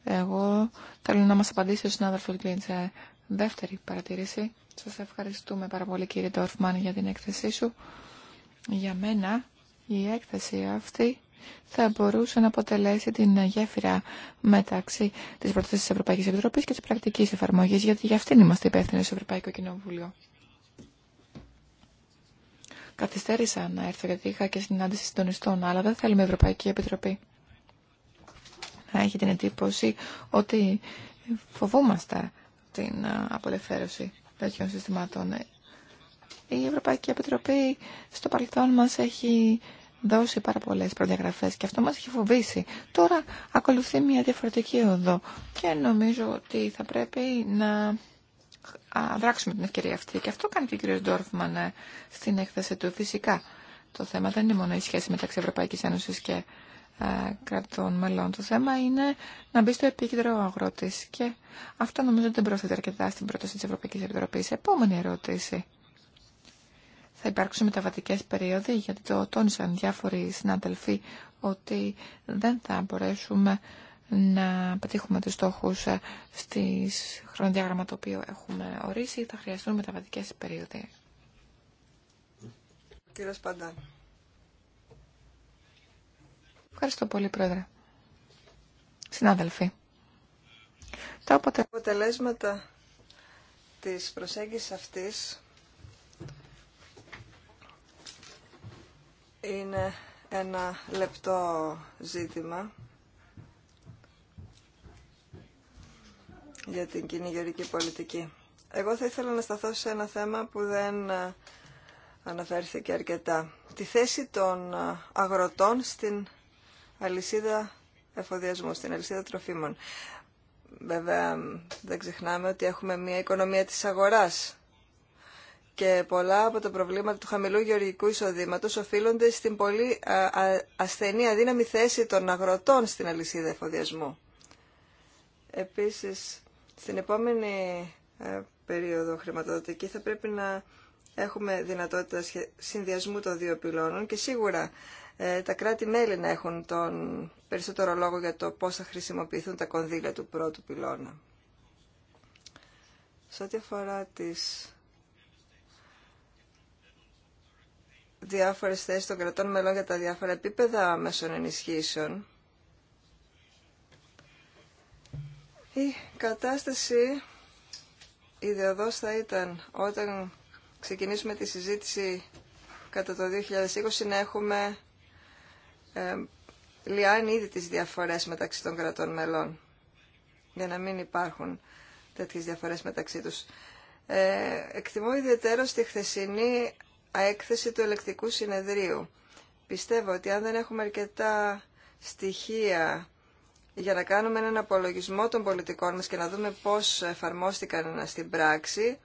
Εγώ θέλω να μας απαντήσει ο συνάδελφος Γκλίντσε Δεύτερη παρατήρηση. Σας ευχαριστούμε πάρα πολύ κύριε Ντόρφμαν για την έκθεσή σου. Για μένα η έκθεση αυτή θα μπορούσε να αποτελέσει την γέφυρα μεταξύ της πρότασης της Ευρωπαϊκής Επιτροπής και της πρακτικής εφαρμογής, γιατί για αυτήν είμαστε υπεύθυνοι στο Ευρωπαϊκό Κοινοβούλιο. Καθυστέρησα να έρθω γιατί είχα και συνάντηση συντονιστών, αλλά δεν θέλουμε η Ευρωπαϊκή Επιτροπή να έχει την εντύπωση ότι φοβούμαστε την ε, απολευθέρωση τέτοιων συστημάτων. Η Ευρωπαϊκή Επιτροπή στο παρελθόν μας έχει δώσει πάρα πολλές προδιαγραφές και αυτό μας έχει φοβήσει. Τώρα ακολουθεί μια διαφορετική οδό και νομίζω ότι θα πρέπει να δράξουμε την ευκαιρία αυτή. Και αυτό κάνει και ο κ. Ντόρφμαν ε, στην έκθεση του φυσικά. Το θέμα δεν είναι μόνο η σχέση μεταξύ Ευρωπαϊκής Ένωσης και ε, κρατών μελών. Το θέμα είναι να μπει στο επίκεντρο ο αγρότη και αυτό νομίζω δεν προσθέτει αρκετά στην πρόταση τη Ευρωπαϊκή Επιτροπή. Επόμενη ερώτηση. Θα υπάρξουν μεταβατικέ περίοδοι, γιατί το τόνισαν διάφοροι συναδελφοί ότι δεν θα μπορέσουμε να πετύχουμε τους στόχους ε, στη χρονοδιάγραμμα το οποίο έχουμε ορίσει, θα χρειαστούν μεταβατικές περίοδοι. Κύριος Ευχαριστώ πολύ, Πρόεδρε. Συνάδελφοι. Τα αποτελέσματα της προσέγγισης αυτής είναι ένα λεπτό ζήτημα για την κοινή πολιτική. Εγώ θα ήθελα να σταθώ σε ένα θέμα που δεν ε, αναφέρθηκε αρκετά. Τη θέση των ε, αγροτών στην αλυσίδα εφοδιασμού, στην αλυσίδα τροφίμων. Βέβαια, δεν ξεχνάμε ότι έχουμε μια οικονομία της αγοράς και πολλά από τα προβλήματα του χαμηλού γεωργικού εισοδήματος οφείλονται στην πολύ ασθενή, αδύναμη θέση των αγροτών στην αλυσίδα εφοδιασμού. Επίσης, στην επόμενη ε, περίοδο χρηματοδοτική θα πρέπει να έχουμε δυνατότητα συνδυασμού των δύο πυλώνων και σίγουρα ε, τα κράτη-μέλη να έχουν τον περισσότερο λόγο για το πώς θα χρησιμοποιηθούν τα κονδύλια του πρώτου πυλώνα. Σε ό,τι αφορά τις διάφορες θέσεις των κρατών μελών για τα διάφορα επίπεδα άμεσων ενισχύσεων, η κατάσταση ιδεοδός θα ήταν όταν ξεκινήσουμε τη συζήτηση κατά το 2020 να έχουμε λιάνει ήδη τις διαφορές μεταξύ των κρατών μελών για να μην υπάρχουν τέτοιες διαφορές μεταξύ τους. Ε, εκτιμώ ιδιαίτερα στη χθεσινή έκθεση του ελεκτικού συνεδρίου. Πιστεύω ότι αν δεν έχουμε αρκετά στοιχεία για να κάνουμε έναν απολογισμό των πολιτικών μας και να δούμε πώς εφαρμόστηκαν στην πράξη,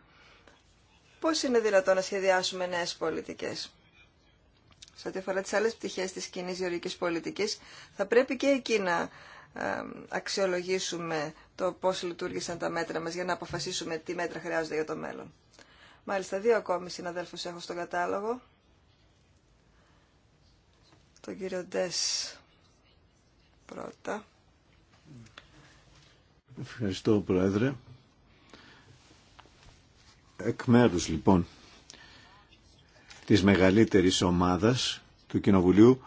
πώς είναι δυνατόν να σχεδιάσουμε νέες πολιτικές σε ό,τι αφορά τις άλλες πτυχές της κοινή γεωργικής πολιτικής, θα πρέπει και εκεί να αξιολογήσουμε το πώς λειτουργήσαν τα μέτρα μας για να αποφασίσουμε τι μέτρα χρειάζονται για το μέλλον. Μάλιστα, δύο ακόμη συναδέλφους έχω στον κατάλογο. Τον κύριο Ντες πρώτα. Ευχαριστώ, Πρόεδρε. Εκ μέρους, λοιπόν, της μεγαλύτερης ομάδας του Κοινοβουλίου,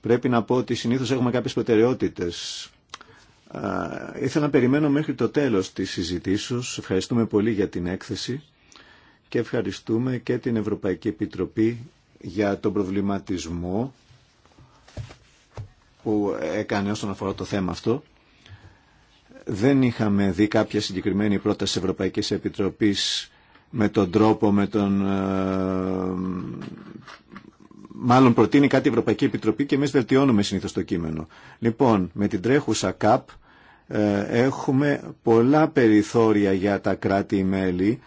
πρέπει να πω ότι συνήθως έχουμε κάποιες προτεραιότητες. Ήθελα να περιμένω μέχρι το τέλος της συζητήσεως. Ευχαριστούμε πολύ για την έκθεση και ευχαριστούμε και την Ευρωπαϊκή Επιτροπή για τον προβληματισμό που έκανε όσον αφορά το θέμα αυτό. Δεν είχαμε δει κάποια συγκεκριμένη πρόταση Ευρωπαϊκής Επιτροπής με τον τρόπο, με τον... Ε, μάλλον προτείνει κάτι η Ευρωπαϊκή Επιτροπή και εμείς βελτιώνουμε συνήθως το κείμενο. Λοιπόν, με την τρέχουσα ΚΑΠ ε, έχουμε πολλά περιθώρια για τα κράτη-μέλη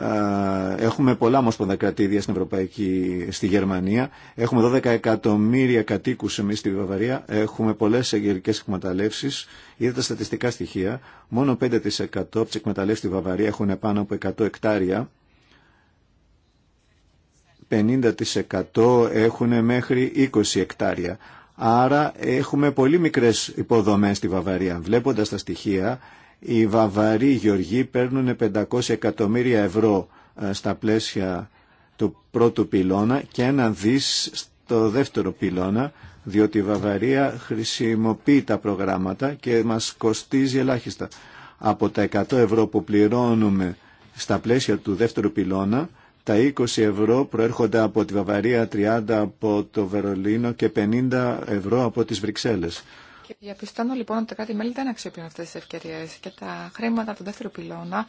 ε, έχουμε πολλά μοσπονδακρατήδια κρατήδια στην Ευρωπαϊκή, στη Γερμανία. Έχουμε 12 εκατομμύρια κατοίκους εμείς στη Βαβαρία. Έχουμε πολλές εγγελικές εκμεταλλεύσεις. Είδα τα στατιστικά στοιχεία. Μόνο 5% από τις εκμεταλλεύσεις στη Βαυαρία έχουν πάνω από 100 εκτάρια. 50% έχουν μέχρι 20 εκτάρια. Άρα έχουμε πολύ μικρές υποδομές στη Βαβαρία. Βλέποντας τα στοιχεία οι Βαβαροί Γεωργοί παίρνουν 500 εκατομμύρια ευρώ ε, στα πλαίσια του πρώτου πυλώνα και ένα δις στο δεύτερο πυλώνα, διότι η Βαβαρία χρησιμοποιεί τα προγράμματα και μας κοστίζει ελάχιστα. Από τα 100 ευρώ που πληρώνουμε στα πλαίσια του δεύτερου πυλώνα, τα 20 ευρώ προέρχονται από τη Βαβαρία, 30 από το Βερολίνο και 50 ευρώ από τις Βρυξέλλες. Διαπιστώνω λοιπόν ότι τα κράτη-μέλη δεν αξιοποιούν αυτέ τι ευκαιρίε και τα χρήματα του δεύτερου πυλώνα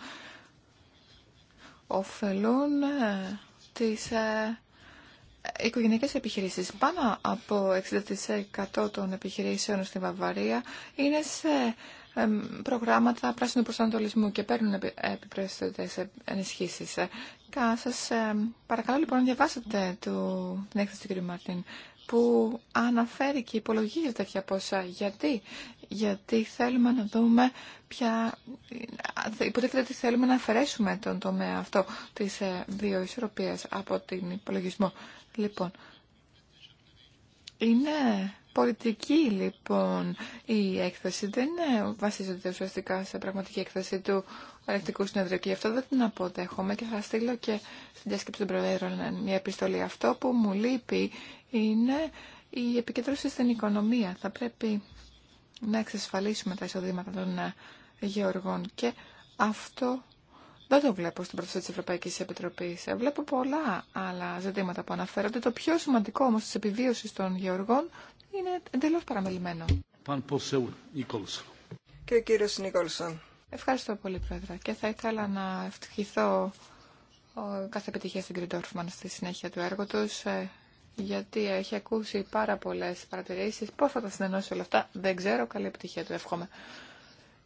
ωφελούν ε, τι ε, οικογενειακέ επιχειρήσει. Πάνω από 60% των επιχειρήσεων στην Βαυαρία είναι σε ε, προγράμματα πράσινου προσανατολισμού και παίρνουν επι, ενισχύσεις. ενισχύσει. Σα ε, παρακαλώ λοιπόν να διαβάσετε την έκθεση του κ. Μαρτίν που αναφέρει και υπολογίζει τέτοια ποσά. Γιατί, Γιατί θέλουμε να δούμε ποια... Υποτίθεται ότι θέλουμε να αφαιρέσουμε τον τομέα αυτό της ε, βιοεισορροπίας από την υπολογισμό. Λοιπόν, είναι πολιτική λοιπόν η έκθεση. Δεν ε, βασίζεται ουσιαστικά σε πραγματική έκθεση του Αρεκτικού συνεδρίου. Και γι' αυτό δεν την αποδέχομαι και θα στείλω και στην διάσκεψη των Προέδρων μια επιστολή. Αυτό που μου λείπει είναι η επικέντρωση στην οικονομία. Θα πρέπει να εξασφαλίσουμε τα εισοδήματα των ε, γεωργών και αυτό δεν το βλέπω στην πρόταση της Ευρωπαϊκής Επιτροπής. Ε, βλέπω πολλά άλλα ζητήματα που αναφέρονται. Το πιο σημαντικό όμως της επιβίωσης των γεωργών είναι εντελώς παραμελημένο. Και Νίκολσον. Ευχαριστώ πολύ, Πρόεδρε. Και θα ήθελα να ευχηθώ κάθε επιτυχία στην Κρυντόρφμαν στη συνέχεια του έργου του, ε, γιατί έχει ακούσει πάρα πολλέ παρατηρήσει. Πώ θα τα συνενώσει όλα αυτά, δεν ξέρω. Καλή επιτυχία του, εύχομαι.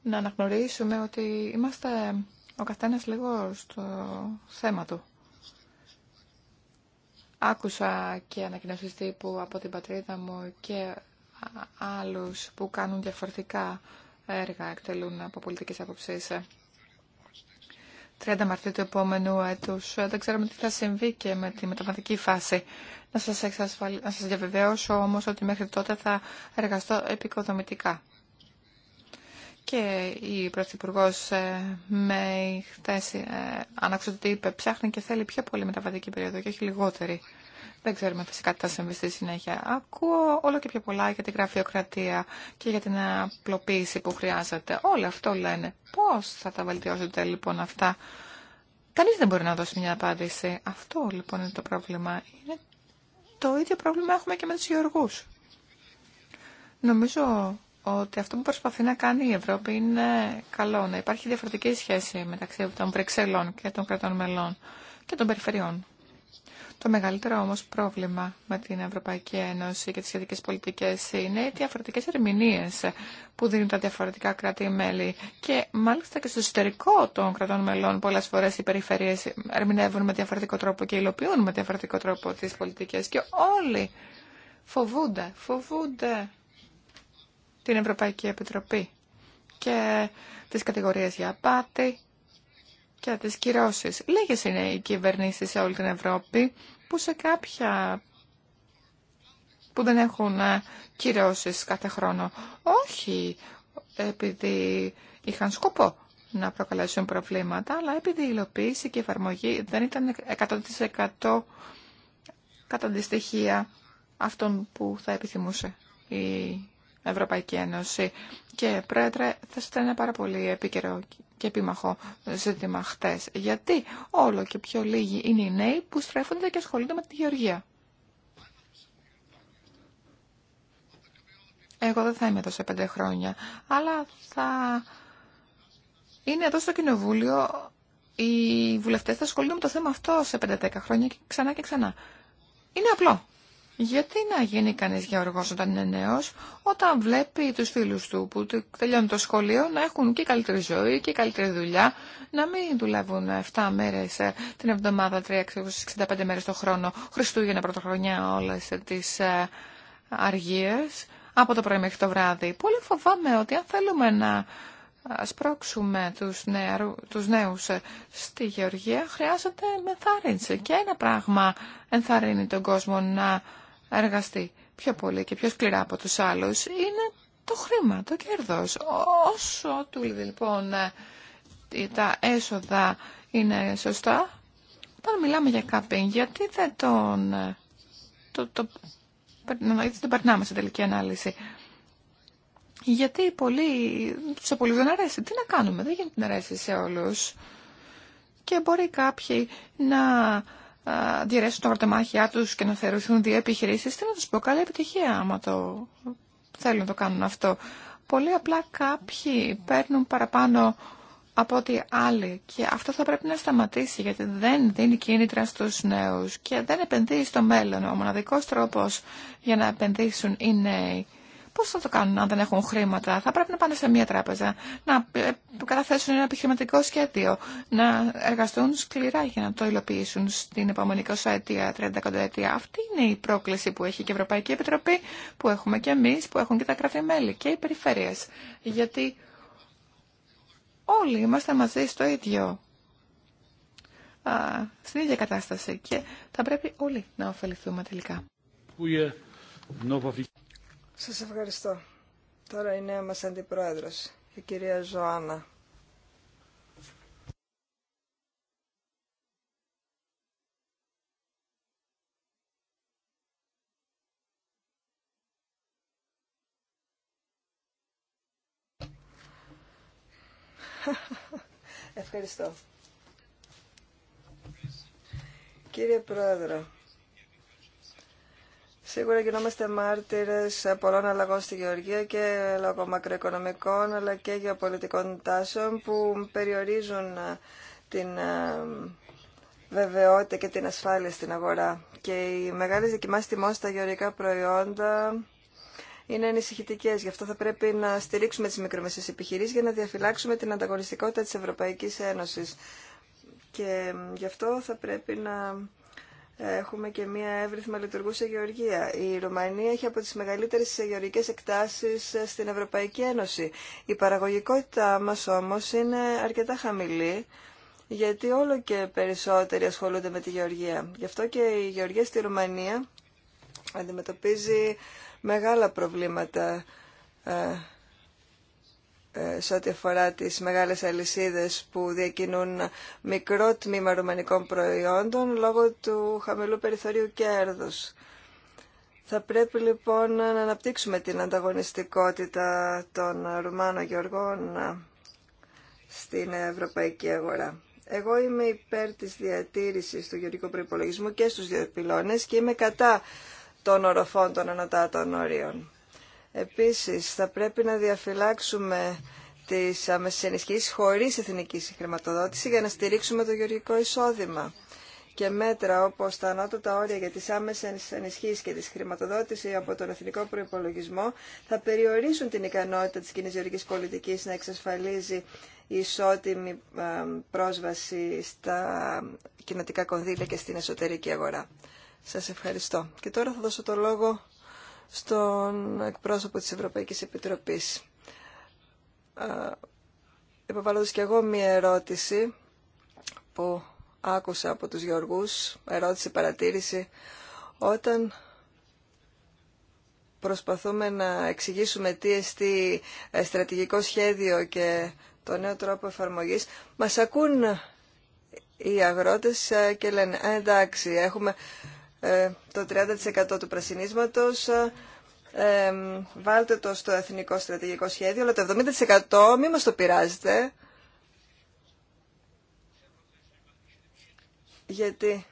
Να αναγνωρίσουμε ότι είμαστε ο καθένα λίγο στο θέμα του. Άκουσα και ανακοινώσει τύπου από την πατρίδα μου και άλλου που κάνουν διαφορετικά έργα εκτελούν από πολιτικές απόψεις. 30 Μαρτίου του επόμενου έτους. Δεν ξέρουμε τι θα συμβεί και με τη μεταβατική φάση. Να σας, εξασφαλ... σας διαβεβαιώσω όμως ότι μέχρι τότε θα εργαστώ επικοδομητικά. Και η Πρωθυπουργό ε, με χθες, ε, ανάξω ότι είπε ψάχνει και θέλει πιο πολύ μεταβατική περίοδο και όχι λιγότερη. Δεν ξέρουμε φυσικά τι θα συμβεί στη συνέχεια. Ακούω όλο και πιο πολλά για την γραφειοκρατία και για την απλοποίηση που χρειάζεται. Όλο αυτό λένε. Πώ θα τα βελτιώσετε λοιπόν αυτά. κανεί δεν μπορεί να δώσει μια απάντηση. Αυτό λοιπόν είναι το πρόβλημα. Είναι το ίδιο πρόβλημα έχουμε και με του γεωργού. Νομίζω ότι αυτό που προσπαθεί να κάνει η Ευρώπη είναι καλό. Να υπάρχει διαφορετική σχέση μεταξύ των Βρυξελών και των κρατών μελών και των περιφερειών. Το μεγαλύτερο όμως πρόβλημα με την Ευρωπαϊκή Ένωση και τις σχετικές πολιτικές είναι οι διαφορετικές ερμηνείες που δίνουν τα διαφορετικά κράτη-μέλη και μάλιστα και στο εσωτερικό των κρατών μελών πολλές φορές οι περιφερειές ερμηνεύουν με διαφορετικό τρόπο και υλοποιούν με διαφορετικό τρόπο τις πολιτικές και όλοι φοβούνται, φοβούνται την Ευρωπαϊκή Επιτροπή και τις κατηγορίες για απάτη, και τις κυρώσεις. Λίγες είναι οι κυβερνήσεις σε όλη την Ευρώπη που σε κάποια που δεν έχουν ε, κυρώσεις κάθε χρόνο. Όχι επειδή είχαν σκοπό να προκαλέσουν προβλήματα, αλλά επειδή η υλοποίηση και η εφαρμογή δεν ήταν 100% κατά τη στοιχεία αυτών που θα επιθυμούσε η Ευρωπαϊκή Ένωση. Και πρόεδρε, θα ένα πάρα πολύ επίκαιρο και επίμαχο ζήτημα χτε. Γιατί όλο και πιο λίγοι είναι οι νέοι που στρέφονται και ασχολούνται με τη γεωργία. Εγώ δεν θα είμαι εδώ σε πέντε χρόνια, αλλά θα είναι εδώ στο Κοινοβούλιο οι βουλευτές θα ασχολούνται με το θέμα αυτό σε 5-10 χρόνια και ξανά και ξανά. Είναι απλό. Γιατί να γίνει κανείς γεωργός όταν είναι νέος, όταν βλέπει τους φίλους του που τελειώνουν το σχολείο να έχουν και καλύτερη ζωή και καλύτερη δουλειά, να μην δουλεύουν 7 μέρες ε, την εβδομάδα, 365 μέρες το χρόνο, Χριστούγεννα, Πρωτοχρονιά, όλες τις ε, αργίες, από το πρωί μέχρι το βράδυ. Πολύ φοβάμαι ότι αν θέλουμε να ε, σπρώξουμε τους, νέου νέους στη γεωργία, χρειάζεται μεθάρρυνση. Και ένα πράγμα ενθαρρύνει τον κόσμο να εργαστεί πιο πολύ και πιο σκληρά από τους άλλους είναι το χρήμα, το κέρδος. Όσο του λοιπόν ε, τα έσοδα είναι σωστά, όταν μιλάμε για κάποιον, γιατί δεν τον, ε, το, το, γιατί περνάμε σε τελική ανάλυση. Γιατί πολλοί, σε πολλούς δεν αρέσει. Τι να κάνουμε, δεν γίνεται να αρέσει σε όλους. Και μπορεί κάποιοι να διαιρέσουν τα βαρτεμάχια τους και να θεωρηθούν δύο επιχειρήσεις, τι να του πω, καλή επιτυχία άμα το θέλουν να το κάνουν αυτό. Πολύ απλά κάποιοι παίρνουν παραπάνω από ό,τι άλλοι και αυτό θα πρέπει να σταματήσει γιατί δεν δίνει κίνητρα στους νέους και δεν επενδύει στο μέλλον. Ο μοναδικός τρόπος για να επενδύσουν οι νέοι Πώς θα το κάνουν αν δεν έχουν χρήματα. Θα πρέπει να πάνε σε μία τράπεζα, να ε, ε, καταθέσουν ένα επιχειρηματικό σχέδιο, να εργαστούν σκληρά για να το υλοποιήσουν στην επόμενη 20 αιτια 30 αιτία. Αυτή είναι η πρόκληση που έχει και η Ευρωπαϊκή Επιτροπή, που έχουμε και εμείς, που έχουν και τα κράτη-μέλη και οι περιφέρειες. Γιατί όλοι είμαστε μαζί στο ίδιο στην ίδια κατάσταση και θα πρέπει όλοι να ωφεληθούμε τελικά. Σας ευχαριστώ. Τώρα η νέα μας αντιπρόεδρος, η κυρία Ζωάνα. Ευχαριστώ. Κύριε Πρόεδρο, Σίγουρα γινόμαστε μάρτυρες πολλών αλλαγών στη Γεωργία και λόγω μακροοικονομικών αλλά και γεωπολιτικών τάσεων που περιορίζουν ε, την ε, βεβαιότητα και την ασφάλεια στην αγορά. Και οι μεγάλες δοκιμάσεις τιμών στα γεωργικά προϊόντα είναι ανησυχητικέ. Γι' αυτό θα πρέπει να στηρίξουμε τι μικρομεσαίε επιχειρήσει για να διαφυλάξουμε την ανταγωνιστικότητα τη Ευρωπαϊκή Ένωση. Και γι' αυτό θα πρέπει να έχουμε και μια εύρυθμα λειτουργούσα γεωργία. Η Ρουμανία έχει από τις μεγαλύτερες γεωργικές εκτάσεις ε, στην Ευρωπαϊκή Ένωση. Η παραγωγικότητά μας όμως είναι αρκετά χαμηλή, γιατί όλο και περισσότεροι ασχολούνται με τη γεωργία. Γι' αυτό και η γεωργία στη Ρουμανία αντιμετωπίζει μεγάλα προβλήματα ε, ε, σε ό,τι αφορά τις μεγάλες αλυσίδες που διακινούν μικρό τμήμα ρουμανικών προϊόντων λόγω του χαμηλού περιθωρίου κέρδους. Θα πρέπει λοιπόν να αναπτύξουμε την ανταγωνιστικότητα των Ρουμάνων Γεωργών στην ευρωπαϊκή αγορά. Εγώ είμαι υπέρ της διατήρησης του γεωργικού προϋπολογισμού και στους δύο πυλώνες και είμαι κατά των οροφών των ανωτάτων όριων. Επίσης, θα πρέπει να διαφυλάξουμε τις άμεσες ενισχύσεις χωρίς εθνική χρηματοδότηση για να στηρίξουμε το γεωργικό εισόδημα. Και μέτρα όπως τα ανώτατα όρια για τις άμεσες ενισχύσεις και τη χρηματοδότηση από τον εθνικό προϋπολογισμό θα περιορίσουν την ικανότητα της κοινής γεωργικής πολιτικής να εξασφαλίζει ισότιμη πρόσβαση στα κοινοτικά κονδύλια και στην εσωτερική αγορά. Σας ευχαριστώ. Και τώρα θα δώσω το λόγο στον εκπρόσωπο της Ευρωπαϊκής Επιτροπής. Υποβάλλοντας και εγώ μία ερώτηση που άκουσα από τους Γεωργούς, ερώτηση, παρατήρηση, όταν προσπαθούμε να εξηγήσουμε τι εστί ε, στρατηγικό σχέδιο και το νέο τρόπο εφαρμογής, μας ακούν οι αγρότες ε, και λένε «εντάξει, έχουμε ε, το 30% του πρασινίσματος, ε, ε, βάλτε το στο εθνικό στρατηγικό σχέδιο, αλλά το 70% μη μας το πειράζετε, γιατί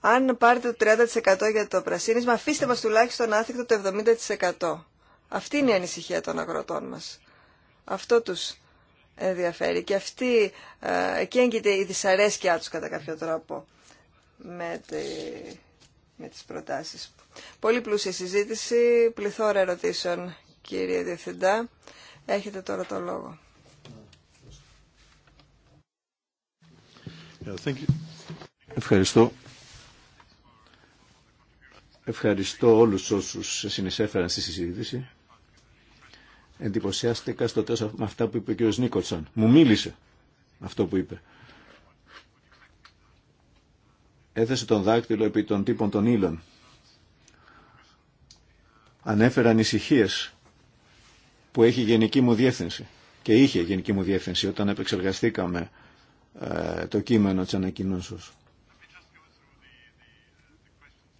αν πάρετε το 30% για το πρασίνισμα, αφήστε μας τουλάχιστον άθικτο το 70%. Αυτή είναι η ανησυχία των αγροτών μας. Αυτό τους ενδιαφέρει και αυτή, εκεί έγκυται η δυσαρέσκειά τους κατά κάποιο τρόπο με με τις προτάσεις. Πολύ πλούσια συζήτηση, πληθώρα ερωτήσεων κύριε Διευθυντά. Έχετε τώρα το λόγο. Ευχαριστώ. Ευχαριστώ όλους όσους συνεισέφεραν στη συζήτηση. Εντυπωσιάστηκα στο τέλος με αυτά που είπε ο κ. Νίκολσον. Μου μίλησε αυτό που είπε έθεσε τον δάκτυλο επί των τύπων των ύλων. Ανέφερα ανησυχίε που έχει γενική μου διεύθυνση και είχε γενική μου διεύθυνση όταν επεξεργαστήκαμε ε, το κείμενο της ανακοινώσεως.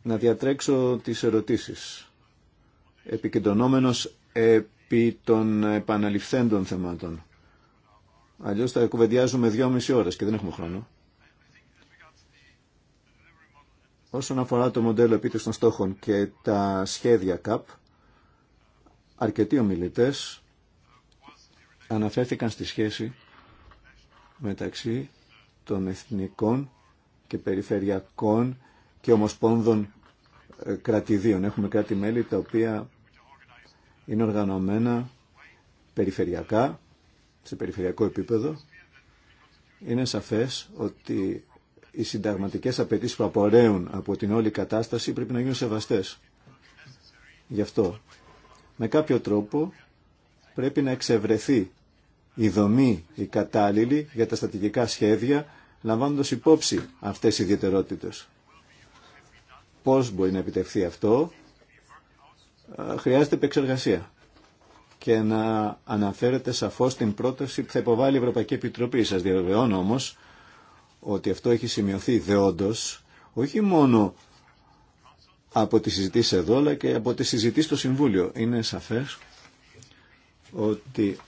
Να διατρέξω τις ερωτήσεις. Επικεντρωνόμενος επί των επαναληφθέντων θεμάτων. Αλλιώς θα κουβεντιάζουμε δυόμιση ώρες και δεν έχουμε χρόνο. Όσον αφορά το μοντέλο επίτευξη των στόχων και τα σχέδια ΚΑΠ, αρκετοί ομιλητέ αναφέρθηκαν στη σχέση μεταξύ των εθνικών και περιφερειακών και ομοσπόνδων ε, κρατηδίων. κάτι κράτη-μέλη τα οποία είναι οργανωμένα περιφερειακά, σε περιφερειακό επίπεδο. Είναι σαφές ότι οι συνταγματικέ απαιτήσει που απορρέουν από την όλη κατάσταση πρέπει να γίνουν σεβαστές. Γι' αυτό, με κάποιο τρόπο πρέπει να εξευρεθεί η δομή, η κατάλληλη για τα στατικικά σχέδια, λαμβάνοντας υπόψη αυτές οι ιδιαιτερότητες. Πώς μπορεί να επιτευχθεί αυτό, χρειάζεται επεξεργασία και να αναφέρετε σαφώς την πρόταση που θα υποβάλει η Ευρωπαϊκή Επιτροπή. Σας διαβεβαιώνω όμως ότι αυτό έχει σημειωθεί δεόντως όχι μόνο από τη συζητήσεις εδώ αλλά και από τη συζητήσεις στο Συμβούλιο. Είναι σαφές ότι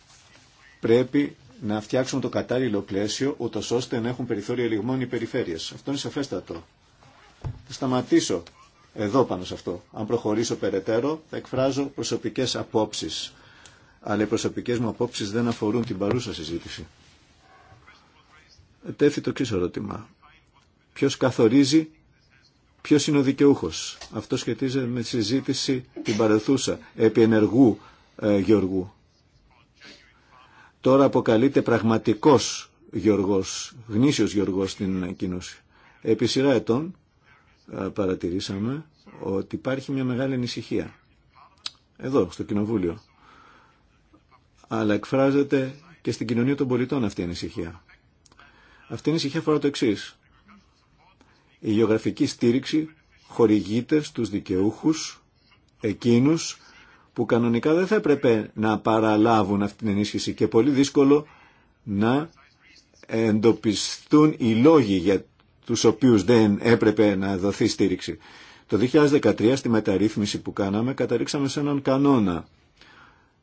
πρέπει να φτιάξουν το κατάλληλο πλαίσιο ούτω ώστε να έχουν περιθώρια λιγμών οι περιφέρειες. Αυτό είναι σαφέστατο. Θα σταματήσω εδώ πάνω σε αυτό. Αν προχωρήσω περαιτέρω θα εκφράζω προσωπικές απόψεις. Αλλά οι προσωπικές μου απόψεις δεν αφορούν την παρούσα συζήτηση τέθη το εξή ερώτημα. Ποιο καθορίζει ποιο είναι ο δικαιούχο. Αυτό σχετίζεται με τη συζήτηση την παρελθούσα επί ενεργού ε, Γεωργού. Τώρα αποκαλείται πραγματικός γεωργό, γνήσιος γεωργό στην κοινούση. Επί σειρά ετών ε, παρατηρήσαμε ότι υπάρχει μια μεγάλη ανησυχία. Εδώ, στο Κοινοβούλιο. Αλλά εκφράζεται και στην κοινωνία των πολιτών αυτή η ανησυχία. Αυτή η αφορά το εξή. Η γεωγραφική στήριξη χορηγείται στους δικαιούχους εκείνους που κανονικά δεν θα έπρεπε να παραλάβουν αυτή την ενίσχυση και πολύ δύσκολο να εντοπιστούν οι λόγοι για τους οποίους δεν έπρεπε να δοθεί στήριξη. Το 2013 στη μεταρρύθμιση που κάναμε καταρρίξαμε σε έναν κανόνα.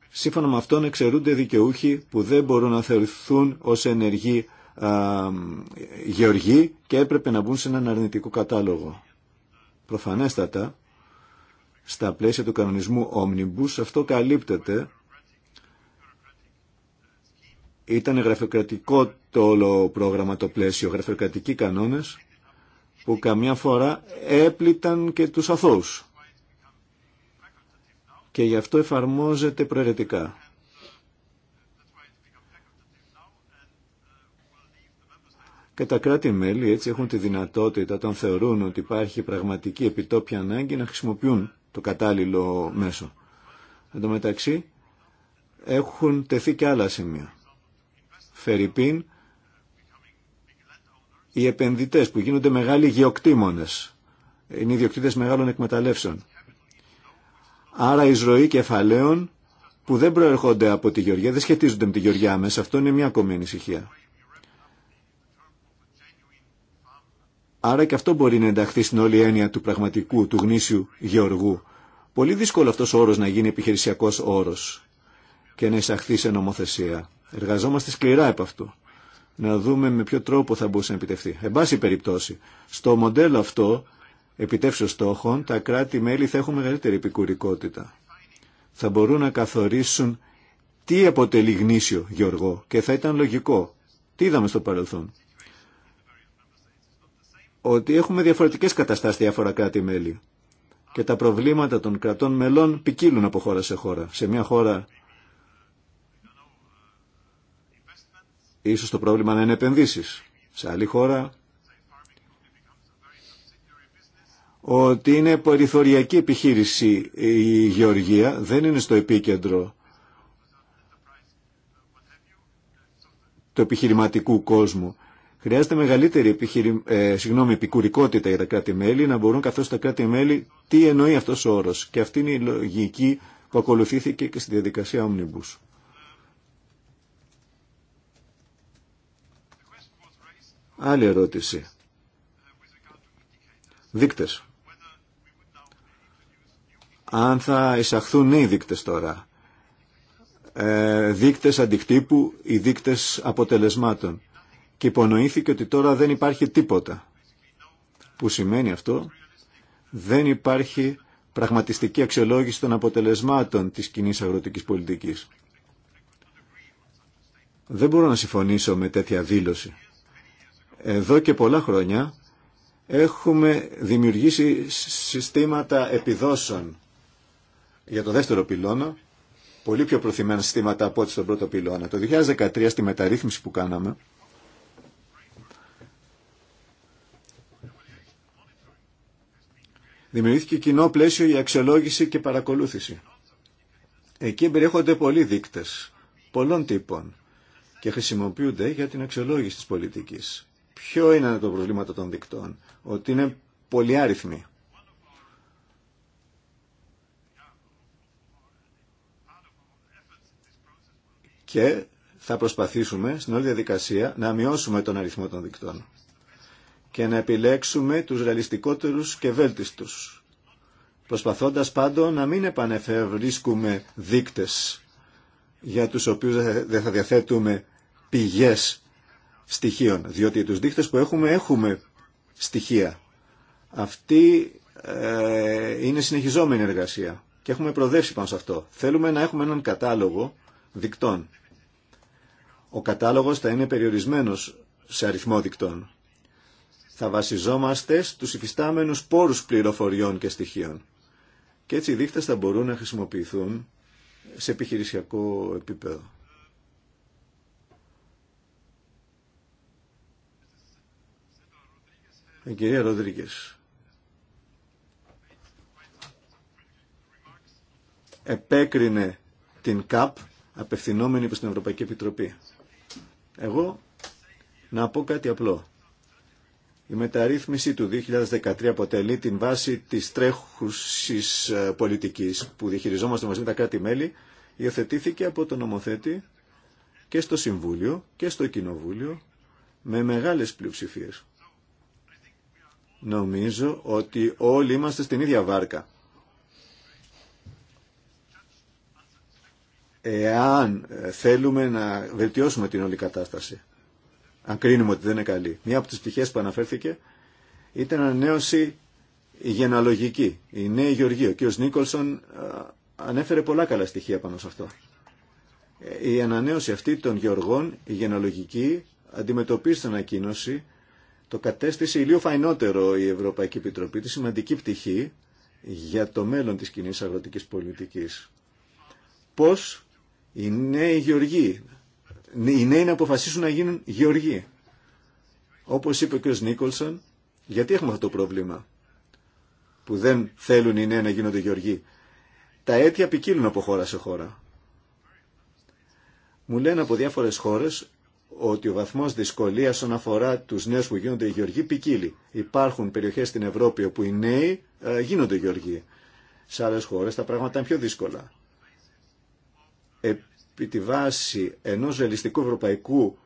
Σύμφωνα με αυτόν εξαιρούνται δικαιούχοι που δεν μπορούν να θεωρηθούν ως ενεργοί ε, γεωργοί και έπρεπε να μπουν σε έναν αρνητικό κατάλογο. Προφανέστατα, στα πλαίσια του κανονισμού Omnibus αυτό καλύπτεται. Ήταν γραφειοκρατικό το όλο πρόγραμμα το πλαίσιο, γραφειοκρατικοί κανόνες που καμιά φορά έπληταν και τους αθώους. Και γι' αυτό εφαρμόζεται προαιρετικά. Και τα κράτη-μέλη έτσι έχουν τη δυνατότητα, όταν θεωρούν ότι υπάρχει πραγματική επιτόπια ανάγκη, να χρησιμοποιούν το κατάλληλο μέσο. Εν τω μεταξύ, έχουν τεθεί και άλλα σημεία. Φερρυπίν, οι επενδυτές που γίνονται μεγάλοι γεωκτήμονες, είναι ιδιοκτήτες μεγάλων εκμεταλλεύσεων. Άρα η ζωή κεφαλαίων που δεν προέρχονται από τη Γεωργία, δεν σχετίζονται με τη Γεωργία μέσα. Αυτό είναι μια ακόμη ανησυχία. Άρα και αυτό μπορεί να ενταχθεί στην όλη έννοια του πραγματικού, του γνήσιου γεωργού. Πολύ δύσκολο αυτό ο όρο να γίνει επιχειρησιακό όρο και να εισαχθεί σε νομοθεσία. Εργαζόμαστε σκληρά επ' αυτού. Να δούμε με ποιο τρόπο θα μπορούσε να επιτευχθεί. Εν πάση περιπτώσει, στο μοντέλο αυτό επιτεύσεω στόχων, τα κράτη-μέλη θα έχουν μεγαλύτερη επικουρικότητα. Θα μπορούν να καθορίσουν τι αποτελεί γνήσιο Γεωργό και θα ήταν λογικό. Τι είδαμε στο παρελθόν ότι έχουμε διαφορετικές καταστάσεις διάφορα κράτη-μέλη και τα προβλήματα των κρατών μελών ποικίλουν από χώρα σε χώρα. Σε μια χώρα ίσως το πρόβλημα να είναι επενδύσεις. Σε άλλη χώρα ότι είναι περιθωριακή επιχείρηση η γεωργία, δεν είναι στο επίκεντρο του επιχειρηματικού κόσμου. Χρειάζεται μεγαλύτερη επιχειρη... ε, συγγνώμη, επικουρικότητα για τα κράτη-μέλη, να μπορούν καθώς τα κράτη-μέλη τι εννοεί αυτός ο όρος. Και αυτή είναι η λογική που ακολουθήθηκε και στη διαδικασία Omnibus. Άλλη ερώτηση. Δείκτες. Αν θα εισαχθούν νέοι δείκτες τώρα. Ε, δείκτες αντικτύπου ή δείκτες αποτελεσμάτων και υπονοήθηκε ότι τώρα δεν υπάρχει τίποτα. Που σημαίνει αυτό, δεν υπάρχει πραγματιστική αξιολόγηση των αποτελεσμάτων της κοινή αγροτικής πολιτικής. Δεν μπορώ να συμφωνήσω με τέτοια δήλωση. Εδώ και πολλά χρόνια έχουμε δημιουργήσει συστήματα επιδόσεων για το δεύτερο πυλώνα, πολύ πιο προθυμένα συστήματα από ό,τι στον πρώτο πυλώνα. Το 2013 στη μεταρρύθμιση που κάναμε, Δημιουργήθηκε κοινό πλαίσιο για αξιολόγηση και παρακολούθηση. Εκεί περιέχονται πολλοί δείκτες, πολλών τύπων και χρησιμοποιούνται για την αξιολόγηση της πολιτικής. Ποιο είναι το προβλήμα των δικτών, ότι είναι πολυάριθμοι. Και θα προσπαθήσουμε στην όλη διαδικασία να μειώσουμε τον αριθμό των δικτών και να επιλέξουμε τους ρεαλιστικότερους και βέλτιστους, προσπαθώντας πάντο να μην επανεφευρίσκουμε δείκτες για τους οποίους δεν θα διαθέτουμε πηγές στοιχείων, διότι τους δείκτες που έχουμε έχουμε στοιχεία. Αυτή ε, είναι συνεχιζόμενη εργασία και έχουμε προδέψει πάνω σε αυτό. Θέλουμε να έχουμε έναν κατάλογο δικτών. Ο κατάλογος θα είναι περιορισμένος σε αριθμό δικτών θα βασιζόμαστε στους υφιστάμενους πόρους πληροφοριών και στοιχείων. Και έτσι οι δείκτες θα μπορούν να χρησιμοποιηθούν σε επιχειρησιακό επίπεδο. Η ε, κυρία Ροδρίγκες επέκρινε την ΚΑΠ απευθυνόμενη προς την Ευρωπαϊκή Επιτροπή. Εγώ να πω κάτι απλό. Η μεταρρύθμιση του 2013 αποτελεί την βάση της τρέχουσης ε, πολιτικής που διαχειριζόμαστε μαζί με τα κράτη-μέλη. Υιοθετήθηκε από τον νομοθέτη και στο Συμβούλιο και στο Κοινοβούλιο με μεγάλες πλειοψηφίες. Νομίζω ότι όλοι είμαστε στην ίδια βάρκα. Εάν ε, θέλουμε να βελτιώσουμε την όλη κατάσταση αν κρίνουμε ότι δεν είναι καλή. Μία από τις πτυχές που αναφέρθηκε ήταν ανανέωση γενεαλογική. Η Νέη Γεωργία, ο κ. Νίκολσον ανέφερε πολλά καλά στοιχεία πάνω σε αυτό. Η ανανέωση αυτή των γεωργών, η γενεαλογική, αντιμετωπίζει στην ανακοίνωση το κατέστησε ηλίου φαϊνότερο η Ευρωπαϊκή Επιτροπή, τη σημαντική πτυχή για το μέλλον της κοινή αγροτικής πολιτικής. Πώς οι νέοι γεωργοί οι νέοι να αποφασίσουν να γίνουν γεωργοί. Όπως είπε ο ο Νίκολσον, γιατί έχουμε αυτό το πρόβλημα που δεν θέλουν οι νέοι να γίνονται γεωργοί. Τα αίτια ποικίλουν από χώρα σε χώρα. Μου λένε από διάφορες χώρες ότι ο βαθμός δυσκολίας όσον αφορά τους νέους που γίνονται γεωργοί ποικίλει. Υπάρχουν περιοχές στην Ευρώπη όπου οι νέοι ε, γίνονται γεωργοί. Σε άλλες χώρες τα πράγματα είναι πιο δύσκολα. Ε, επί τη βάση ενός ρεαλιστικού ευρωπαϊκού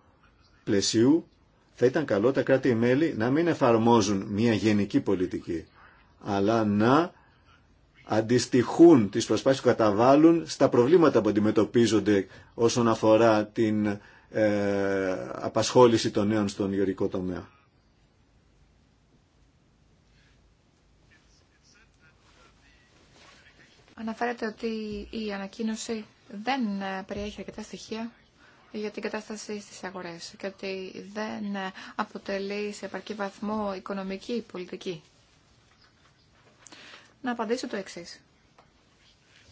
πλαισίου θα ήταν καλό τα κράτη-μέλη να μην εφαρμόζουν μια γενική πολιτική, αλλά να αντιστοιχούν τις προσπάθειες που καταβάλουν στα προβλήματα που αντιμετωπίζονται όσον αφορά την ε, απασχόληση των νέων στον γεωρικό τομέα. Αναφέρεται ότι η ανακοίνωση δεν ε, περιέχει αρκετά στοιχεία για την κατάσταση στις αγορές και ότι δεν ε, αποτελεί σε επαρκή βαθμό οικονομική πολιτική. Να απαντήσω το εξής.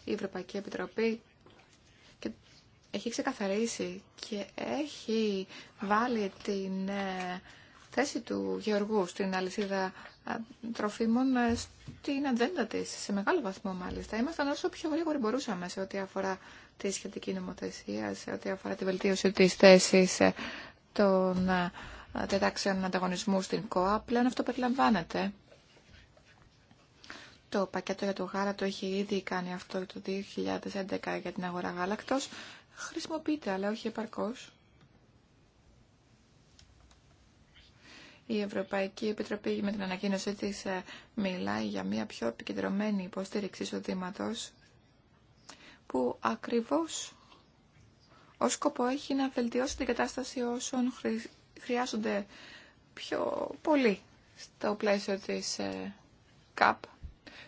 Η Ευρωπαϊκή Επιτροπή έχει ξεκαθαρίσει και έχει βάλει την ε, θέση του Γεωργού στην αλυσίδα τροφίμων ε, στην ατζέντα τη, σε μεγάλο βαθμό μάλιστα. Ήμασταν όσο πιο γρήγοροι μπορούσαμε σε ό,τι αφορά τη σχετική νομοθεσία, σε ό,τι αφορά τη βελτίωση της θέση ε, των τετάξεων ανταγωνισμού στην ΚΟΑ. Πλέον αυτό περιλαμβάνεται. Το πακέτο για το γάλα το έχει ήδη κάνει αυτό το 2011 για την αγορά γάλακτος. Χρησιμοποιείται, αλλά όχι επαρκώς. Η Ευρωπαϊκή Επιτροπή με την ανακοίνωσή τη ε, μιλάει για μια πιο επικεντρωμένη υποστήριξη εισοδήματο που ακριβώς ως σκοπό έχει να βελτιώσει την κατάσταση όσων χρειάζονται πιο πολύ στο πλαίσιο της ε, ΚΑΠ,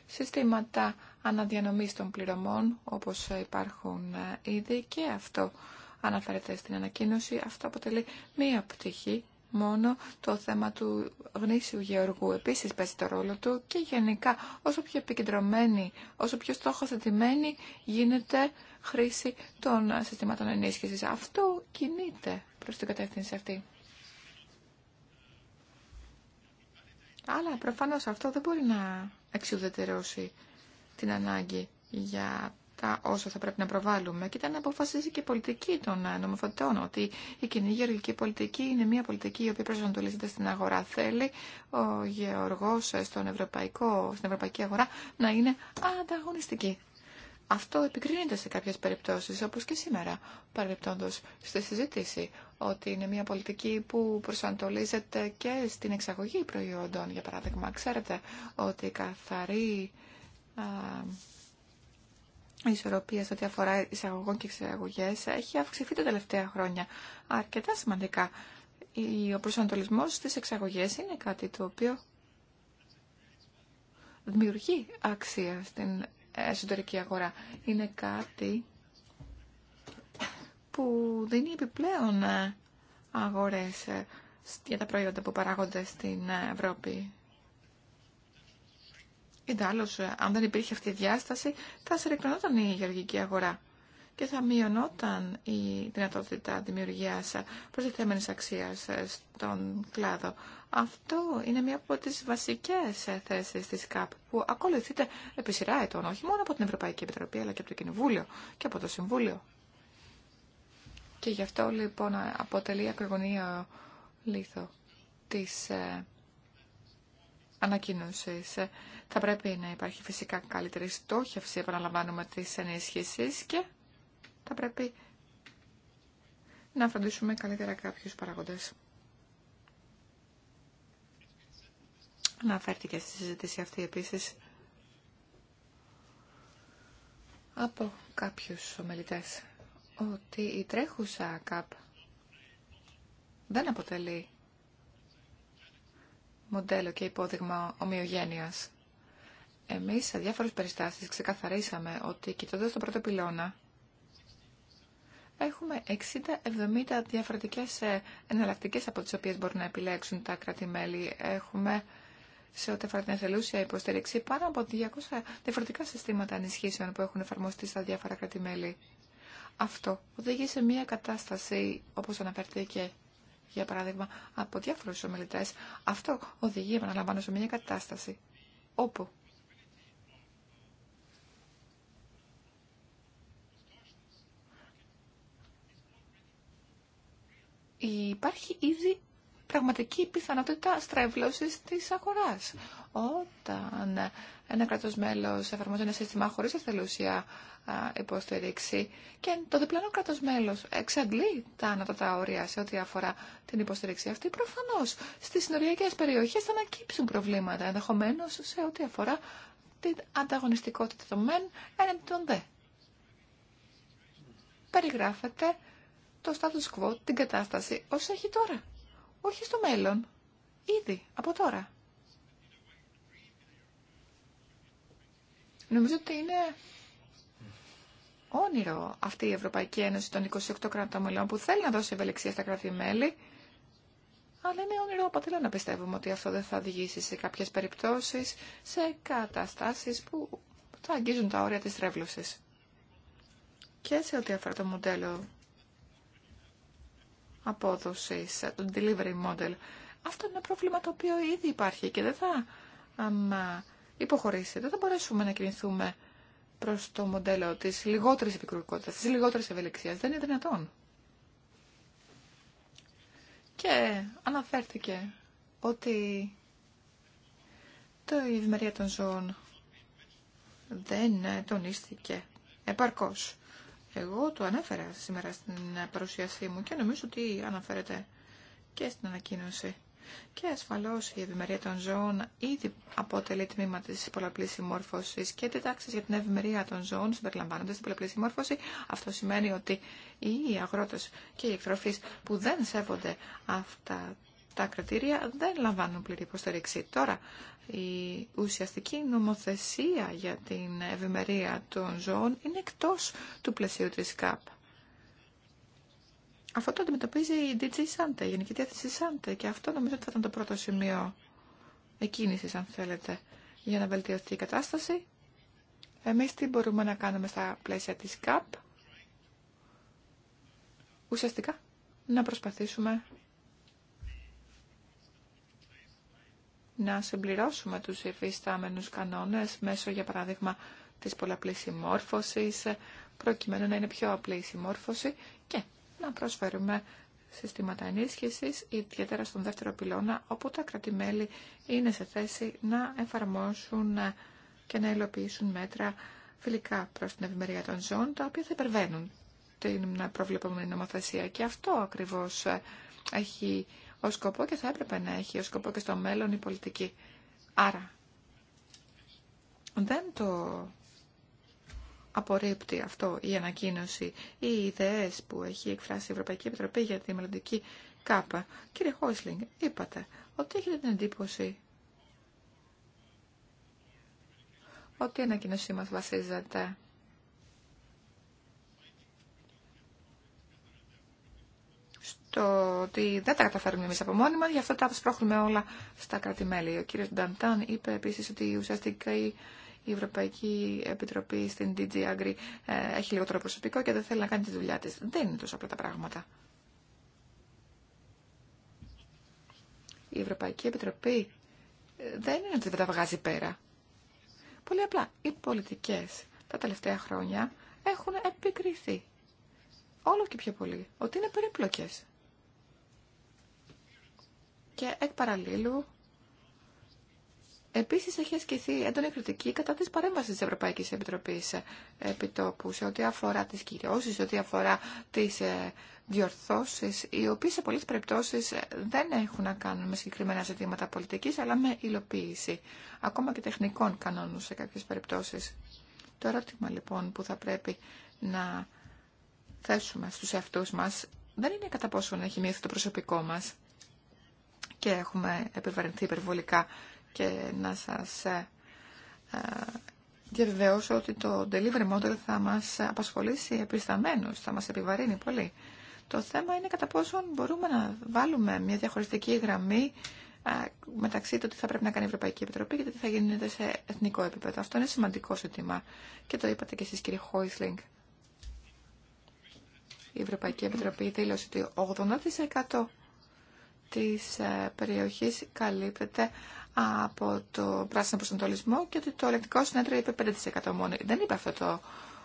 συστήματα αναδιανομής των πληρωμών όπως ε, υπάρχουν ήδη και αυτό αναφέρεται στην ανακοίνωση. Αυτό αποτελεί μία πτυχή μόνο το θέμα του γνήσιου γεωργού. Επίσης παίζει το ρόλο του και γενικά όσο πιο επικεντρωμένη, όσο πιο στόχοθετημένη γίνεται χρήση των συστημάτων ενίσχυσης. Αυτό κινείται προς την κατεύθυνση αυτή. Αλλά προφανώς αυτό δεν μπορεί να εξουδετερώσει την ανάγκη για τα όσα θα πρέπει να προβάλλουμε. Και ήταν αποφασίζει και η πολιτική των ε, νομοθετών ότι η κοινή γεωργική πολιτική είναι μια πολιτική η οποία προσανατολίζεται στην αγορά. Θέλει ο γεωργός ε, στην ευρωπαϊκή αγορά να είναι ανταγωνιστική. Αυτό επικρίνεται σε κάποιες περιπτώσεις, όπως και σήμερα, παρελπτόντως στη συζήτηση, ότι είναι μια πολιτική που προσανατολίζεται και στην εξαγωγή προϊόντων. Για παράδειγμα, ξέρετε ότι καθαρή η ισορροπία σε ό,τι αφορά εισαγωγών και εξαγωγέ έχει αυξηθεί τα τελευταία χρόνια αρκετά σημαντικά. Ο προσανατολισμό στι εξαγωγέ είναι κάτι το οποίο δημιουργεί αξία στην εσωτερική αγορά. Είναι κάτι που δίνει επιπλέον ε, αγορές ε, για τα προϊόντα που παράγονται στην ε, Ευρώπη. Εντάλλως, ε, αν δεν υπήρχε αυτή η διάσταση, θα συρρυκνωνόταν η γεωργική αγορά και θα μειωνόταν η δυνατότητα δημιουργίας ε, προστιθέμενης αξία ε, στον κλάδο. Αυτό είναι μία από τι βασικές θέσεις της ΚΑΠ που ακολουθείται επί σειρά ετών, όχι μόνο από την Ευρωπαϊκή Επιτροπή, αλλά και από το Κοινοβούλιο και από το Συμβούλιο. Και γι' αυτό λοιπόν αποτελεί ακρογωνία λίθο της ανακοίνωση. Θα πρέπει να υπάρχει φυσικά καλύτερη στόχευση, επαναλαμβάνουμε, τη ενίσχυση και θα πρέπει να φροντίσουμε καλύτερα κάποιους παραγοντές. Αναφέρθηκε στη συζήτηση αυτή επίσης από κάποιους ομιλητές ότι η τρέχουσα ΚΑΠ δεν αποτελεί μοντέλο και υπόδειγμα ομοιογένειας. Εμείς σε διάφορες περιστάσεις ξεκαθαρίσαμε ότι κοιτώντας τον πρώτο πυλώνα έχουμε 60-70 διαφορετικές ε, εναλλακτικές από τις οποίες μπορούν να επιλέξουν τα κράτη-μέλη. Έχουμε σε ό,τι αφορά την εθελούσια υποστήριξη πάνω από 200 διαφορετικά συστήματα ενισχύσεων που έχουν εφαρμοστεί στα διάφορα κράτη-μέλη. Αυτό οδηγεί σε μια κατάσταση, όπως αναφέρθηκε για παράδειγμα, από διάφορους ομιλητές, αυτό οδηγεί, επαναλαμβάνω, σε μια κατάσταση όπου υπάρχει ήδη πραγματική πιθανότητα στρέβλωσης της αγοράς. Όταν ένα κράτος μέλος εφαρμόζει ένα σύστημα χωρίς εθελούσια υποστήριξη και το διπλανό κράτος μέλος εξαντλεί τα ανώτατα όρια σε ό,τι αφορά την υποστήριξη αυτή, προφανώς στις συνοριακές περιοχές θα ανακύψουν προβλήματα, ενδεχομένως σε ό,τι αφορά την ανταγωνιστικότητα των μεν έναντι των δε. Περιγράφεται το status quo, την κατάσταση, όσο έχει τώρα. Όχι στο μέλλον. Ήδη, από τώρα. Νομίζω ότι είναι όνειρο αυτή η Ευρωπαϊκή Ένωση των 28 κρατών μελών που θέλει να δώσει ευελεξία στα κράτη-μέλη, αλλά είναι όνειρο πατέρα να πιστεύουμε ότι αυτό δεν θα οδηγήσει σε κάποιες περιπτώσεις, σε καταστάσεις που θα αγγίζουν τα όρια της τρέβλωσης. Και σε ό,τι αφορά το μοντέλο απόδοσης, ε, το delivery model. Αυτό είναι ένα πρόβλημα το οποίο ήδη υπάρχει και δεν θα αμα, ε, υποχωρήσει. Δεν θα μπορέσουμε να κινηθούμε προς το μοντέλο της λιγότερης επικουρικότητα, της λιγότερης ευελιξίας. Δεν είναι δυνατόν. Και αναφέρθηκε ότι το ευημερία των ζώων δεν τονίστηκε επαρκώς. Εγώ το ανέφερα σήμερα στην παρουσίασή μου και νομίζω ότι αναφέρεται και στην ανακοίνωση. Και ασφαλώς η ευημερία των ζώων ήδη αποτελεί τμήμα της πολλαπλής συμμόρφωσης και τετάξεις για την ευημερία των ζώων συμπεριλαμβάνονται στην πολλαπλή συμμόρφωση. Αυτό σημαίνει ότι οι αγρότες και οι εκτροφείς που δεν σέβονται αυτά τα κριτήρια δεν λαμβάνουν πλήρη υποστήριξη. Τώρα, η ουσιαστική νομοθεσία για την ευημερία των ζώων είναι εκτός του πλαισίου της ΚΑΠ. Αυτό το αντιμετωπίζει η DG Sante, η Γενική Διάθεση Sante και αυτό νομίζω ότι θα ήταν το πρώτο σημείο εκκίνησης αν θέλετε για να βελτιωθεί η κατάσταση. Εμείς τι μπορούμε να κάνουμε στα πλαίσια της ΚΑΠ. Ουσιαστικά να προσπαθήσουμε να συμπληρώσουμε τους υφιστάμενους κανόνες μέσω, για παράδειγμα, της πολλαπλής συμμόρφωσης, προκειμένου να είναι πιο απλή η συμμόρφωση και να προσφέρουμε συστήματα ενίσχυσης, ιδιαίτερα στον δεύτερο πυλώνα, όπου τα κρατημέλη είναι σε θέση να εφαρμόσουν και να υλοποιήσουν μέτρα φιλικά προς την ευημερία των ζώων, τα οποία θα υπερβαίνουν την προβλεπόμενη νομοθεσία. Και αυτό ακριβώς έχει ο σκοπό και θα έπρεπε να έχει ο σκοπό και στο μέλλον η πολιτική. Άρα, δεν το απορρίπτει αυτό η ανακοίνωση ή οι ιδέες που έχει εκφράσει η Ευρωπαϊκή Επιτροπή για τη μελλοντική ΚΑΠΑ. Κύριε Χόισλινγκ, είπατε ότι έχετε την εντύπωση ότι η ανακοίνωσή μας βασίζεται το ότι δεν τα καταφέρουμε εμεί από μόνοι μα, γι' αυτό τα σπρώχνουμε όλα στα κράτη-μέλη. Ο κύριο Νταντάν είπε επίση ότι ουσιαστικά η, η Ευρωπαϊκή Επιτροπή στην DG Agri ε, έχει λιγότερο προσωπικό και δεν θέλει να κάνει τη δουλειά της. Δεν είναι τόσο απλά τα πράγματα. Η Ευρωπαϊκή Επιτροπή ε, δεν είναι ότι δεν τα βγάζει πέρα. Πολύ απλά, οι πολιτικές τα τελευταία χρόνια έχουν επικριθεί όλο και πιο πολύ ότι είναι περίπλοκες και εκ παραλίλου, επίσης έχει ασκηθεί έντονη κριτική κατά της παρέμβασης της Ευρωπαϊκής Επιτροπής ε, Επιτόπου σε ό,τι αφορά τις κυριώσεις, σε ό,τι αφορά τις ε, διορθώσεις, οι οποίες σε πολλές περιπτώσεις ε, δεν έχουν να κάνουν με συγκεκριμένα ζητήματα πολιτικής, αλλά με υλοποίηση, ακόμα και τεχνικών κανόνων σε κάποιες περιπτώσεις. Το ερώτημα λοιπόν που θα πρέπει να θέσουμε στους εαυτούς μας δεν είναι κατά να έχει μειωθεί το προσωπικό μας και έχουμε επιβαρυνθεί υπερβολικά. Και να σας ε, ε, διαβεβαιώσω ότι το delivery model θα μας απασχολήσει επισταμένως, θα μας επιβαρύνει πολύ. Το θέμα είναι κατά πόσον μπορούμε να βάλουμε μια διαχωριστική γραμμή ε, μεταξύ του τι θα πρέπει να κάνει η Ευρωπαϊκή Επιτροπή και το τι θα γίνεται σε εθνικό επίπεδο. Αυτό είναι σημαντικό ζήτημα και το είπατε και εσείς κύριε Χόισλινγκ. Η Ευρωπαϊκή Επιτροπή δήλωσε ότι 80% της ε, περιοχής καλύπτεται από το πράσινο προσανατολισμό και ότι το ελεκτικό συνέδριο είπε 5% μόνο. Δεν είπε αυτό το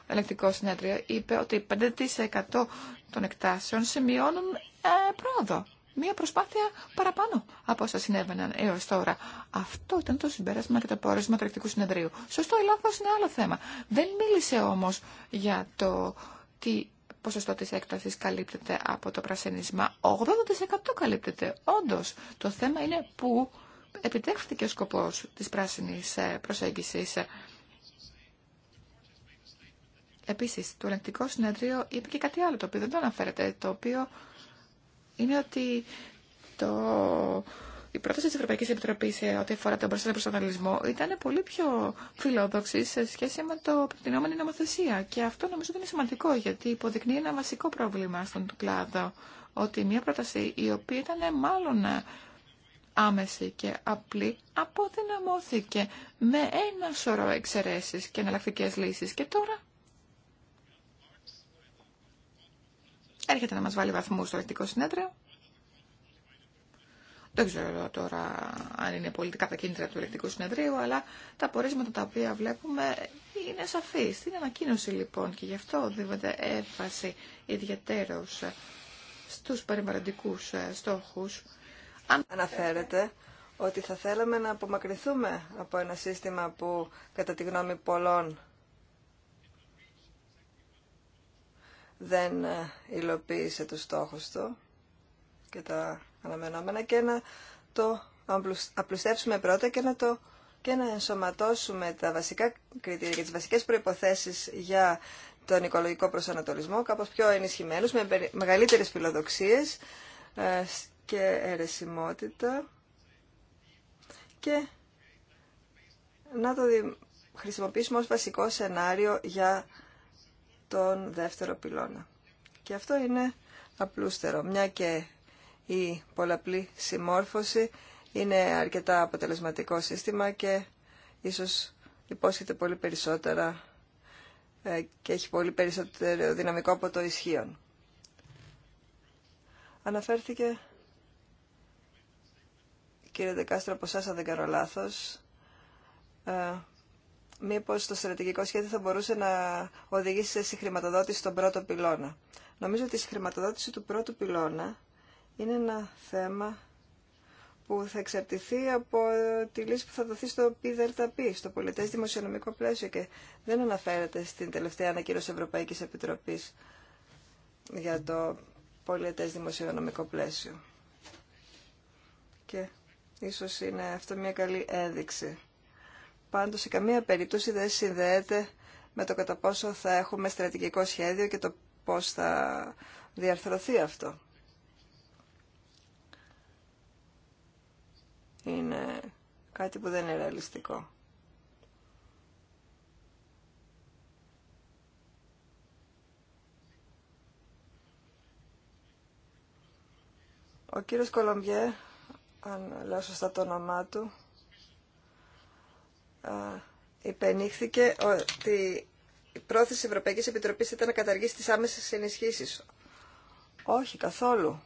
ελεκτικό συνέδριο, είπε ότι 5% των εκτάσεων σημειώνουν ε, πρόοδο. Μία προσπάθεια παραπάνω από όσα συνέβαιναν έω τώρα. Αυτό ήταν το συμπέρασμα και το πόρισμα του ελεκτικού συνεδρίου. Σωστό, η λάθο είναι άλλο θέμα. Δεν μίλησε όμω για το τι ποσοστό της έκτασης καλύπτεται από το πρασινισμά. 80% καλύπτεται. Όντως, το θέμα είναι που επιτέχθηκε ο σκοπός της πράσινης ε, προσέγγισης. Επίσης, το ελεγκτικό συνεδρίο είπε και κάτι άλλο, το οποίο δεν το αναφέρεται, το οποίο είναι ότι το η πρόταση τη Ευρωπαϊκή Επιτροπή, σε ό,τι αφορά τον προσανατολισμό ήταν πολύ πιο φιλόδοξη σε σχέση με το προτινόμενη νομοθεσία. Και αυτό νομίζω ότι είναι σημαντικό γιατί υποδεικνύει ένα βασικό πρόβλημα στον κλάδο. Ότι μια πρόταση η οποία ήταν μάλλον άμεση και απλή αποδυναμώθηκε με ένα σωρό εξαιρέσει και εναλλακτικέ λύσει. Και τώρα έρχεται να μας βάλει βαθμούς στο ελεκτικό συνέδριο δεν ξέρω τώρα αν είναι πολιτικά τα κίνητρα του ελεκτικού συνεδρίου, αλλά τα πορίσματα τα οποία βλέπουμε είναι σαφή. Στην ανακοίνωση λοιπόν και γι' αυτό δίνεται έμφαση ιδιαίτερος στους περιβαλλοντικού ε, στόχους. Αν... Αναφέρεται ότι θα θέλαμε να απομακρυνθούμε από ένα σύστημα που κατά τη γνώμη πολλών δεν ε, υλοποίησε τους στόχους του και τα αναμενόμενα και να το απλουστεύσουμε πρώτα και να, το, και να ενσωματώσουμε τα βασικά κριτήρια και τις βασικές προϋποθέσεις για τον οικολογικό προσανατολισμό, κάπως πιο ενισχυμένους, με μεγαλύτερες φιλοδοξίες ε, και αιρεσιμότητα και να το χρησιμοποιήσουμε ως βασικό σενάριο για τον δεύτερο πυλώνα. Και αυτό είναι απλούστερο, μια και η πολλαπλή συμμόρφωση είναι αρκετά αποτελεσματικό σύστημα και ίσως υπόσχεται πολύ περισσότερα ε, και έχει πολύ περισσότερο δυναμικό από το ισχύον. Αναφέρθηκε, κύριε Δεκάστρο, από εσάς αν δεν κάνω λάθος, ε, μήπως το στρατηγικό σχέδιο θα μπορούσε να οδηγήσει σε συγχρηματοδότηση στον πρώτο πυλώνα. Νομίζω ότι η συγχρηματοδότηση του πρώτου πυλώνα είναι ένα θέμα που θα εξαρτηθεί από τη λύση που θα δοθεί στο ΠΔΠ, στο πολιτές δημοσιονομικό πλαίσιο και δεν αναφέρεται στην τελευταία ανακοίνωση Ευρωπαϊκής Επιτροπής για το πολιτές δημοσιονομικό πλαίσιο. Και ίσως είναι αυτό μια καλή ένδειξη. Πάντως, σε καμία περίπτωση δεν συνδέεται με το κατά πόσο θα έχουμε στρατηγικό σχέδιο και το πώς θα διαρθρωθεί αυτό. είναι κάτι που δεν είναι ρεαλιστικό. Ο κύριος Κολομπιέ, αν λέω σωστά το όνομά του, υπενήχθηκε ότι η πρόθεση Ευρωπαϊκής Επιτροπής ήταν να καταργήσει τις άμεσες ενισχύσεις. Όχι, καθόλου.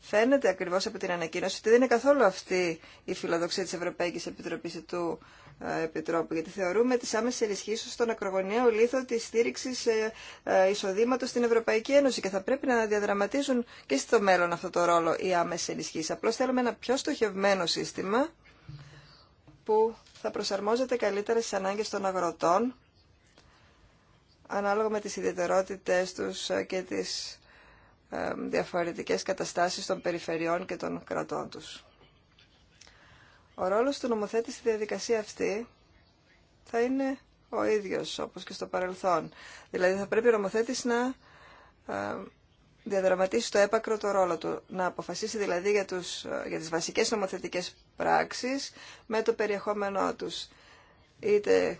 Φαίνεται ακριβώς από την ανακοίνωση ότι δεν είναι καθόλου αυτή η φιλοδοξία της Ευρωπαϊκής Επιτροπής ή του ε, Επιτρόπου, γιατί θεωρούμε τις άμεσες ενισχύσεις στον ακρογωνιαίο λίθο της στήριξης ε, ε, εισοδήματος στην Ευρωπαϊκή Ένωση και θα πρέπει να διαδραματίζουν και στο μέλλον αυτό το ρόλο οι άμεσες ενισχύσεις. Απλώς θέλουμε ένα πιο στοχευμένο σύστημα που θα προσαρμόζεται καλύτερα στις ανάγκες των αγροτών ανάλογα με τις ιδιαιτερότητες τους και τις ε, διαφορετικές καταστάσεις των περιφερειών και των κρατών τους. Ο ρόλος του νομοθέτη στη διαδικασία αυτή θα είναι ο ίδιος όπως και στο παρελθόν. Δηλαδή θα πρέπει ο νομοθέτης να ε, διαδραματίσει το έπακρο το ρόλο του, να αποφασίσει δηλαδή για, τους, ε, για τις βασικές νομοθετικές πράξεις με το περιεχόμενό τους, είτε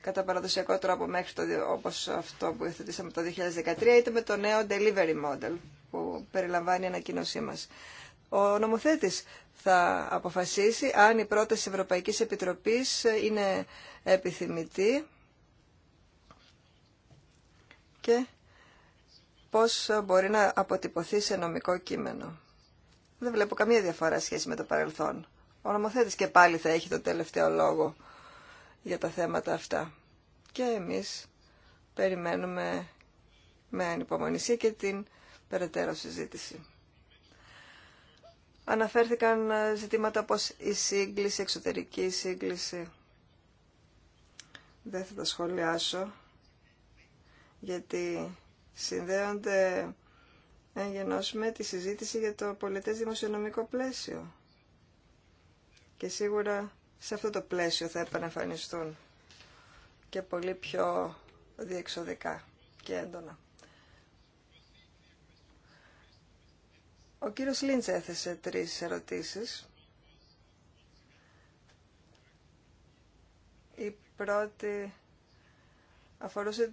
κατά παραδοσιακό τρόπο μέχρι το, όπως αυτό που υιοθετήσαμε το 2013 είτε με το νέο delivery model που περιλαμβάνει η ανακοίνωσή μας. Ο νομοθέτης θα αποφασίσει αν η πρόταση Ευρωπαϊκής Επιτροπής είναι επιθυμητή και πώς μπορεί να αποτυπωθεί σε νομικό κείμενο. Δεν βλέπω καμία διαφορά σχέση με το παρελθόν. Ο νομοθέτης και πάλι θα έχει το τελευταίο λόγο για τα θέματα αυτά. Και εμείς περιμένουμε με ανυπομονησία και την περαιτέρω συζήτηση. Αναφέρθηκαν ε, ζητήματα όπως η σύγκληση, εξωτερική σύγκληση. Δεν θα τα σχολιάσω, γιατί συνδέονται εγγενώς με τη συζήτηση για το πολιτές δημοσιονομικό πλαίσιο. Και σίγουρα σε αυτό το πλαίσιο θα επαναφανιστούν και πολύ πιο διεξοδικά και έντονα. Ο κύριος Λίντς έθεσε τρεις ερωτήσεις. Η πρώτη αφορούσε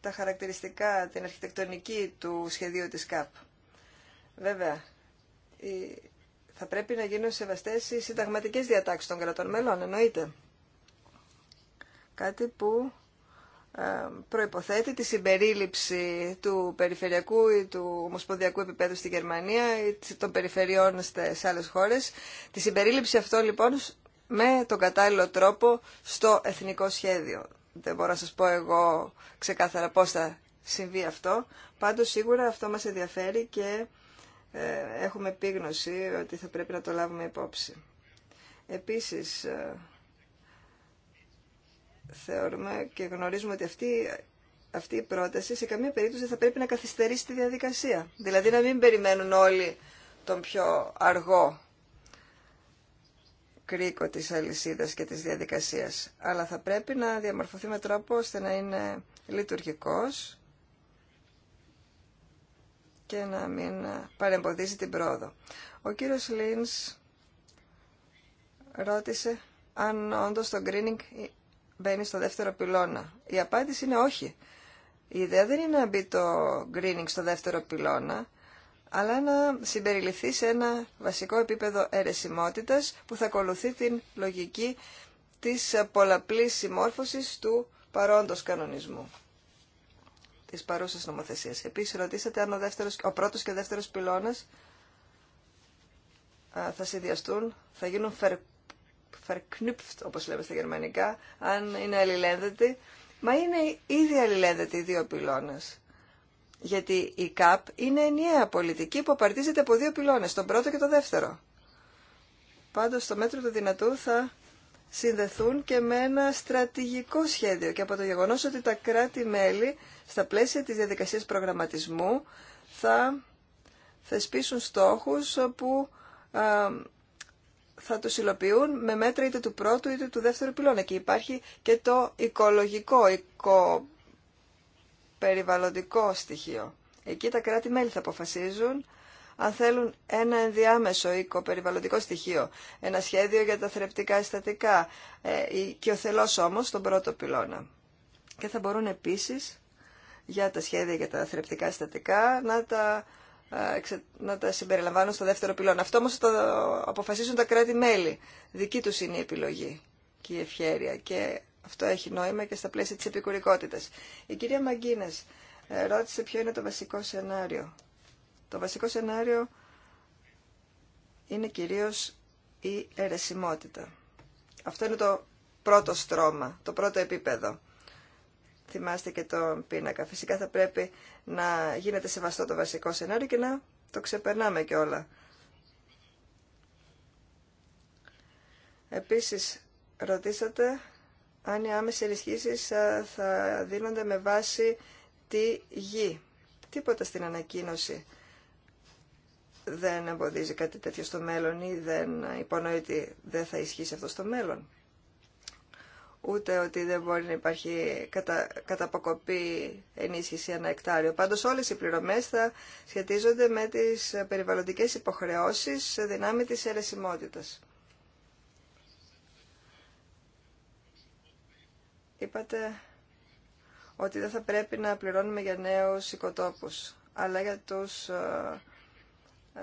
τα χαρακτηριστικά, την αρχιτεκτονική του σχεδίου της ΚΑΠ. Βέβαια, η θα πρέπει να γίνουν σεβαστές οι συνταγματικές διατάξεις των κρατών μελών, εννοείται. Κάτι που ε, προϋποθέτει τη συμπερίληψη του περιφερειακού ή του ομοσπονδιακού επίπεδου στη Γερμανία ή των περιφερειών σε άλλες χώρες. Τη συμπερίληψη αυτό λοιπόν με τον κατάλληλο τρόπο στο εθνικό σχέδιο. Δεν μπορώ να σας πω εγώ ξεκάθαρα πώς θα συμβεί αυτό. Πάντως σίγουρα αυτό μας ενδιαφέρει και ε, έχουμε επίγνωση ότι θα πρέπει να το λάβουμε υπόψη. Επίσης, ε, θεωρούμε και γνωρίζουμε ότι αυτή, αυτή η πρόταση σε καμία περίπτωση θα πρέπει να καθυστερήσει τη διαδικασία. Δηλαδή να μην περιμένουν όλοι τον πιο αργό κρίκο της αλυσίδας και της διαδικασίας. Αλλά θα πρέπει να διαμορφωθεί με τρόπο ώστε να είναι λειτουργικός και να μην παρεμποδίζει την πρόοδο. Ο κύριος Λίνς ρώτησε αν όντως το greening μπαίνει στο δεύτερο πυλώνα. Η απάντηση είναι όχι. Η ιδέα δεν είναι να μπει το greening στο δεύτερο πυλώνα, αλλά να συμπεριληφθεί σε ένα βασικό επίπεδο αιρεσιμότητας που θα ακολουθεί την λογική της πολλαπλής συμμόρφωσης του παρόντος κανονισμού της παρούσας Επίσης ρωτήσατε αν ο, δεύτερος, πρώτος και ο δεύτερος πυλώνας θα συνδυαστούν, θα γίνουν verknüpft, όπως λέμε στα γερμανικά, αν είναι αλληλένδετοι. Μα είναι ήδη αλληλένδετοι οι δύο πυλώνες. Γιατί η ΚΑΠ είναι ενιαία πολιτική που απαρτίζεται από δύο πυλώνες, τον πρώτο και τον δεύτερο. Πάντως, στο μέτρο του δυνατού θα συνδεθούν και με ένα στρατηγικό σχέδιο και από το γεγονός ότι τα κράτη-μέλη στα πλαίσια της διαδικασίας προγραμματισμού θα θεσπίσουν στόχους που θα τους υλοποιούν με μέτρα είτε του πρώτου είτε του δεύτερου πυλώνα. Και υπάρχει και το οικολογικό, οικοπεριβαλλοντικό περιβαλλοντικό στοιχείο. Εκεί τα κράτη-μέλη θα αποφασίζουν αν θέλουν ένα ενδιάμεσο οικοπεριβαλλοντικό στοιχείο, ένα σχέδιο για τα θρεπτικά συστατικά, ε, και ο θελός όμως τον πρώτο πυλώνα. Και θα μπορούν επίσης για τα σχέδια για τα θρεπτικά συστατικά να τα, ε, να τα συμπεριλαμβάνουν στο δεύτερο πυλώνα. Αυτό όμως το αποφασίσουν τα κράτη-μέλη. Δική τους είναι η επιλογή και η ευχέρεια και αυτό έχει νόημα και στα πλαίσια της επικουρικότητας. Η κυρία Μαγκίνες ε, ρώτησε ποιο είναι το βασικό σενάριο. Το βασικό σενάριο είναι κυρίως η αιρεσιμότητα. Αυτό είναι το πρώτο στρώμα, το πρώτο επίπεδο. Θυμάστε και τον πίνακα. Φυσικά θα πρέπει να γίνεται σεβαστό το βασικό σενάριο και να το ξεπερνάμε και όλα. Επίσης, ρωτήσατε αν οι άμεσες ενισχύσει ε, θα δίνονται με βάση τη γη. Τίποτα στην ανακοίνωση δεν εμποδίζει κάτι τέτοιο στο μέλλον ή δεν υπονοεί ότι δεν θα ισχύσει αυτό στο μέλλον. Ούτε ότι δεν μπορεί να υπάρχει κατα, καταποκοπή ενίσχυση ένα εκτάριο. Πάντως όλες οι πληρωμές θα σχετίζονται με τις περιβαλλοντικές υποχρεώσεις σε δυνάμει της αιρεσιμότητας. Είπατε ότι δεν θα πρέπει να πληρώνουμε για νέους οικοτόπους, αλλά για τους ε,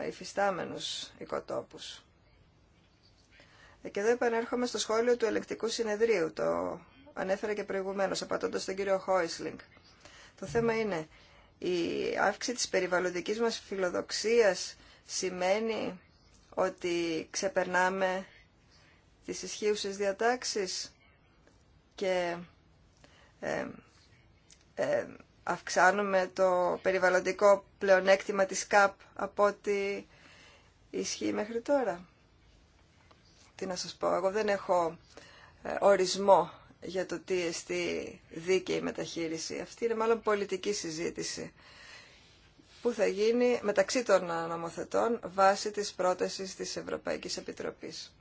υφιστάμενους οικοτόπους. Και εδώ επανέρχομαι στο σχόλιο του ελεκτικού συνεδρίου, το ανέφερα και προηγουμένως, απαντώντας τον κύριο Χόισλινγκ. Το θέμα είναι, η αύξηση της περιβαλλοντικής μας φιλοδοξίας σημαίνει ότι ξεπερνάμε τις ισχύουσες διατάξεις και ε, ε, αυξάνουμε το περιβαλλοντικό πλεονέκτημα της ΚΑΠ από ό,τι ισχύει μέχρι τώρα. Τι να σας πω, εγώ δεν έχω ε, ορισμό για το τι εστί δίκαιη μεταχείριση. Αυτή είναι μάλλον πολιτική συζήτηση που θα γίνει μεταξύ των νομοθετών βάσει της πρότασης της Ευρωπαϊκής Επιτροπής.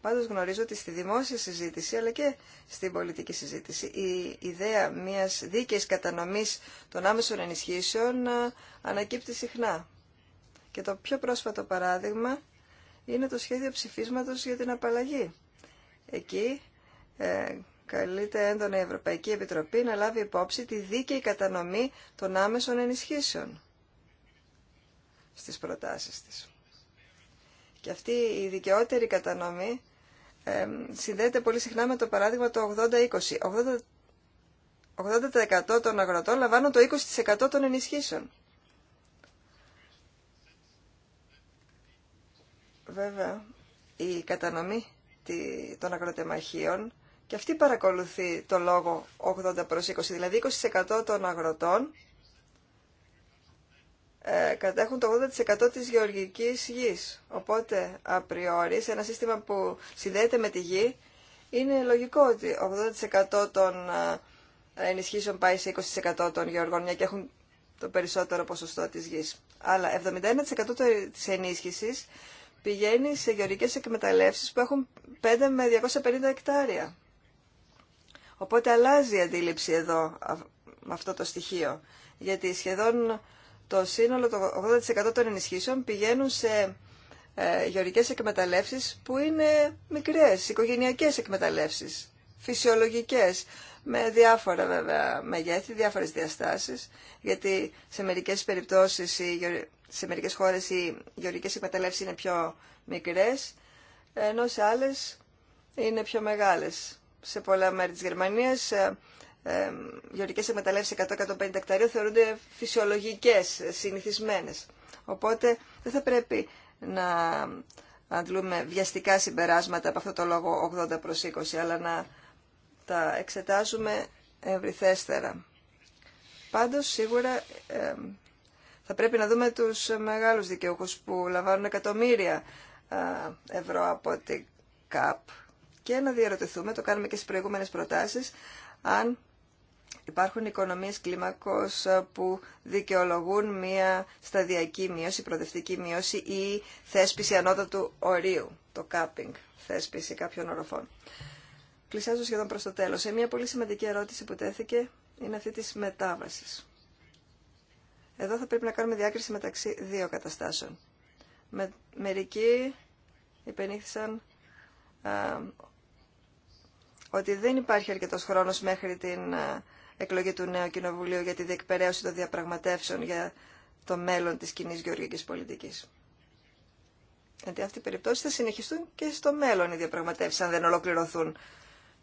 Πάντως γνωρίζω ότι στη δημόσια συζήτηση αλλά και στην πολιτική συζήτηση η ιδέα μιας δίκαιης κατανομής των άμεσων ενισχύσεων ε, ανακύπτει συχνά. Και το πιο πρόσφατο παράδειγμα είναι το σχέδιο ψηφίσματος για την απαλλαγή. Εκεί ε, καλείται έντονα η Ευρωπαϊκή Επιτροπή να λάβει υπόψη τη δίκαιη κατανομή των άμεσων ενισχύσεων στις προτάσεις της. Και αυτή η δικαιότερη κατανομή συνδέεται πολύ συχνά με το παράδειγμα του 80-20. 80%, 80 των αγροτών λαμβάνουν το 20% των ενισχύσεων. Βέβαια, η κατανομή των αγροτεμαχίων και αυτή παρακολουθεί το λόγο 80 προς 20, δηλαδή 20% των αγροτών ε, κατέχουν το 80% της γεωργικής γης. Οπότε, απριόρι, σε ένα σύστημα που συνδέεται με τη γη, είναι λογικό ότι 80% των ε, ενισχύσεων πάει σε 20% των γεωργών, μια και έχουν το περισσότερο ποσοστό της γης. Αλλά 71% της ενίσχυσης πηγαίνει σε γεωργικές εκμεταλλεύσεις που έχουν 5 με 250 εκτάρια. Οπότε αλλάζει η αντίληψη εδώ με αυτό το στοιχείο, γιατί σχεδόν το σύνολο, το 80% των ενισχύσεων πηγαίνουν σε ε, εκμεταλλεύσεις που είναι μικρές, οικογενειακές εκμεταλλεύσεις, φυσιολογικές, με διάφορα βέβαια μεγέθη, διάφορες διαστάσεις, γιατί σε μερικές περιπτώσεις, σε μερικές χώρες οι γεωρικέ εκμεταλλεύσεις είναι πιο μικρές, ενώ σε άλλες είναι πιο μεγάλες. Σε πολλά μέρη της Γερμανίας ε, ε, γεωργικές εκμεταλλεύσεις 100-150 εκταρίων θεωρούνται φυσιολογικές, συνηθισμένες. Οπότε δεν θα πρέπει να αντλούμε βιαστικά συμπεράσματα από αυτό το λόγο 80 προς 20, αλλά να τα εξετάζουμε ευρυθέστερα. Πάντως, σίγουρα θα πρέπει να δούμε τους μεγάλους δικαιούχους που λαμβάνουν εκατομμύρια ευρώ από την ΚΑΠ και να διαρωτηθούμε, το κάνουμε και στις προηγούμενες προτάσεις, αν Υπάρχουν οικονομίες κλίμακος ε, που δικαιολογούν μία σταδιακή μείωση, προοδευτική μείωση ή θέσπιση ανώτατου ορίου, το κάπινγκ, θέσπιση κάποιων οροφών. Πλησιάζω σχεδόν προς το τέλος. Ε, μία πολύ σημαντική ερώτηση που τέθηκε είναι αυτή της μετάβασης. Εδώ θα πρέπει να κάνουμε διάκριση μεταξύ δύο καταστάσεων. μερικοί υπενήχθησαν ότι δεν υπάρχει αρκετός χρόνος μέχρι την εκλογή του νέου Κοινοβουλίου για τη διεκπαιρέωση των διαπραγματεύσεων για το μέλλον της κοινή γεωργικής πολιτικής. Γιατί αυτή η περιπτώση θα συνεχιστούν και στο μέλλον οι διαπραγματεύσεις αν δεν ολοκληρωθούν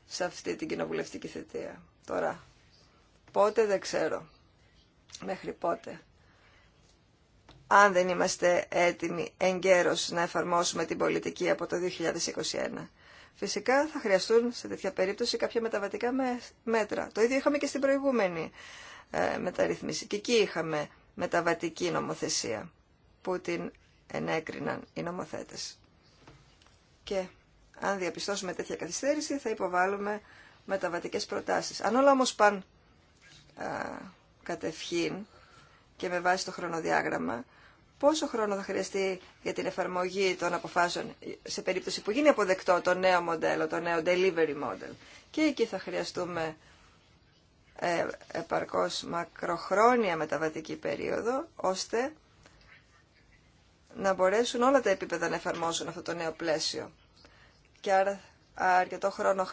σε αυτή την κοινοβουλευτική θητεία. Τώρα, πότε δεν ξέρω. Μέχρι πότε. Αν δεν είμαστε έτοιμοι εγκαίρως να εφαρμόσουμε την πολιτική από το 2021. Φυσικά θα χρειαστούν σε τέτοια περίπτωση κάποια μεταβατικά μέτρα. Το ίδιο είχαμε και στην προηγούμενη ε, μεταρρυθμίση. Και εκεί είχαμε μεταβατική νομοθεσία που την ενέκριναν οι νομοθέτες. Και αν διαπιστώσουμε τέτοια καθυστέρηση θα υποβάλουμε μεταβατικές προτάσεις. Αν όλα όμως πάνε ε, κατευχήν και με βάση το χρονοδιάγραμμα, πόσο χρόνο θα χρειαστεί για την εφαρμογή των αποφάσεων σε περίπτωση που γίνει αποδεκτό το νέο μοντέλο, το νέο delivery model. Και εκεί θα χρειαστούμε ε, επαρκώς μακροχρόνια μεταβατική περίοδο, ώστε να μπορέσουν όλα τα επίπεδα να εφαρμόσουν αυτό το νέο πλαίσιο. Και άρα αρκετό χρόνο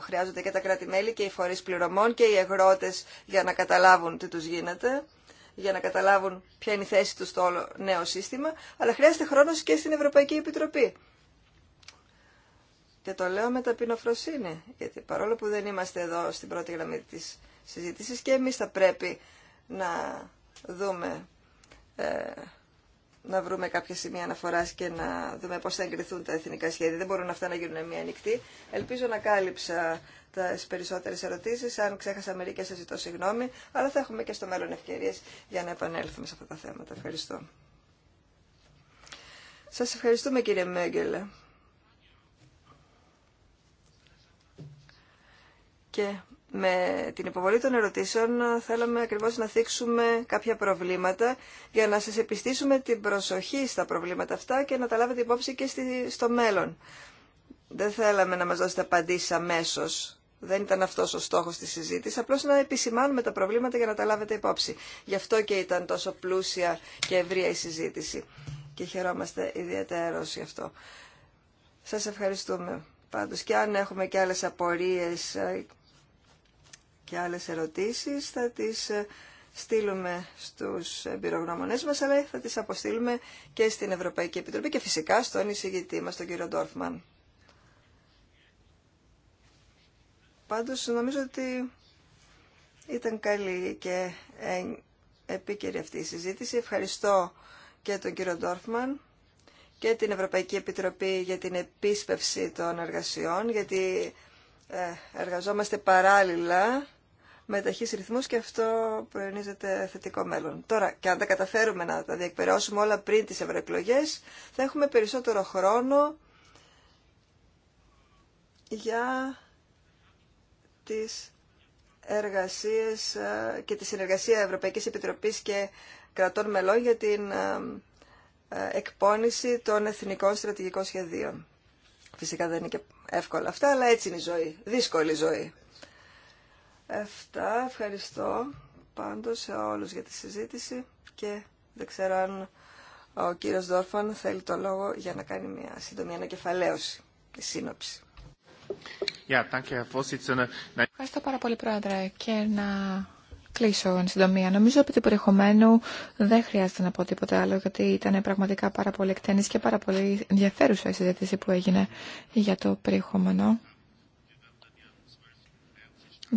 χρειάζονται και τα κράτη-μέλη και οι φορείς πληρωμών και οι εγρότες για να καταλάβουν τι τους γίνεται για να καταλάβουν ποια είναι η θέση τους στο όλο νέο σύστημα, αλλά χρειάζεται χρόνος και στην Ευρωπαϊκή Επιτροπή. Και το λέω με ταπεινοφροσύνη, γιατί παρόλο που δεν είμαστε εδώ στην πρώτη γραμμή της συζήτησης και εμείς θα πρέπει να δούμε ε, να βρούμε κάποια σημεία αναφορά και να δούμε πώ θα εγκριθούν τα εθνικά σχέδια. Δεν μπορούν αυτά να γίνουν μία ανοιχτή. Ελπίζω να κάλυψα τι περισσότερε ερωτήσει. Αν ξέχασα μερικέ, σα ζητώ συγγνώμη. Αλλά θα έχουμε και στο μέλλον ευκαιρίε για να επανέλθουμε σε αυτά τα θέματα. Ευχαριστώ. Σα ευχαριστούμε, κύριε Μέγκελε. Και με την υποβολή των ερωτήσεων θέλαμε ακριβώς να θίξουμε κάποια προβλήματα για να σας επιστήσουμε την προσοχή στα προβλήματα αυτά και να τα λάβετε υπόψη και στο μέλλον. Δεν θέλαμε να μας δώσετε απαντήσεις αμέσω. Δεν ήταν αυτός ο στόχος της συζήτησης, απλώς να επισημάνουμε τα προβλήματα για να τα λάβετε υπόψη. Γι' αυτό και ήταν τόσο πλούσια και ευρία η συζήτηση. Και χαιρόμαστε ιδιαίτερα γι' αυτό. Σας ευχαριστούμε. Πάντως και αν έχουμε και άλλες απορίες και άλλες ερωτήσεις θα τις ε, στείλουμε στους εμπειρογνώμονές μας, αλλά θα τις αποστείλουμε και στην Ευρωπαϊκή Επιτροπή και φυσικά στον εισηγητή μας, τον κύριο Ντόρφμαν. Πάντως νομίζω ότι ήταν καλή και επίκαιρη αυτή η συζήτηση. Ευχαριστώ και τον κύριο Ντόρφμαν και την Ευρωπαϊκή Επιτροπή για την επίσπευση των εργασιών, γιατί ε, εργαζόμαστε παράλληλα με ταχύς και αυτό περνίζεται θετικό μέλλον. Τώρα, και αν τα καταφέρουμε να τα διεκπαιρεώσουμε όλα πριν τι ευρωεκλογέ, θα έχουμε περισσότερο χρόνο για τις εργασίες ε, και τη συνεργασία Ευρωπαϊκής Επιτροπής και κρατών μελών για την ε, ε, εκπόνηση των εθνικών στρατηγικών σχεδίων. Φυσικά δεν είναι και εύκολα αυτά, αλλά έτσι είναι η ζωή, δύσκολη ζωή. Εφτά, ευχαριστώ πάντως σε όλους για τη συζήτηση και δεν ξέρω αν ο κύριος Δόρφαν θέλει το λόγο για να κάνει μια σύντομη ανακεφαλαίωση και σύνοψη. Ευχαριστώ πάρα πολύ, Πρόεδρε, και να κλείσω εν συντομία. Νομίζω ότι του περιεχομένου δεν χρειάζεται να πω τίποτα άλλο, γιατί ήταν πραγματικά πάρα πολύ εκτενής και πάρα πολύ ενδιαφέρουσα η συζήτηση που έγινε για το περιεχόμενο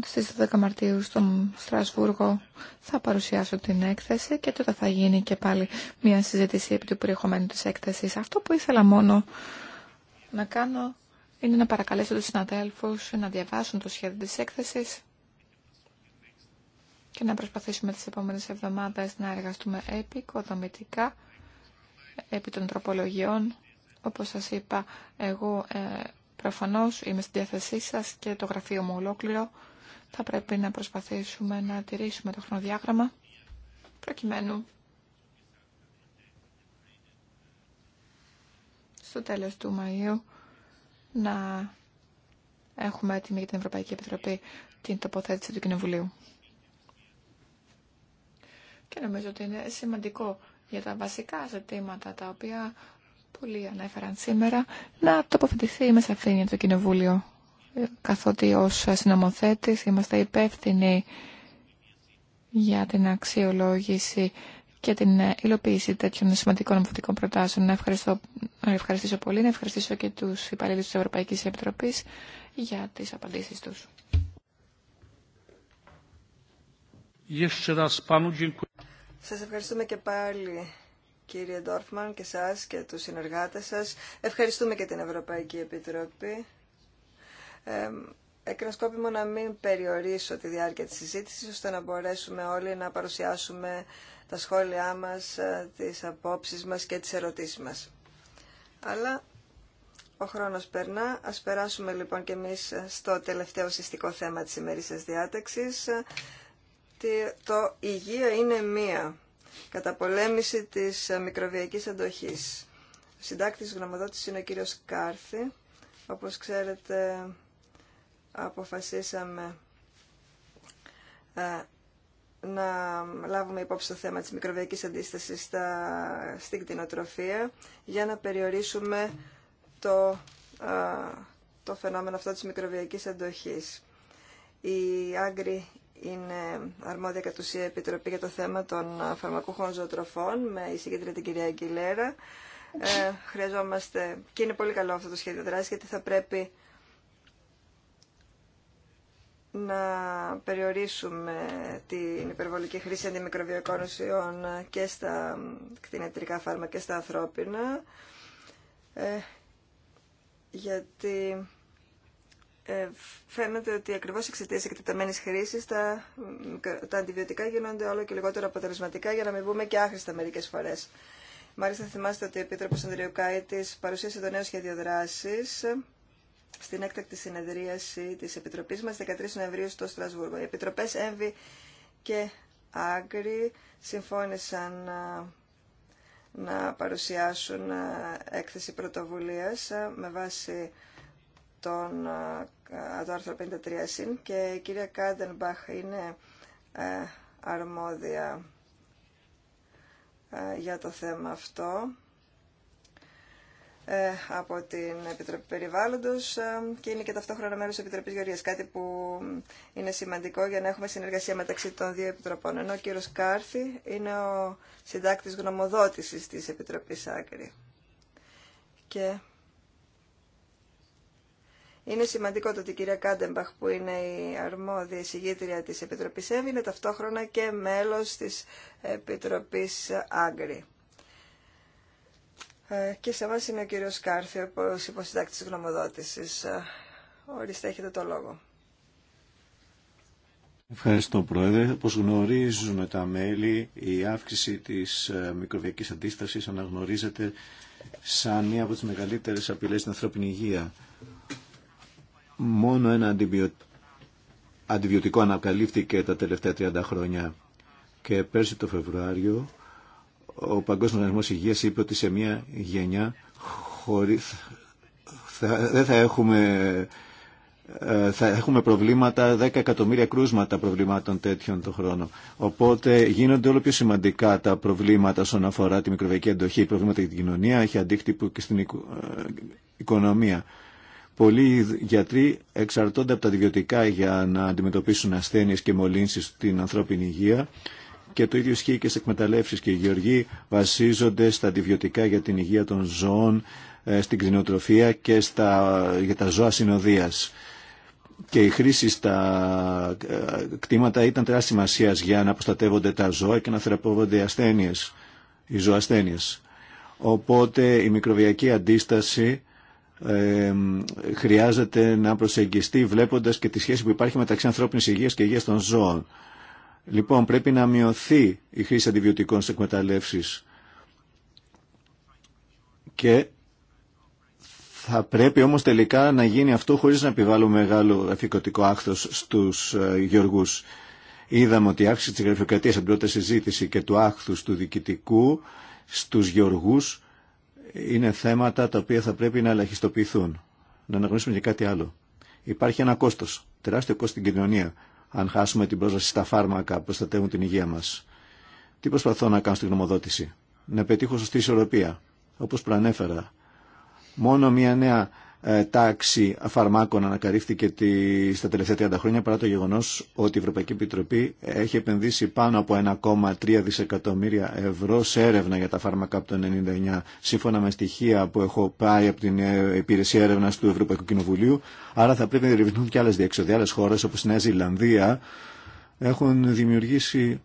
στις 12 Μαρτίου στο Στρασβούργο θα παρουσιάσω την έκθεση και τότε θα γίνει και πάλι μια συζήτηση επί του περιεχομένου της έκθεσης. Αυτό που ήθελα μόνο να κάνω είναι να παρακαλέσω τους συναδέλφους να διαβάσουν το σχέδιο της έκθεσης και να προσπαθήσουμε τις επόμενες εβδομάδες να εργαστούμε επικοδομητικά επί των τροπολογιών. Όπως σας είπα, εγώ ε, προφανώς είμαι στη διάθεσή σας και το γραφείο μου ολόκληρο θα πρέπει να προσπαθήσουμε να τηρήσουμε το χρονοδιάγραμμα προκειμένου στο τέλος του Μαΐου να έχουμε έτοιμη για την Ευρωπαϊκή Επιτροπή την τοποθέτηση του Κοινοβουλίου. Και νομίζω ότι είναι σημαντικό για τα βασικά ζητήματα τα οποία πολλοί ανέφεραν σήμερα να τοποθετηθεί με σαφήνεια το Κοινοβούλιο καθότι ως συνομοθέτης είμαστε υπεύθυνοι για την αξιολόγηση και την υλοποίηση τέτοιων σημαντικών νομοθετικών προτάσεων. Να, ευχαριστώ, να ευχαριστήσω πολύ, να ευχαριστήσω και τους υπαλλήλους της Ευρωπαϊκής Επιτροπής για τις απαντήσεις τους. Σας ευχαριστούμε και πάλι κύριε Ντόρφμαν και σας και τους συνεργάτες σας. Ευχαριστούμε και την Ευρωπαϊκή Επιτροπή έκανα σκόπιμο να μην περιορίσω τη διάρκεια της συζήτησης, ώστε να μπορέσουμε όλοι να παρουσιάσουμε τα σχόλιά μας, ε, τις απόψεις μας και τις ερωτήσεις μας. Αλλά ο χρόνος περνά. Ας περάσουμε λοιπόν και εμείς ε, στο τελευταίο συστικό θέμα της ημερήσιας διάταξης. Ε, το υγεία είναι μία. Καταπολέμηση της μικροβιακής αντοχής. Ο συντάκτης γνωμοδότης είναι ο κύριος Κάρθη. Όπως ξέρετε αποφασίσαμε ε, να λάβουμε υπόψη το θέμα της μικροβιακής αντίστασης στα, στην κτηνοτροφία για να περιορίσουμε το, ε, το φαινόμενο αυτό της μικροβιακής αντοχής. Η Άγκρη είναι αρμόδια κατ' ουσία επιτροπή για το θέμα των ε, φαρμακούχων ζωοτροφών με εισηγήτρια την κυρία Αγγιλέρα. Ε, χρειαζόμαστε, και είναι πολύ καλό αυτό το σχέδιο δράση, γιατί θα πρέπει να περιορίσουμε την υπερβολική χρήση αντιμικροβιακών ουσιών και στα κτηνιατρικά φάρμακα και στα ανθρώπινα ε, γιατί ε, φαίνεται ότι ακριβώς εξαιτία εκτεταμένη χρήση τα, τα αντιβιωτικά γίνονται όλο και λιγότερο αποτελεσματικά για να μην βγούμε και άχρηστα μερικές φορές. Μάλιστα θυμάστε ότι ο Επίτροπος Ανδριουκάητης παρουσίασε το νέο σχέδιο δράσης στην έκτακτη συνεδρίαση της Επιτροπής μας 13 Νοεμβρίου στο Στρασβούργο. Οι Επιτροπές ΕΜΒΗ και ΑΓΡΙ συμφώνησαν να, να παρουσιάσουν έκθεση πρωτοβουλίας με βάση τον, το άρθρο 53 συν και η κυρία Κάντενμπαχ είναι αρμόδια για το θέμα αυτό. Ε, από την Επιτροπή Περιβάλλοντος ε, και είναι και ταυτόχρονα μέρος της Επιτροπής Γεωργίας, κάτι που είναι σημαντικό για να έχουμε συνεργασία μεταξύ των δύο επιτροπών. Ενώ ο κύριος Κάρθη είναι ο συντάκτης γνωμοδότησης της Επιτροπής Άκρη. Και είναι σημαντικό το ότι η κυρία Κάντεμπαχ που είναι η αρμόδια εισηγήτρια της Επιτροπής Εύη είναι ταυτόχρονα και μέλος της Επιτροπής Άγκρη. Ε, και σε εμάς είναι ο κύριος Κάρθη, ο υποσυντάκτης της γνωμοδότησης. Ε, ορίστε, έχετε το λόγο. Ευχαριστώ Πρόεδρε. Όπω γνωρίζουμε τα μέλη, η αύξηση της ε, μικροβιακής αντίστασης αναγνωρίζεται σαν μία από τις μεγαλύτερες απειλές στην ανθρώπινη υγεία. Μόνο ένα αντιβιωτικό ανακαλύφθηκε τα τελευταία 30 χρόνια και πέρσι το Φεβρουάριο ο Παγκόσμιο Οργανισμός Υγείας είπε ότι σε μια γενιά χωρί... θα... δεν θα έχουμε... Ε, θα έχουμε προβλήματα, 10 εκατομμύρια κρούσματα προβλημάτων τέτοιων το χρόνο. Οπότε γίνονται όλο πιο σημαντικά τα προβλήματα όσον αφορά τη μικροβιακή αντοχή. Προβλήματα για την κοινωνία, έχει αντίκτυπο και στην ε, οικονομία. Πολλοί γιατροί εξαρτώνται από τα αντιβιωτικά για να αντιμετωπίσουν ασθένειες και μολύνσεις στην ανθρώπινη υγεία και το ίδιο ισχύει και στι εκμεταλλεύσει και οι γεωργοί βασίζονται στα αντιβιωτικά για την υγεία των ζώων, ε, στην κτηνοτροφία και στα, για τα ζώα συνοδεία. Και η χρήση στα ε, κτήματα ήταν τεράστια σημασία για να προστατεύονται τα ζώα και να θεραπεύονται ασθένειε, οι ζωοασθένειε. Οπότε η μικροβιακή αντίσταση ε, χρειάζεται να προσεγγιστεί βλέποντας και τη σχέση που υπάρχει μεταξύ ανθρώπινης υγείας και υγείας των ζώων. Λοιπόν, πρέπει να μειωθεί η χρήση αντιβιωτικών σε εκμεταλλεύσεις και θα πρέπει όμως τελικά να γίνει αυτό χωρίς να επιβάλλουμε μεγάλο εφικοτικό άκθος στους ε, γεωργούς. Είδαμε ότι η αύξηση της γραφειοκρατίας από την πρώτη συζήτηση και του άχθους του διοικητικού στους γεωργούς είναι θέματα τα οποία θα πρέπει να ελαχιστοποιηθούν. Να αναγνωρίσουμε και κάτι άλλο. Υπάρχει ένα κόστος, τεράστιο κόστος στην κοινωνία αν χάσουμε την πρόσβαση στα φάρμακα που προστατεύουν την υγεία μας. Τι προσπαθώ να κάνω στη γνωμοδότηση. Να πετύχω σωστή ισορροπία. Όπως προανέφερα, μόνο μια νέα ε, τάξη φαρμάκων ανακαρύφθηκε στα τελευταία 30 χρόνια παρά το γεγονός ότι η Ευρωπαϊκή Επιτροπή έχει επενδύσει πάνω από 1,3 δισεκατομμύρια ευρώ σε έρευνα για τα φάρμακα από το 1999 σύμφωνα με στοιχεία που έχω πάει από την ε, υπηρεσία έρευνα του Ευρωπαϊκού Κοινοβουλίου άρα θα πρέπει να ερευνούν και άλλες διεξοδοί άλλε χώρες όπως η Νέα Ζηλανδία έχουν δημιουργήσει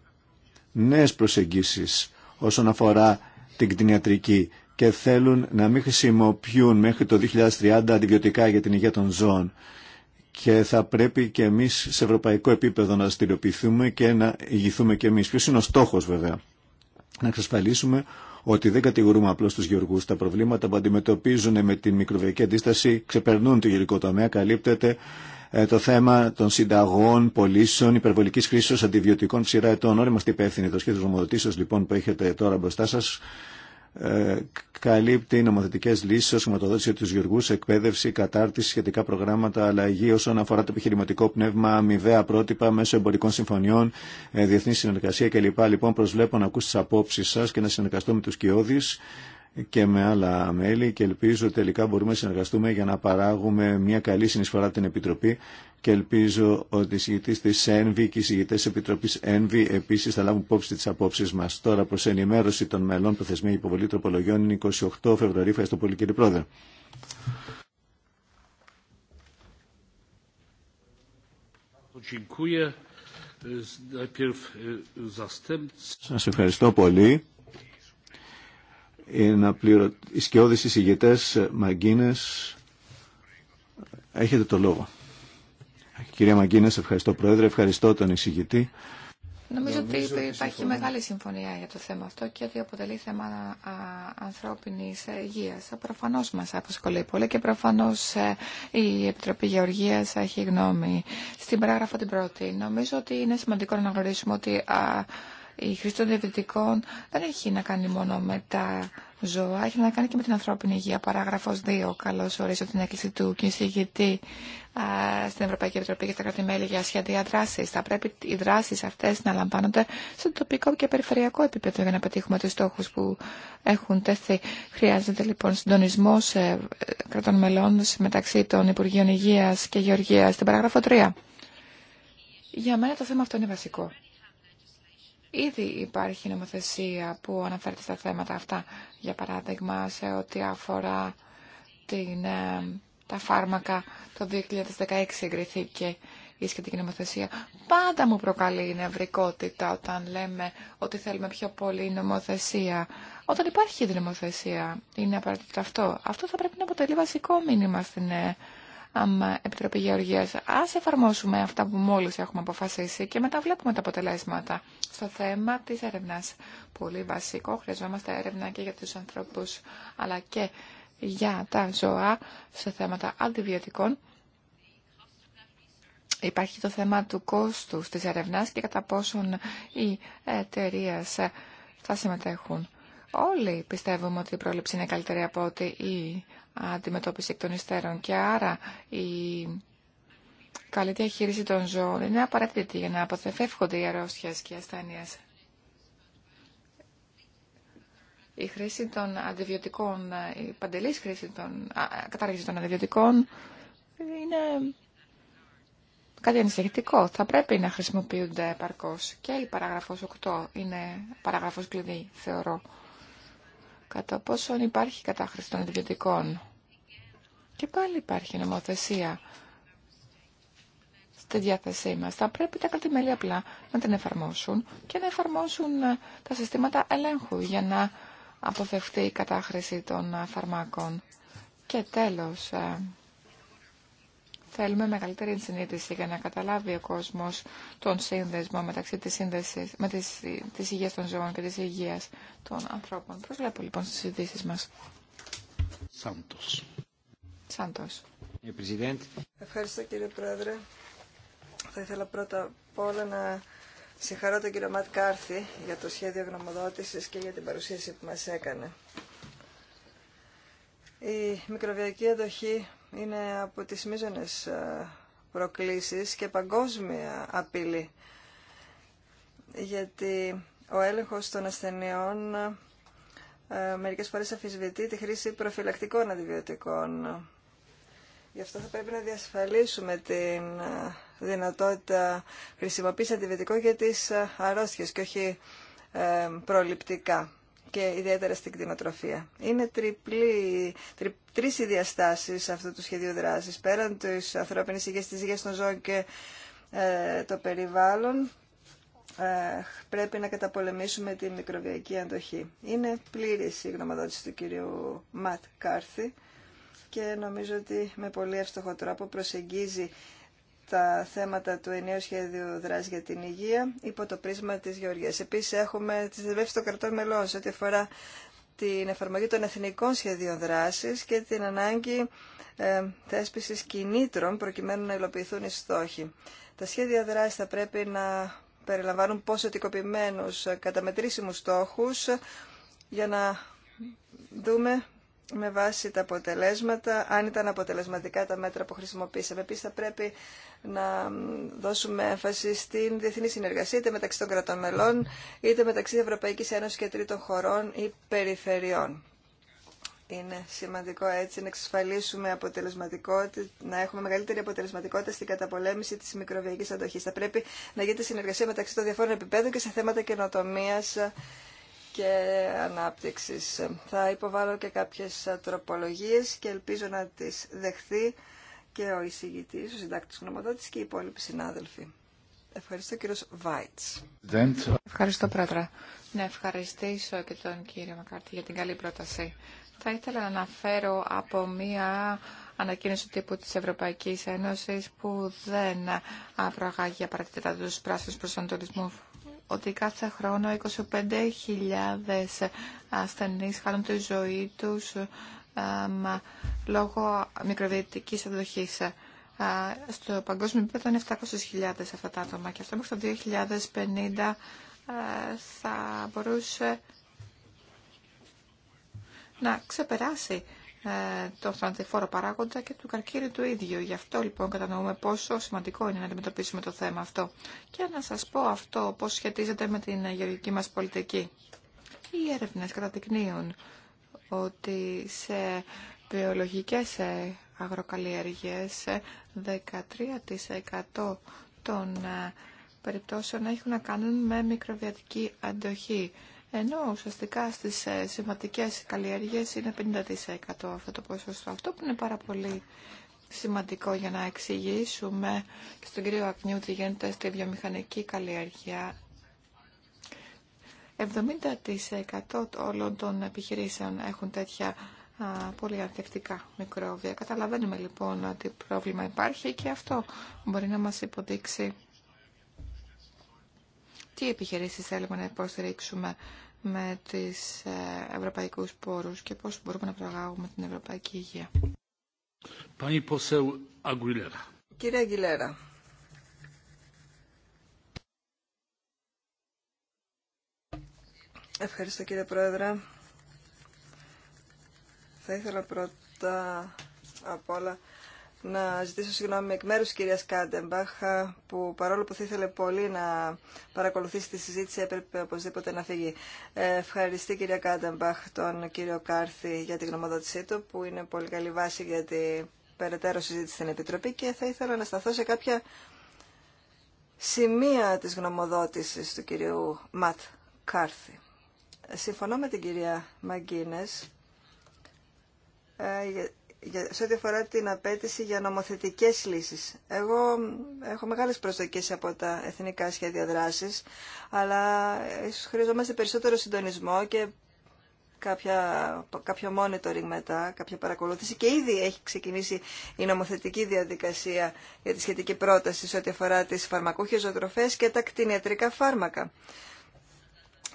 νέες προσεγγίσεις όσον αφορά την κτηνιατρική και θέλουν να μην χρησιμοποιούν μέχρι το 2030 αντιβιωτικά για την υγεία των ζώων. Και θα πρέπει και εμεί σε ευρωπαϊκό επίπεδο να δραστηριοποιηθούμε και να ηγηθούμε και εμεί. Ποιο είναι ο στόχο, βέβαια. Να εξασφαλίσουμε ότι δεν κατηγορούμε απλώ του γεωργού Τα προβλήματα που αντιμετωπίζουν με την μικροβιακή αντίσταση ξεπερνούν το γεωργικό τομέα, καλύπτεται ε, το θέμα των συνταγών, πωλήσεων, υπερβολική χρήση αντιβιωτικών ψηρά ετών. Όλοι είμαστε υπεύθυνοι. Το σχέδιο λοιπόν που έχετε τώρα μπροστά σα ε, καλύπτει νομοθετικέ λύσει ω χρηματοδότηση για του γεωργού, εκπαίδευση, κατάρτιση, σχετικά προγράμματα, αλλαγή όσον αφορά το επιχειρηματικό πνεύμα, αμοιβαία πρότυπα μέσω εμπορικών συμφωνιών, ε, διεθνή συνεργασία κλπ. Λοιπόν, προσβλέπω να ακούσω τι απόψει σα και να συνεργαστώ με του κοιόδη και με άλλα μέλη και ελπίζω τελικά μπορούμε να συνεργαστούμε για να παράγουμε μια καλή συνεισφορά την Επιτροπή και ελπίζω ότι οι συγητή τη ΕΝΒΗ και οι συγητέ τη Επιτροπή ΕΝΒΗ επίση θα λάβουν υπόψη τι απόψει μα. Τώρα, προ ενημέρωση των μελών, προθεσμία υποβολή τροπολογιών είναι 28 Φεβρουαρίου. Ευχαριστώ πολύ, κύριε Πρόεδρε. E, Σας ευχαριστώ πολύ ένα πληρω... οι σκιώδεις εισηγητές Μαγκίνες έχετε το λόγο. Κυρία Μαγκίνες, ευχαριστώ Πρόεδρε, ευχαριστώ τον εισηγητή. Νομίζω, ότι υπάρχει μεγάλη συμφωνία για το θέμα αυτό και ότι αποτελεί θέμα ανθρώπινη υγεία. Προφανώς μας απασχολεί πολύ και προφανώ ε, η Επιτροπή Γεωργία έχει γνώμη. Στην παράγραφα την πρώτη, νομίζω ότι είναι σημαντικό να γνωρίσουμε ότι η χρήση των διαβητικών δεν έχει να κάνει μόνο με τα ζώα, έχει να κάνει και με την ανθρώπινη υγεία. Παράγραφό 2. καλώ ορίζω την έκκληση του κυνηγητή στην Ευρωπαϊκή Επιτροπή και στα κράτη-μέλη για σχέδια δράση. Θα πρέπει οι δράσει αυτέ να λαμβάνονται σε τοπικό και περιφερειακό επίπεδο για να πετύχουμε του στόχου που έχουν τέθει. Χρειάζεται λοιπόν συντονισμό ε, κρατών μελών μεταξύ των Υπουργείων Υγεία και Γεωργία. Στην παράγραφο 3. Για μένα το θέμα αυτό είναι βασικό. Ήδη υπάρχει νομοθεσία που αναφέρεται στα θέματα αυτά, για παράδειγμα σε ό,τι αφορά την, ε, τα φάρμακα. Το 2016 εγκριθήκε η σχετική νομοθεσία. Πάντα μου προκαλεί η νευρικότητα όταν λέμε ότι θέλουμε πιο πολύ νομοθεσία. Όταν υπάρχει η νομοθεσία, είναι απαραίτητο αυτό. Αυτό θα πρέπει να αποτελεί βασικό μήνυμα στην ε, Επιτροπή Γεωργίας. Ας εφαρμόσουμε αυτά που μόλις έχουμε αποφασίσει και μετά βλέπουμε τα αποτελέσματα. Στο θέμα της έρευνας, πολύ βασικό, χρειαζόμαστε έρευνα και για τους ανθρώπους, αλλά και για τα ζώα σε θέματα αντιβιωτικών. Υπάρχει το θέμα του κόστου της έρευνα και κατά πόσον οι εταιρείε θα συμμετέχουν. Όλοι πιστεύουμε ότι η πρόληψη είναι καλύτερη από ότι η αντιμετώπιση εκ των υστέρων. Και άρα η καλή διαχείριση των ζώων είναι απαραίτητη για να αποθεφεύχονται οι αρρώστιε και οι ασθένειες. Η χρήση των αντιβιωτικών, η παντελής χρήση των, κατάργηση των αντιβιωτικών είναι κάτι ανησυχητικό. Θα πρέπει να χρησιμοποιούνται επαρκώ Και η παράγραφος 8 είναι παράγραφος κλειδί, θεωρώ κατά πόσον υπάρχει κατάχρηση των αντιβιωτικών. Και πάλι υπάρχει νομοθεσία στη διάθεσή μας. Θα πρέπει τα κρατημέλη απλά να την εφαρμόσουν και να εφαρμόσουν ε, τα συστήματα ελέγχου για να αποφευθεί η κατάχρηση των ε, φαρμάκων. Και τέλος, ε, Θέλουμε μεγαλύτερη συνείδηση για να καταλάβει ο κόσμος τον σύνδεσμο μεταξύ της, σύνδεσης, με της, της υγείας των ζώων και της υγείας των ανθρώπων. βλέπω λοιπόν στις συζητήσεις μας. Σάντος. Σάντος. Ευχαριστώ κύριε Πρόεδρε. Θα ήθελα πρώτα απ' όλα να συγχαρώ τον κύριο Ματ Κάρθη για το σχέδιο γνωμοδότησης και για την παρουσίαση που μας έκανε. Η μικροβιακή εντοχή είναι από τις μείζονες ε, προκλήσεις και παγκόσμια απειλή. Γιατί ο έλεγχος των ασθενειών ε, μερικές φορές αφισβητεί τη χρήση προφυλακτικών αντιβιωτικών. Γι' αυτό θα πρέπει να διασφαλίσουμε την ε, δυνατότητα χρησιμοποίηση αντιβιωτικών για τις αρρώστιες και όχι προληπτικά και ιδιαίτερα στην κτηνοτροφία. Είναι τριπλή, τρι, τρεις οι διαστάσεις αυτού του σχεδίου δράσης. Πέραν της ανθρώπινης υγείας, της υγείας των ζώων και ε, το περιβάλλον, ε, πρέπει να καταπολεμήσουμε τη μικροβιακή αντοχή. Είναι πλήρης η γνωμοδότηση του κυρίου Ματ Κάρθη και νομίζω ότι με πολύ εύστοχο τρόπο προσεγγίζει τα θέματα του ενίου σχέδιου δράση για την υγεία υπό το πρίσμα της γεωργίας. Επίσης έχουμε τι δεσμεύσει των κρατών μελών σε ό,τι αφορά την εφαρμογή των εθνικών σχεδίων δράσης και την ανάγκη ε, θέσπισης κινήτρων προκειμένου να υλοποιηθούν οι στόχοι. Τα σχέδια δράσης θα πρέπει να περιλαμβάνουν ποσοτικοποιημένου ε, καταμετρήσιμου στόχου για να δούμε με βάση τα αποτελέσματα, αν ήταν αποτελεσματικά τα μέτρα που χρησιμοποίησαμε. Επίση, θα πρέπει να δώσουμε έμφαση στην διεθνή συνεργασία, είτε μεταξύ των κρατών μελών, είτε μεταξύ Ευρωπαϊκή Ένωση και τρίτων χωρών ή περιφερειών. Είναι σημαντικό έτσι να εξασφαλίσουμε αποτελεσματικότητα, να έχουμε μεγαλύτερη αποτελεσματικότητα στην καταπολέμηση τη μικροβιακή αντοχή. Θα πρέπει να γίνεται συνεργασία μεταξύ των διαφόρων επιπέδων και σε θέματα καινοτομία και ανάπτυξης. Θα υποβάλω και κάποιες τροπολογίες και ελπίζω να τις δεχθεί και ο εισηγητής, ο συντάκτης γνωμοδότης και οι υπόλοιποι συνάδελφοι. Ευχαριστώ κύριος Βάιτς. Ευχαριστώ πρόεδρε. Να ευχαριστήσω και τον κύριο Μακάρτη για την καλή πρόταση. Θα ήθελα να αναφέρω από μία ανακοίνωση τύπου της Ευρωπαϊκής Ένωσης που δεν προαγάγει απαραίτητα τους πράσινους προσανατολισμούς ότι κάθε χρόνο 25.000 ασθενείς χάνουν τη ζωή τους λόγω μικροβιωτικής αντοχής. Στο παγκόσμιο επίπεδο είναι 700.000 αυτά τα άτομα και αυτό μέχρι το 2050 θα μπορούσε να ξεπεράσει ε, το θανατηφόρο παράγοντα και του καρκίνου του ίδιου. Γι' αυτό λοιπόν κατανοούμε πόσο σημαντικό είναι να αντιμετωπίσουμε το θέμα αυτό. Και να σας πω αυτό πώς σχετίζεται με την γεωργική μας πολιτική. Οι έρευνες καταδεικνύουν ότι σε βιολογικές ε, αγροκαλλιέργειες 13% ε, των περιπτώσεων έχουν να κάνουν με μικροβιατική αντοχή ενώ ουσιαστικά στις ε, σημαντικές καλλιέργειες είναι 50% αυτό το ποσοστό. Αυτό που είναι πάρα πολύ σημαντικό για να εξηγήσουμε και στον κύριο Ακνιού τι γίνεται στη βιομηχανική καλλιέργεια. 70% όλων των επιχειρήσεων έχουν τέτοια α, πολύ ανθεκτικά μικρόβια. Καταλαβαίνουμε λοιπόν ότι πρόβλημα υπάρχει και αυτό μπορεί να μας υποδείξει τι επιχειρήσεις θέλουμε να υποστηρίξουμε με τις ε, ευρωπαϊκούς πόρους και πώς μπορούμε να προαγάγουμε την ευρωπαϊκή υγεία. Αγγουλέρα. Κύριε Αγγιλέρα. Ευχαριστώ κύριε Πρόεδρε. Θα ήθελα πρώτα απ' όλα να ζητήσω συγγνώμη εκ μέρους της κυρίας Κάντεμπαχ που παρόλο που θα ήθελε πολύ να παρακολουθήσει τη συζήτηση έπρεπε οπωσδήποτε να φύγει. Ε, ευχαριστή κυρία Κάντεμπαχ τον κύριο Κάρθη για την γνωμοδότησή του που είναι πολύ καλή βάση για την περαιτέρω συζήτηση στην Επιτροπή και θα ήθελα να σταθώ σε κάποια σημεία της γνωμοδότησης του κυρίου Ματ Κάρθη. Ε, συμφωνώ με την κυρία Μαγκίνες ε, σε ό,τι αφορά την απέτηση για νομοθετικές λύσεις. Εγώ έχω μεγάλες προσδοκίες από τα εθνικά σχέδια δράσης, αλλά χρειαζόμαστε περισσότερο συντονισμό και κάποια, κάποιο monitoring μετά, κάποια παρακολούθηση και ήδη έχει ξεκινήσει η νομοθετική διαδικασία για τη σχετική πρόταση σε ό,τι αφορά τις φαρμακούχε ζωοτροφές και τα κτηνιατρικά φάρμακα.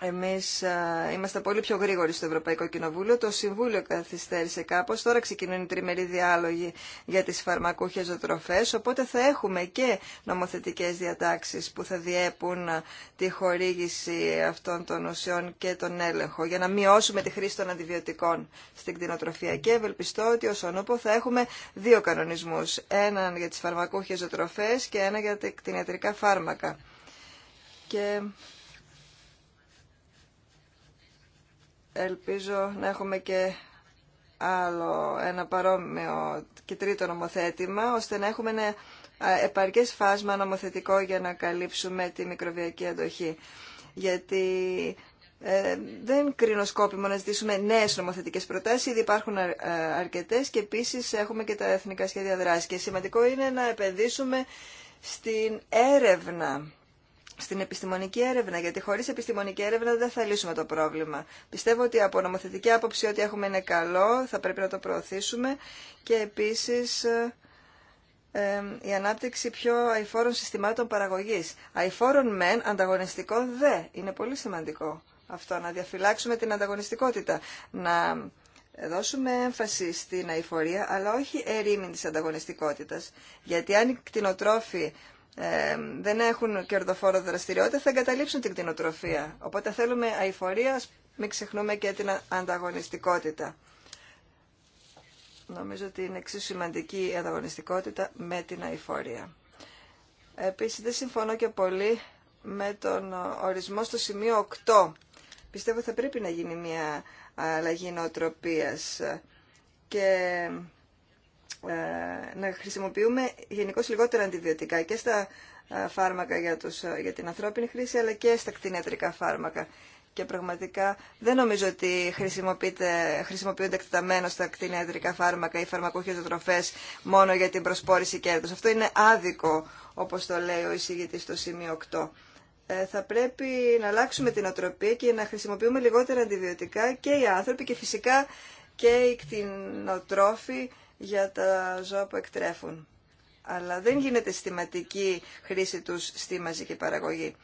Εμείς είμαστε πολύ πιο γρήγοροι στο Ευρωπαϊκό Κοινοβούλιο. Το Συμβούλιο καθυστέρησε κάπως. Τώρα ξεκινούν οι τριμεροί διάλογοι για τις φαρμακούχες ζωοτροφές. Οπότε θα έχουμε και νομοθετικές διατάξεις που θα διέπουν τη χορήγηση αυτών των ουσιών και τον έλεγχο για να μειώσουμε τη χρήση των αντιβιωτικών στην κτηνοτροφία. Και ευελπιστώ ότι ως ονόπο θα έχουμε δύο κανονισμούς. Έναν για τις φαρμακούχες ζωτροφέ και ένα για τα κτηνιατρικά φάρμακα. Και Ελπίζω να έχουμε και άλλο ένα παρόμοιο και τρίτο νομοθέτημα, ώστε να έχουμε ένα επαρκές φάσμα νομοθετικό για να καλύψουμε τη μικροβιακή αντοχή. Γιατί ε, δεν κρίνω σκόπιμο να ζητήσουμε νέε νομοθετικέ προτάσει. Ήδη υπάρχουν αρ, και επίσης έχουμε και τα εθνικά σχέδια δράσης. Και σημαντικό είναι να επενδύσουμε στην έρευνα στην επιστημονική έρευνα, γιατί χωρίς επιστημονική έρευνα δεν θα λύσουμε το πρόβλημα. Πιστεύω ότι από νομοθετική άποψη ό,τι έχουμε είναι καλό, θα πρέπει να το προωθήσουμε και επίσης ε, ε, η ανάπτυξη πιο αηφόρων συστημάτων παραγωγής. Αηφόρων μεν, ανταγωνιστικό δε. Είναι πολύ σημαντικό αυτό, να διαφυλάξουμε την ανταγωνιστικότητα, να δώσουμε έμφαση στην αηφορία, αλλά όχι ερήμην της ανταγωνιστικότητας. Γιατί αν οι δεν έχουν κερδοφόρο δραστηριότητα θα εγκαταλείψουν την κτηνοτροφία. Οπότε θέλουμε αηφορία, μην ξεχνούμε και την ανταγωνιστικότητα. Νομίζω ότι είναι εξίσου σημαντική η ανταγωνιστικότητα με την αηφορία. Επίσης δεν συμφωνώ και πολύ με τον ορισμό στο σημείο 8. Πιστεύω θα πρέπει να γίνει μια αλλαγή νοοτροπίας και ε, να χρησιμοποιούμε γενικώ λιγότερα αντιβιωτικά και στα ε, φάρμακα για, τους, ε, για την ανθρώπινη χρήση αλλά και στα κτηνιατρικά φάρμακα. Και πραγματικά δεν νομίζω ότι χρησιμοποιούνται εκτεταμένο στα κτηνιατρικά φάρμακα ή φαρμακούχες μόνο για την προσπόρηση κέρδους. Αυτό είναι άδικο, όπως το λέει ο εισηγητής στο σημείο 8. θα πρέπει να αλλάξουμε την οτροπία και να χρησιμοποιούμε λιγότερα αντιβιωτικά και οι άνθρωποι και φυσικά και οι κτηνοτρόφοι για τα ζώα που εκτρέφουν. Αλλά δεν γίνεται συστηματική χρήση τους στη μαζική παραγωγή.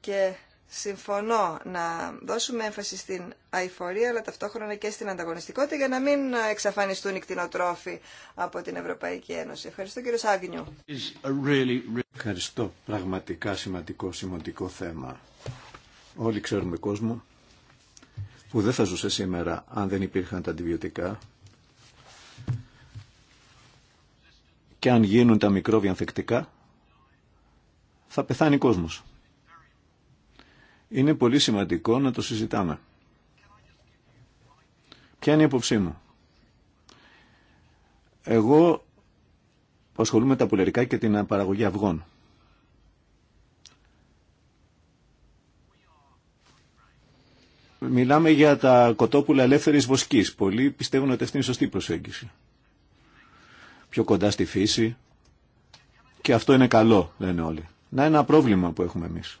Και συμφωνώ να δώσουμε έμφαση στην αηφορία, αλλά ταυτόχρονα και στην ανταγωνιστικότητα, για να μην εξαφανιστούν οι κτηνοτρόφοι από την Ευρωπαϊκή Ένωση. Ευχαριστώ κύριο Σάγνιου. Ευχαριστώ. Πραγματικά σημαντικό, σημαντικό θέμα. Όλοι ξέρουμε κόσμο που δεν θα ζούσε σήμερα αν δεν υπήρχαν τα αντιβιωτικά και αν γίνουν τα μικρόβια ανθεκτικά, θα πεθάνει ο κόσμος. Είναι πολύ σημαντικό να το συζητάμε. Ποια είναι η απόψή μου. Εγώ ασχολούμαι με τα πουλερικά και την παραγωγή αυγών. Μιλάμε για τα κοτόπουλα ελεύθερης βοσκής. Πολλοί πιστεύουν ότι αυτή είναι σωστή προσέγγιση πιο κοντά στη φύση και αυτό είναι καλό, λένε όλοι. Να είναι ένα πρόβλημα που έχουμε εμείς.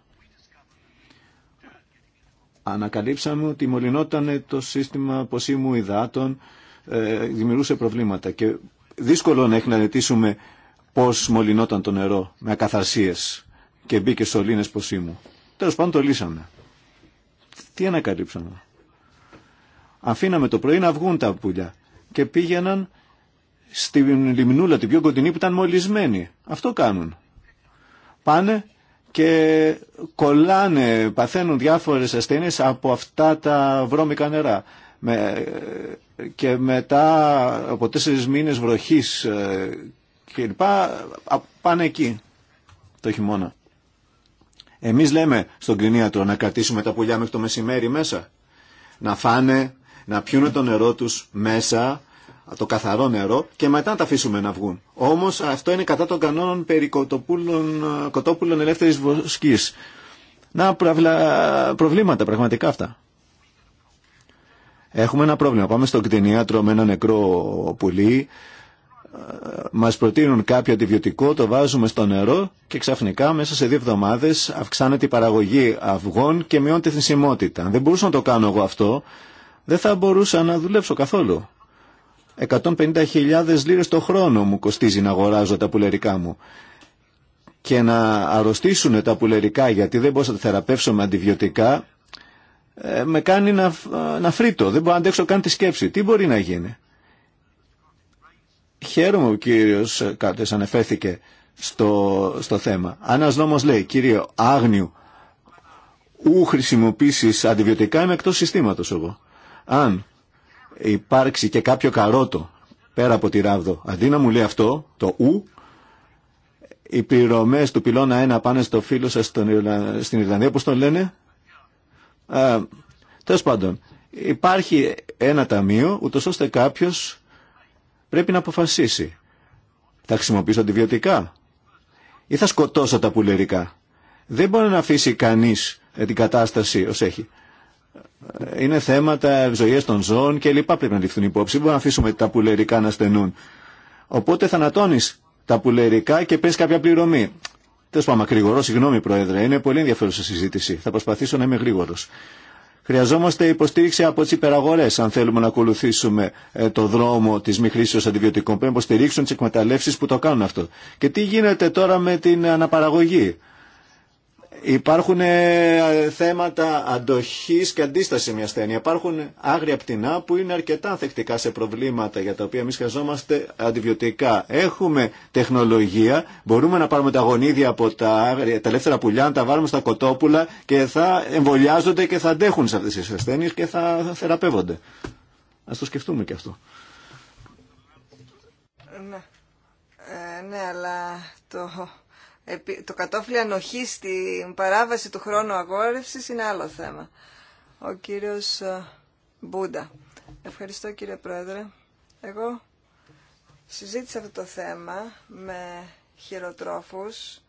Ανακαλύψαμε ότι μολυνόταν το σύστημα ποσίμου υδάτων, ε, δημιουργούσε προβλήματα και δύσκολο να εκναρετήσουμε πώς μολυνόταν το νερό με ακαθαρσίες και μπήκε σωλήνες ποσίμου. Τέλος πάντων το λύσαμε. Τι ανακαλύψαμε. Αφήναμε το πρωί να βγουν τα πουλιά και πήγαιναν στην λιμνούλα την πιο κοντινή που ήταν μολυσμένη. Αυτό κάνουν. Πάνε και κολλάνε, παθαίνουν διάφορες ασθένειες από αυτά τα βρώμικα νερά. και μετά από τέσσερις μήνες βροχής ε, και λοιπά, πάνε εκεί το χειμώνα. Εμείς λέμε στον κλινίατρο να κρατήσουμε τα πουλιά μέχρι το μεσημέρι μέσα, να φάνε, να πιούνε το νερό τους μέσα το καθαρό νερό και μετά να τα αφήσουμε να βγουν. Όμω αυτό είναι κατά των κανόνων περί κοτόπουλων, κοτόπουλων ελεύθερης βοσκής. Να προβλήματα πραγματικά αυτά. Έχουμε ένα πρόβλημα. Πάμε στον κτηνίατρο με ένα νεκρό πουλί. Ε, μας προτείνουν κάποιο αντιβιωτικό, το βάζουμε στο νερό και ξαφνικά μέσα σε δύο εβδομάδες αυξάνεται η παραγωγή αυγών και μειώνεται η θνησιμότητα. Αν δεν μπορούσα να το κάνω εγώ αυτό, δεν θα μπορούσα να δουλέψω καθόλου. 150.000 λίρες το χρόνο μου κοστίζει να αγοράζω τα πουλερικά μου και να αρρωστήσουν τα πουλερικά γιατί δεν μπορούσα να τα θεραπεύσω με αντιβιωτικά ε, με κάνει να, ε, να φρύτω, δεν μπορώ να αντέξω καν τη σκέψη. Τι μπορεί να γίνει. Χαίρομαι ο κύριος Κάτες ανεφέρθηκε στο, στο θέμα. Αν ένας νόμος λέει, κύριε Άγνιου, ου χρησιμοποιήσει αντιβιωτικά είμαι εκτός συστήματος εγώ. Αν υπάρξει και κάποιο καρότο πέρα από τη ράβδο. Αντί να μου λέει αυτό, το ου, οι πληρωμέ του πυλώνα 1 πάνε στο φίλο σα στην Ιρλανδία, πώ τον λένε. Τέλο πάντων, υπάρχει ένα ταμείο, ούτω ώστε κάποιο πρέπει να αποφασίσει. Θα χρησιμοποιήσω αντιβιωτικά ή θα σκοτώσω τα πουλερικά. Δεν μπορεί να αφήσει κανεί την κατάσταση ω έχει είναι θέματα ευζοίας των ζώων και λοιπά πρέπει να ληφθούν υπόψη. Μπορούμε να αφήσουμε τα πουλερικά να στενούν. Οπότε θα θανατώνεις τα πουλερικά και παίρνει κάποια πληρωμή. Τέλο πάντων, γρήγορο, συγγνώμη Πρόεδρε, είναι πολύ ενδιαφέρουσα συζήτηση. Θα προσπαθήσω να είμαι γρήγορο. Χρειαζόμαστε υποστήριξη από τι υπεραγορέ, αν θέλουμε να ακολουθήσουμε ε, το δρόμο τη μη χρήση αντιβιωτικών. Πρέπει να υποστηρίξουν τι εκμεταλλεύσει που το κάνουν αυτό. Και τι γίνεται τώρα με την αναπαραγωγή. Υπάρχουν ε, θέματα αντοχής και αντίσταση μια ασθένεια. Υπάρχουν άγρια πτηνά που είναι αρκετά ανθεκτικά σε προβλήματα για τα οποία εμεί χρειαζόμαστε αντιβιωτικά. Έχουμε τεχνολογία, μπορούμε να πάρουμε τα γονίδια από τα, τα ελεύθερα πουλιά, να τα βάλουμε στα κοτόπουλα και θα εμβολιάζονται και θα αντέχουν σε αυτές τις ασθένειες και θα θεραπεύονται. Ας το σκεφτούμε και αυτό. ναι, ε, ναι αλλά το το κατόφλι ανοχή στην παράβαση του χρόνου αγόρευσης είναι άλλο θέμα. Ο κύριος ε, Μπούντα. Ευχαριστώ κύριε Πρόεδρε. Εγώ συζήτησα αυτό το θέμα με χειροτρόφους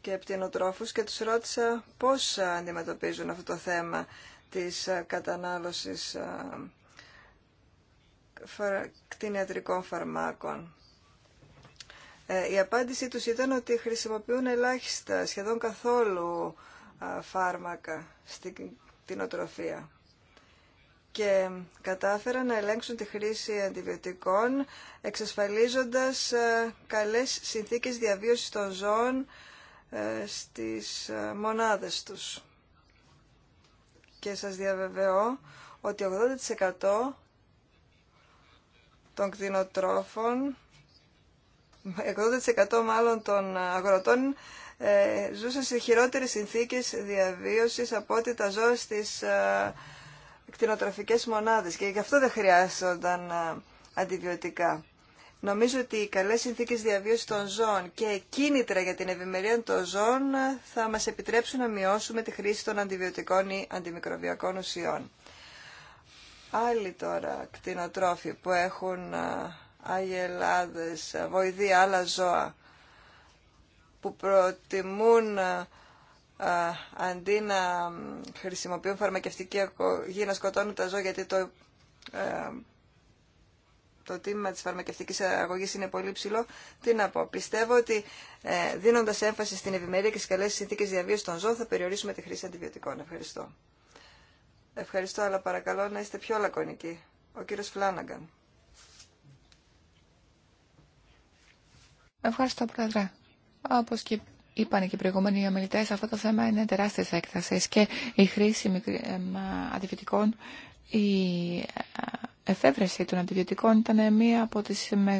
και πτυνοτρόφους και τους ρώτησα πώς αντιμετωπίζουν αυτό το θέμα της ε, κατανάλωσης ε, κτηνιατρικών φαρμάκων. Ε, η απάντησή τους ήταν ότι χρησιμοποιούν ελάχιστα, σχεδόν καθόλου φάρμακα στην κτηνοτροφία και κατάφεραν να ελέγξουν τη χρήση αντιβιωτικών εξασφαλίζοντας ε, καλές συνθήκες διαβίωσης των ζώων ε, στις μονάδες τους. Και σας διαβεβαιώ ότι 80% των κτηνοτρόφων 80% μάλλον των αγροτών ε, ζούσαν σε χειρότερες συνθήκες διαβίωσης από ό,τι τα ζώα στις ε, κτηνοτροφικές μονάδες και γι' αυτό δεν χρειάζονταν ε, αντιβιωτικά. Νομίζω ότι οι καλές συνθήκες διαβίωσης των ζώων και κίνητρα για την ευημερία των ζώων θα μας επιτρέψουν να μειώσουμε τη χρήση των αντιβιωτικών ή αντιμικροβιακών ουσιών. Άλλοι τώρα κτηνοτρόφοι που έχουν αγελάδες, βοηθοί άλλα ζώα που προτιμούν ε, ε, αντί να χρησιμοποιούν φαρμακευτική αγωγή να σκοτώνουν τα ζώα γιατί το, ε, το τίμημα της φαρμακευτικής αγωγής είναι πολύ ψηλό. Τι να πω. Πιστεύω ότι δίνοντας έμφαση στην ευημερία και στις καλές συνθήκες διαβίωσης των ζώων θα περιορίσουμε τη χρήση αντιβιωτικών. Ευχαριστώ. Ευχαριστώ, αλλά παρακαλώ να είστε πιο λακωνικοί. Ο κύριος Φλάναγκαν. Ευχαριστώ, Πρόεδρε. Όπω και είπαν και οι προηγούμενοι ομιλητέ, αυτό το θέμα είναι τεράστια έκταση και η χρήση αντιβιωτικών, η ε, εφεύρεση των αντιβιωτικών ήταν μία από τις ένα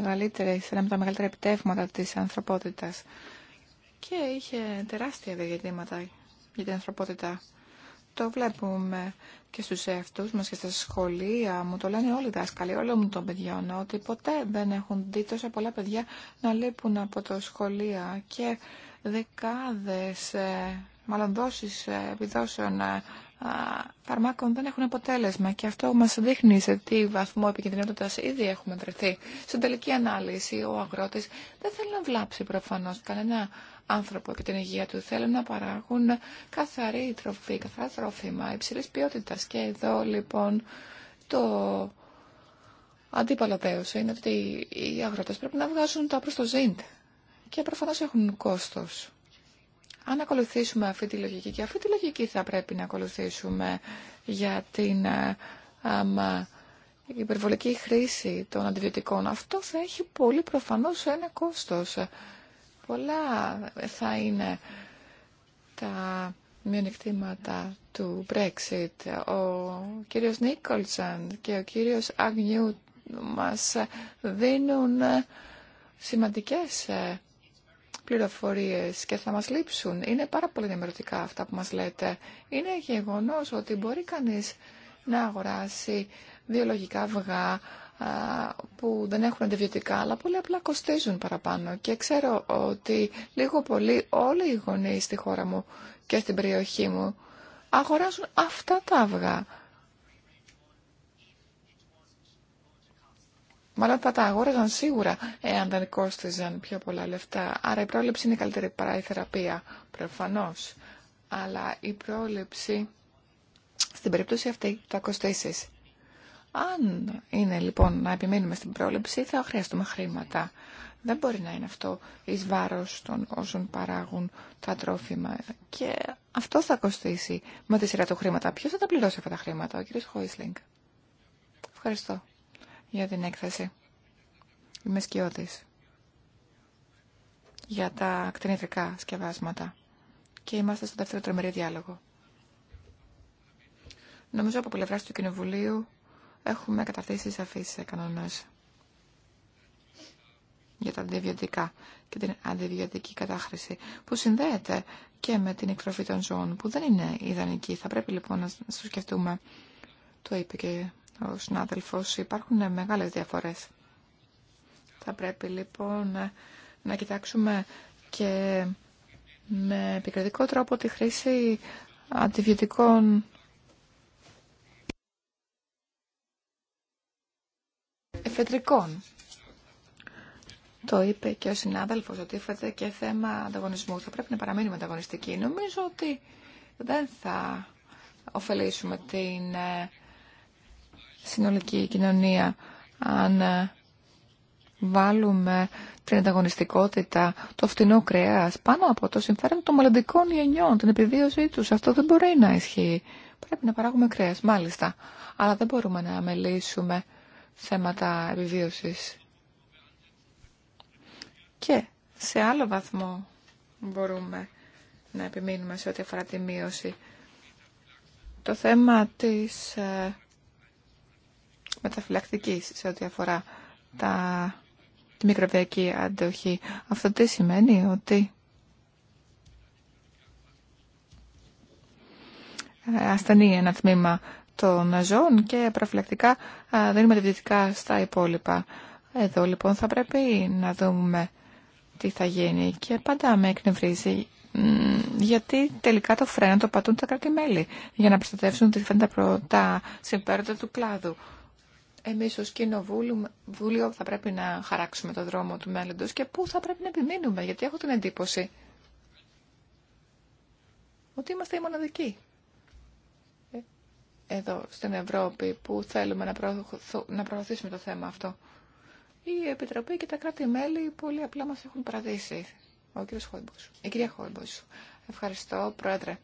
από τα μεγαλύτερα επιτεύγματα τη ανθρωπότητα. και είχε τεράστια διαγετήματα για την ανθρωπότητα. Το βλέπουμε και στους εαυτούς μας και στα σχολεία. Μου το λένε όλοι οι δάσκαλοι, όλων μου των παιδιών, ότι ποτέ δεν έχουν δει τόσα πολλά παιδιά να λείπουν από το σχολείο και δεκάδες, ε, μάλλον δόσεις ε, επιδόσεων ε, φαρμάκων δεν έχουν αποτέλεσμα και αυτό μας δείχνει σε τι βαθμό επικεντρινότητας ήδη έχουμε βρεθεί. Στην τελική ανάλυση ο αγρότης δεν θέλει να βλάψει προφανώς κανένα άνθρωπο και την υγεία του. Θέλουν να παράγουν καθαρή τροφή, καθαρά τρόφιμα υψηλής ποιότητας. Και εδώ λοιπόν το αντίπαλο δέος είναι ότι οι αγρότες πρέπει να βγάζουν τα προς το ζήντ και προφανώς έχουν κόστος. Αν ακολουθήσουμε αυτή τη λογική και αυτή τη λογική θα πρέπει να ακολουθήσουμε για την άμα, υπερβολική χρήση των αντιβιωτικών, αυτό θα έχει πολύ προφανώς ένα κόστος πολλά θα είναι τα μειονεκτήματα του Brexit. Ο κύριος Νικόλσον και ο κύριος Αγνιού μας δίνουν σημαντικές πληροφορίες και θα μας λείψουν. Είναι πάρα πολύ ενημερωτικά αυτά που μας λέτε. Είναι γεγονός ότι μπορεί κανείς να αγοράσει βιολογικά αυγά που δεν έχουν αντιβιωτικά, αλλά πολύ απλά κοστίζουν παραπάνω. Και ξέρω ότι λίγο πολύ όλοι οι γονείς στη χώρα μου και στην περιοχή μου αγοράζουν αυτά τα αυγά. Μάλλον θα τα αγόραζαν σίγουρα εάν δεν κόστιζαν πιο πολλά λεφτά. Άρα η πρόληψη είναι καλύτερη παρά η θεραπεία, προφανώς. Αλλά η πρόληψη στην περίπτωση αυτή θα κοστίσει. Αν είναι λοιπόν να επιμείνουμε στην πρόληψη, θα χρειαστούμε χρήματα. Δεν μπορεί να είναι αυτό ει βάρος των όσων παράγουν τα τρόφιμα. Και αυτό θα κοστίσει με τη σειρά του χρήματα. Ποιο θα τα πληρώσει αυτά τα χρήματα, ο κ. Χόισλινγκ. Ευχαριστώ για την έκθεση. Είμαι σκιώτη. Για τα ακτινητικά σκευάσματα. Και είμαστε στο δεύτερο τρομερή διάλογο. Νομίζω από πλευρά του Κοινοβουλίου έχουμε καταρτήσει αφήσεις κανόνες για τα αντιβιωτικά και την αντιβιωτική κατάχρηση που συνδέεται και με την εκτροφή των ζώων που δεν είναι ιδανική. Θα πρέπει λοιπόν να σκεφτούμε, το είπε και ο συνάδελφος, υπάρχουν μεγάλες διαφορές. Θα πρέπει λοιπόν να κοιτάξουμε και με επικριτικό τρόπο τη χρήση αντιβιωτικών Το είπε και ο συνάδελφος ότι έφερε και θέμα ανταγωνισμού. Θα πρέπει να παραμείνουμε ανταγωνιστικοί. Νομίζω ότι δεν θα ωφελήσουμε την ε, συνολική κοινωνία αν ε, βάλουμε την ανταγωνιστικότητα, το φτηνό κρέας πάνω από το συμφέρον των μελλοντικών γενιών, την επιβίωσή τους. Αυτό δεν μπορεί να ισχύει. Πρέπει να παράγουμε κρέας, μάλιστα. Αλλά δεν μπορούμε να μελήσουμε θέματα επιβίωσης. Και σε άλλο βαθμό μπορούμε να επιμείνουμε σε ό,τι αφορά τη μείωση. Το θέμα της ε, μεταφυλακτικής σε ό,τι αφορά τα, τη μικροβιακή αντοχή. Αυτό τι σημαίνει ότι ε, ασθενεί ένα τμήμα των ζώων και προφυλακτικά δίνουμε διευθυντικά στα υπόλοιπα. Εδώ λοιπόν θα πρέπει να δούμε τι θα γίνει και πάντα με εκνευρίζει γιατί τελικά το φρένα το πατούν τα κράτη-μέλη για να προστατεύσουν προ... τα συμπέροντα του κλάδου. Εμείς ως κοινοβούλιο θα πρέπει να χαράξουμε το δρόμο του μέλλοντος και πού θα πρέπει να επιμείνουμε, γιατί έχω την εντύπωση ότι είμαστε οι μοναδικοί εδώ στην Ευρώπη που θέλουμε να προωθήσουμε το θέμα αυτό. Η Επιτροπή και τα κράτη-μέλη πολύ απλά μας έχουν παραδείσει. Ο κύριος Χόιμπος. Η κυρία Χόιμπος. Ευχαριστώ, Πρόεδρε.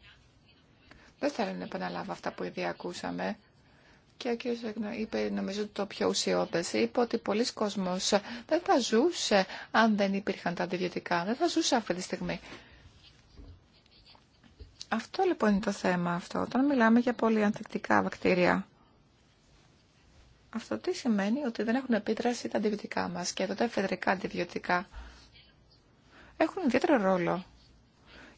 Δεν θέλω να επαναλάβω αυτά που ήδη ακούσαμε. Και ο κύριος είπε, νομίζω, το πιο ουσιώδες. Είπε ότι πολλοί κόσμος δεν θα ζούσε αν δεν υπήρχαν τα αντιβιωτικά. Δεν θα ζούσε αυτή τη στιγμή. Αυτό λοιπόν είναι το θέμα αυτό. Όταν μιλάμε για πολυανθεκτικά βακτήρια, αυτό τι σημαίνει ότι δεν έχουν επίδραση τα αντιβιωτικά μας και εδώ τα εφεδρικά αντιβιωτικά έχουν ιδιαίτερο ρόλο.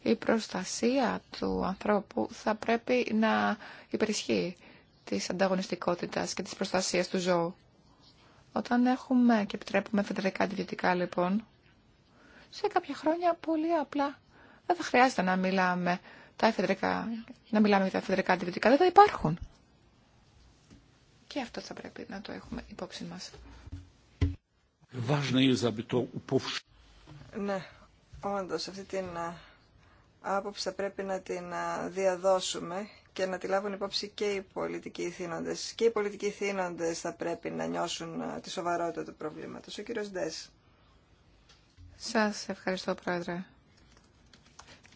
Η προστασία του ανθρώπου θα πρέπει να υπερισχύει της ανταγωνιστικότητας και της προστασίας του ζώου. Όταν έχουμε και επιτρέπουμε εφεδρικά αντιβιωτικά λοιπόν, σε κάποια χρόνια πολύ απλά δεν θα χρειάζεται να μιλάμε τα εφεδρικά, να μιλάμε για τα εφεδρικά αντιβιωτικά, δεν θα υπάρχουν. Και αυτό θα πρέπει να το έχουμε υπόψη μας. Ναι, όντως αυτή την άποψη θα πρέπει να την διαδώσουμε και να τη λάβουν υπόψη και οι πολιτικοί θύνοντες. Και οι πολιτικοί θύνοντες θα πρέπει να νιώσουν τη σοβαρότητα του προβλήματος. Ο κύριος Ντές. Σας ευχαριστώ, Πρόεδρε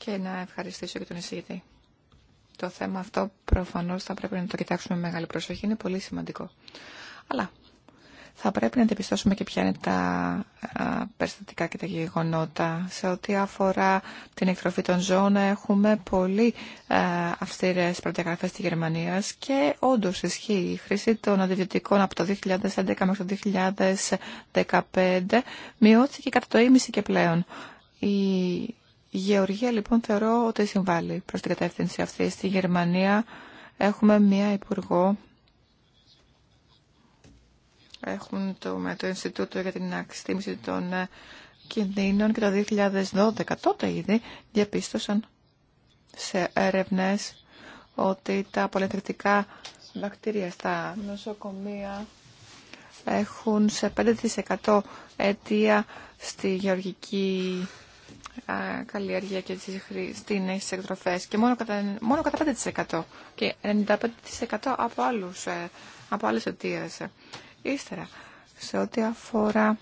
και να ευχαριστήσω και τον εισηγητή. Το θέμα αυτό προφανώς θα πρέπει να το κοιτάξουμε με μεγάλη προσοχή, είναι πολύ σημαντικό. Αλλά θα πρέπει να αντιπιστώσουμε και ποια είναι τα περιστατικά και τα γεγονότα. Σε ό,τι αφορά την εκτροφή των ζώων έχουμε πολύ αυστηρές προδιαγραφές στη Γερμανία και όντως ισχύει η χρήση των αντιβιωτικών από το 2011 μέχρι το 2015 μειώθηκε κατά το ίμιση και πλέον. Η Γεωργία λοιπόν θεωρώ ότι συμβάλλει προς την κατεύθυνση αυτή. Στη Γερμανία έχουμε μία υπουργό έχουν το, με το Ινστιτούτο για την Αξιτήμηση των ε, Κινδύνων και το 2012 τότε ήδη διαπίστωσαν σε έρευνες ότι τα πολυεθνικά βακτήρια στα νοσοκομεία έχουν σε 5% αιτία στη γεωργική καλλιέργεια και στις εκτροφές και μόνο κατά, μόνο κατά 5% και 95% από, άλλους, ε, από άλλες Ύστερα, σε ό,τι αφορά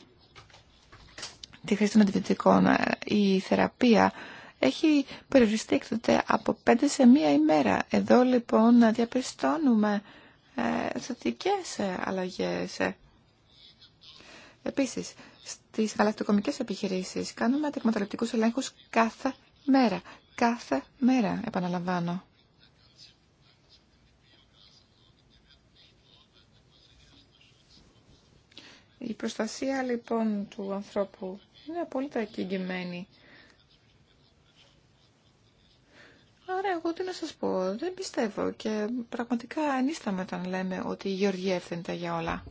τη χρήση των αντιβιωτικών, ε, η θεραπεία έχει περιοριστεί εκτοτε από 5 σε μία ημέρα. Εδώ λοιπόν διαπιστώνουμε ε, θετικέ αλλαγές. Επίσης, τι γαλακτοκομικές επιχειρήσεις. Κάνουμε αντικμεταλλευτικού ελέγχους κάθε μέρα. Κάθε μέρα, επαναλαμβάνω. Η προστασία λοιπόν του ανθρώπου είναι απόλυτα εκγυημένη. Άρα εγώ τι να σας πω, δεν πιστεύω και πραγματικά ανίσταμε όταν λέμε ότι η Γεωργία ευθύνεται για όλα.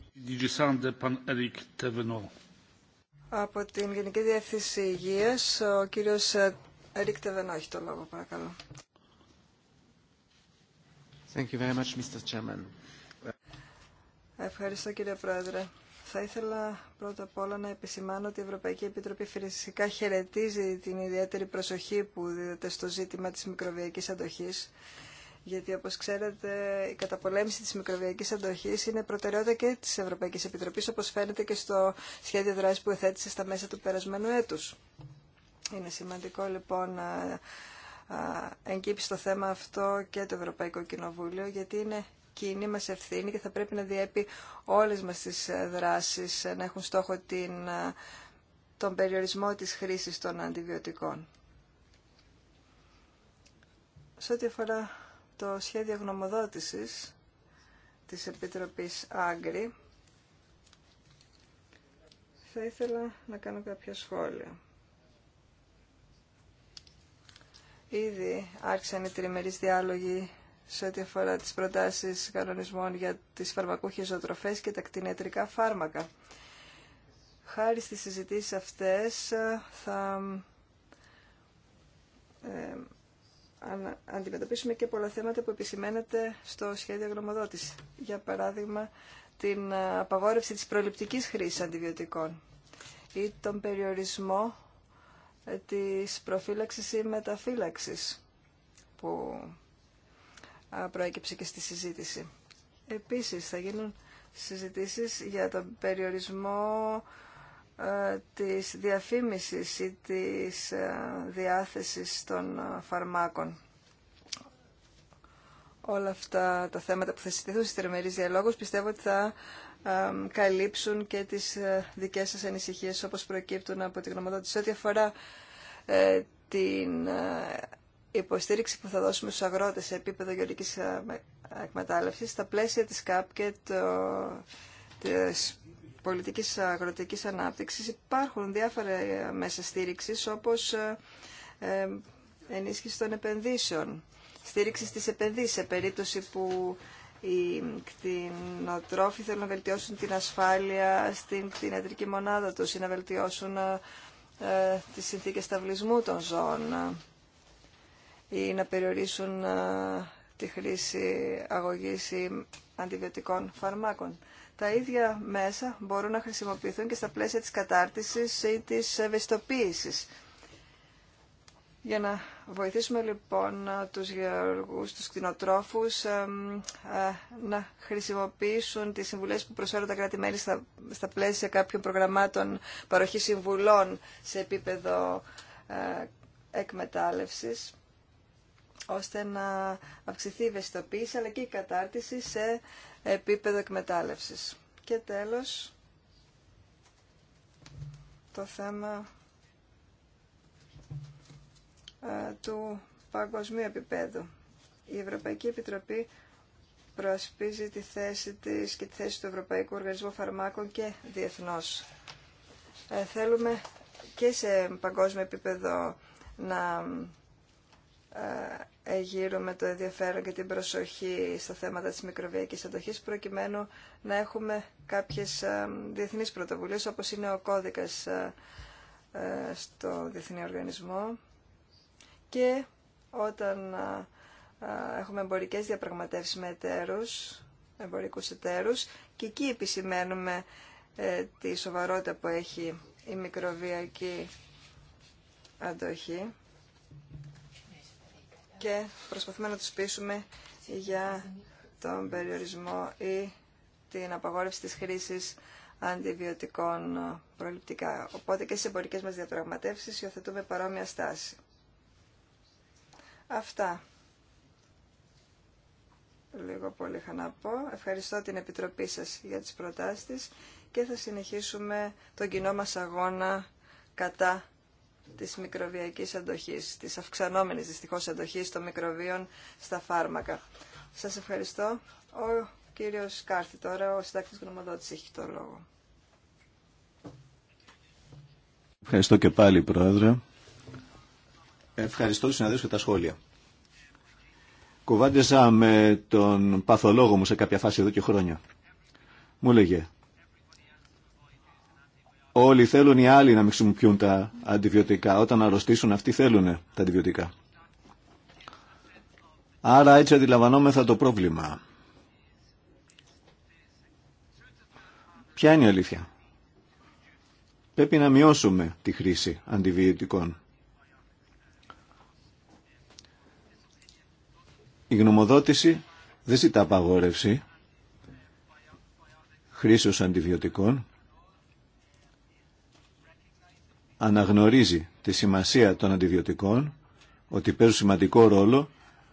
Από την Γενική Διεύθυνση Υγείας, ο κύριος Ρίκτε δεν έχει το λόγο, παρακαλώ. Thank you very much, Mr. Chairman. Ευχαριστώ κύριε Πρόεδρε. Θα ήθελα πρώτα απ' όλα να επισημάνω ότι η Ευρωπαϊκή Επιτροπή φυσικά χαιρετίζει την ιδιαίτερη προσοχή που δίδεται στο ζήτημα της μικροβιακής αντοχής γιατί όπως ξέρετε η καταπολέμηση της μικροβιακής αντοχής είναι προτεραιότητα και της Ευρωπαϊκής Επιτροπής όπως φαίνεται και στο σχέδιο δράσης που εθέτησε στα μέσα του περασμένου έτους. Είναι σημαντικό λοιπόν να εγκύψει το θέμα αυτό και το Ευρωπαϊκό Κοινοβούλιο γιατί είναι κοινή μας ευθύνη και θα πρέπει να διέπει όλες μας τις ε, δράσεις ε, να έχουν στόχο την, ε, τον περιορισμό της χρήσης των αντιβιωτικών. Σε ό,τι αφορά το σχέδιο γνωμοδότησης της Επιτροπής Άγκρη, θα ήθελα να κάνω κάποια σχόλια. Ήδη άρχισαν οι τριμερείς διάλογοι σε ό,τι αφορά τις προτάσεις κανονισμών για τις φαρμακούχες ζωοτροφές και τα κτηνιατρικά φάρμακα. Χάρη στις συζητήσεις αυτές ε, θα ε, αντιμετωπίσουμε και πολλά θέματα που επισημαίνεται στο σχέδιο γνωμοδότηση. Για παράδειγμα, την ε, απαγόρευση της προληπτικής χρήσης αντιβιωτικών ή τον περιορισμό ε, της προφύλαξης ή μεταφύλαξης που ε, προέκυψε και στη συζήτηση. Επίσης, θα γίνουν συζητήσεις για τον περιορισμό ε, της διαφήμισης ή της ε, διάθεσης των ε, φαρμάκων. Όλα αυτά τα θέματα που θα συζητηθούν στις τριμερείς διαλόγους πιστεύω ότι θα καλύψουν και τις δικές σας ανησυχίες όπως προκύπτουν από την γνωμοδότηση. Ό,τι αφορά την υποστήριξη που θα δώσουμε στους αγρότες σε επίπεδο γεωργικής εκμετάλλευσης στα πλαίσια της ΚΑΠ και το, της πολιτικής αγροτικής ανάπτυξης υπάρχουν διάφορα ε, μέσα στήριξης όπως ε, ε, ενίσχυση των επενδύσεων, στήριξη στις επενδύσεις σε περίπτωση που οι κτηνοτρόφοι θέλουν να βελτιώσουν την ασφάλεια στην κτηνιατρική μονάδα τους ή να βελτιώσουν ε, τις συνθήκες των ζώων ή να περιορίσουν τη χρήση αγωγής ή αντιβιωτικών φαρμάκων τα ίδια μέσα μπορούν να χρησιμοποιηθούν και στα πλαίσια της κατάρτισης ή της ευαισθητοποίησης. Για να βοηθήσουμε λοιπόν τους γεωργούς, τους κτηνοτρόφους ε, να χρησιμοποιήσουν τις συμβουλές που προσφέρουν τα κράτη-μέλη στα, πλαίσια κάποιων προγραμμάτων παροχής συμβουλών σε επίπεδο ε, εκμετάλλευσης ώστε να αυξηθεί η ευαισθητοποίηση αλλά και η κατάρτιση σε επίπεδο εκμετάλλευσης. Και τέλος, το θέμα ε, του παγκοσμίου επίπεδου. Η Ευρωπαϊκή Επιτροπή προασπίζει τη θέση της και τη θέση του Ευρωπαϊκού Οργανισμού Φαρμάκων και διεθνώς. Ε, θέλουμε και σε παγκόσμιο επίπεδο να ε, με το ενδιαφέρον και την προσοχή στα θέματα της μικροβιακής αντοχής προκειμένου να έχουμε κάποιες ε, διεθνείς πρωτοβουλίες όπως είναι ο κώδικας ε, στο Διεθνή Οργανισμό και όταν έχουμε εμπορικές διαπραγματεύσεις με εταίρους, εμπορικούς εταίρους και εκεί επισημαίνουμε τη σοβαρότητα που έχει η μικροβιακή αντοχή και προσπαθούμε να τους πείσουμε για τον περιορισμό ή την απαγόρευση της χρήσης αντιβιωτικών προληπτικά. Οπότε και στις εμπορικές μας διαπραγματεύσεις υιοθετούμε παρόμοια στάση. Αυτά λίγο πολύ είχα να πω. Ευχαριστώ την Επιτροπή σας για τις προτάσεις και θα συνεχίσουμε τον κοινό μας αγώνα κατά Τη μικροβιακή αντοχής, τη αυξανόμενη δυστυχώς αντοχής των μικροβίων στα φάρμακα. Σα ευχαριστώ. Ο κύριος Κάρθη τώρα, ο συντάκτη γνωμοδότη, έχει το λόγο. Ευχαριστώ και πάλι, Πρόεδρε. Ευχαριστώ του συναδέλφου και τα σχόλια. Κουβάντιζα με τον παθολόγο μου σε κάποια φάση εδώ και χρόνια. Μου έλεγε, Όλοι θέλουν οι άλλοι να μην χρησιμοποιούν τα αντιβιωτικά. Όταν αρρωστήσουν αυτοί θέλουν τα αντιβιωτικά. Άρα έτσι αντιλαμβανόμεθα το πρόβλημα. Ποια είναι η αλήθεια. Πρέπει να μειώσουμε τη χρήση αντιβιωτικών. Η γνωμοδότηση δεν ζητά απαγόρευση χρήσεως αντιβιωτικών. αναγνωρίζει τη σημασία των αντιβιωτικών, ότι παίζουν σημαντικό ρόλο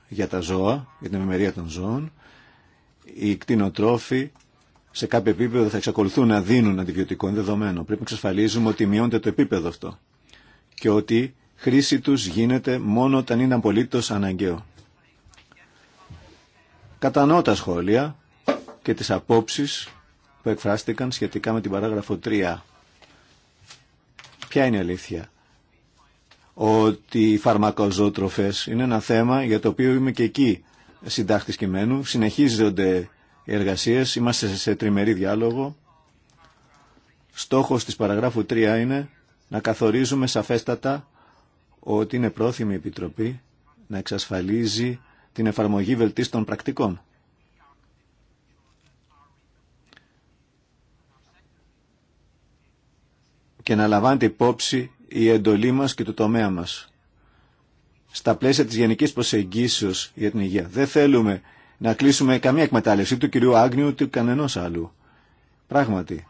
για τα ζώα, για την ευημερία των ζώων. Οι κτηνοτρόφοι σε κάποιο επίπεδο θα εξακολουθούν να δίνουν αντιβιωτικό δεδομένο. Πρέπει να εξασφαλίζουμε ότι μειώνεται το επίπεδο αυτό και ότι χρήση τους γίνεται μόνο όταν είναι απολύτως αναγκαίο. Κατανοώ τα σχόλια και τις απόψεις που εκφράστηκαν σχετικά με την παράγραφο 3 Ποια είναι η αλήθεια. Ότι οι φαρμακοζώτροφες είναι ένα θέμα για το οποίο είμαι και εκεί συντάχτης κειμένου. Συνεχίζονται οι εργασίες, είμαστε σε τριμερή διάλογο. Στόχος της παραγράφου 3 είναι να καθορίζουμε σαφέστατα ότι είναι πρόθυμη η Επιτροπή να εξασφαλίζει την εφαρμογή βελτίστων πρακτικών. και να λαμβάνεται υπόψη η εντολή μας και το τομέα μας. Στα πλαίσια της γενικής προσεγγίσεως για την υγεία. Δεν θέλουμε να κλείσουμε καμία εκμετάλλευση του κυρίου Άγνιου του κανενός άλλου. Πράγματι.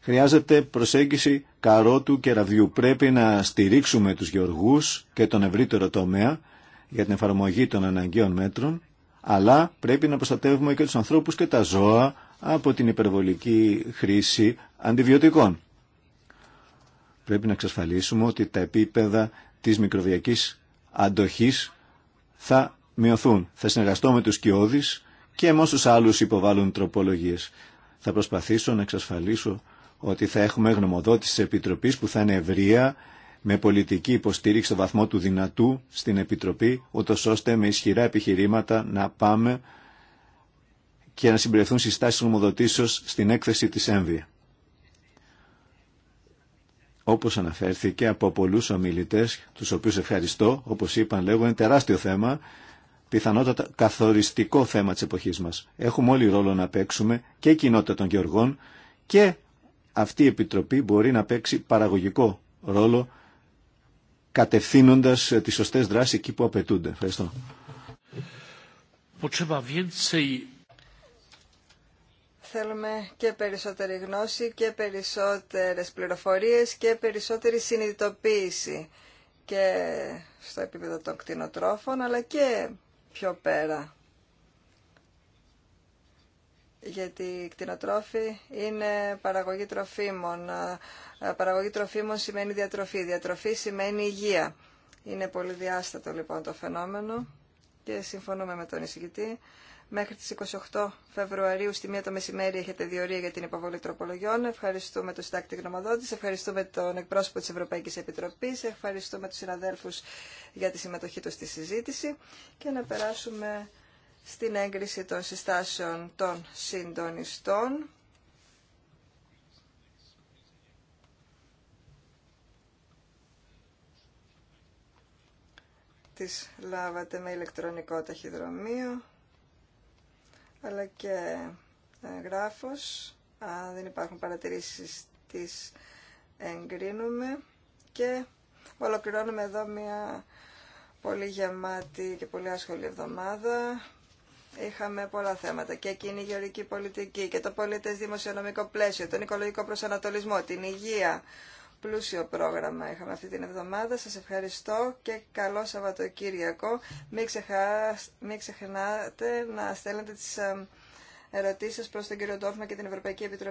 Χρειάζεται προσέγγιση καρότου και ραβδιού. Πρέπει να στηρίξουμε τους γεωργούς και τον ευρύτερο τομέα για την εφαρμογή των αναγκαίων μέτρων, αλλά πρέπει να προστατεύουμε και τους ανθρώπους και τα ζώα από την υπερβολική χρήση αντιβιωτικών. Πρέπει να εξασφαλίσουμε ότι τα επίπεδα της μικροβιακής αντοχής θα μειωθούν. Θα συνεργαστώ με τους κοιόδης και με όσους άλλους υποβάλλουν τροπολογίες. Θα προσπαθήσω να εξασφαλίσω ότι θα έχουμε γνωμοδότηση της Επιτροπής που θα είναι ευρεία με πολιτική υποστήριξη στο βαθμό του δυνατού στην Επιτροπή, ούτω ώστε με ισχυρά επιχειρήματα να πάμε και να συμπληρωθούν συστάσεις νομοδοτήσεως στην έκθεση της ΕΜΒΙΑ όπως αναφέρθηκε από πολλούς ομιλητές, τους οποίους ευχαριστώ, όπως είπαν λέγω, είναι τεράστιο θέμα, πιθανότατα καθοριστικό θέμα της εποχής μας. Έχουμε όλοι ρόλο να παίξουμε και η κοινότητα των Γεωργών και αυτή η Επιτροπή μπορεί να παίξει παραγωγικό ρόλο κατευθύνοντας ε, τις σωστές δράσεις εκεί που απαιτούνται. Ευχαριστώ. Θέλουμε και περισσότερη γνώση και περισσότερες πληροφορίες και περισσότερη συνειδητοποίηση και στο επίπεδο των κτηνοτρόφων αλλά και πιο πέρα. Γιατί οι κτηνοτρόφοι είναι παραγωγή τροφίμων. Παραγωγή τροφίμων σημαίνει διατροφή. Διατροφή σημαίνει υγεία. Είναι πολύ διάστατο λοιπόν το φαινόμενο και συμφωνούμε με τον εισηγητή Μέχρι τις 28 Φεβρουαρίου στη 1 το μεσημέρι έχετε διορία για την υποβολή τροπολογιών. Ευχαριστούμε τον συντάκτη γνωμοδότη, ευχαριστούμε τον εκπρόσωπο της Ευρωπαϊκής Επιτροπής, ευχαριστούμε τους συναδέλφους για τη συμμετοχή τους στη συζήτηση και να περάσουμε στην έγκριση των συστάσεων των συντονιστών. Τις λάβατε με ηλεκτρονικό ταχυδρομείο αλλά και ε, γράφος. Αν δεν υπάρχουν παρατηρήσεις τις εγκρίνουμε και ολοκληρώνουμε εδώ μια πολύ γεμάτη και πολύ άσχολη εβδομάδα. Είχαμε πολλά θέματα και εκείνη η γεωρική πολιτική και το πολίτες δημοσιονομικό πλαίσιο, τον οικολογικό προσανατολισμό, την υγεία, πλούσιο πρόγραμμα είχαμε αυτή την εβδομάδα. Σας ευχαριστώ και καλό Σαββατοκύριακο. Μην, ξεχά, μην ξεχνάτε να στέλνετε τις ερωτήσεις προς τον κύριο Ντόφμα και την Ευρωπαϊκή Επιτροπή.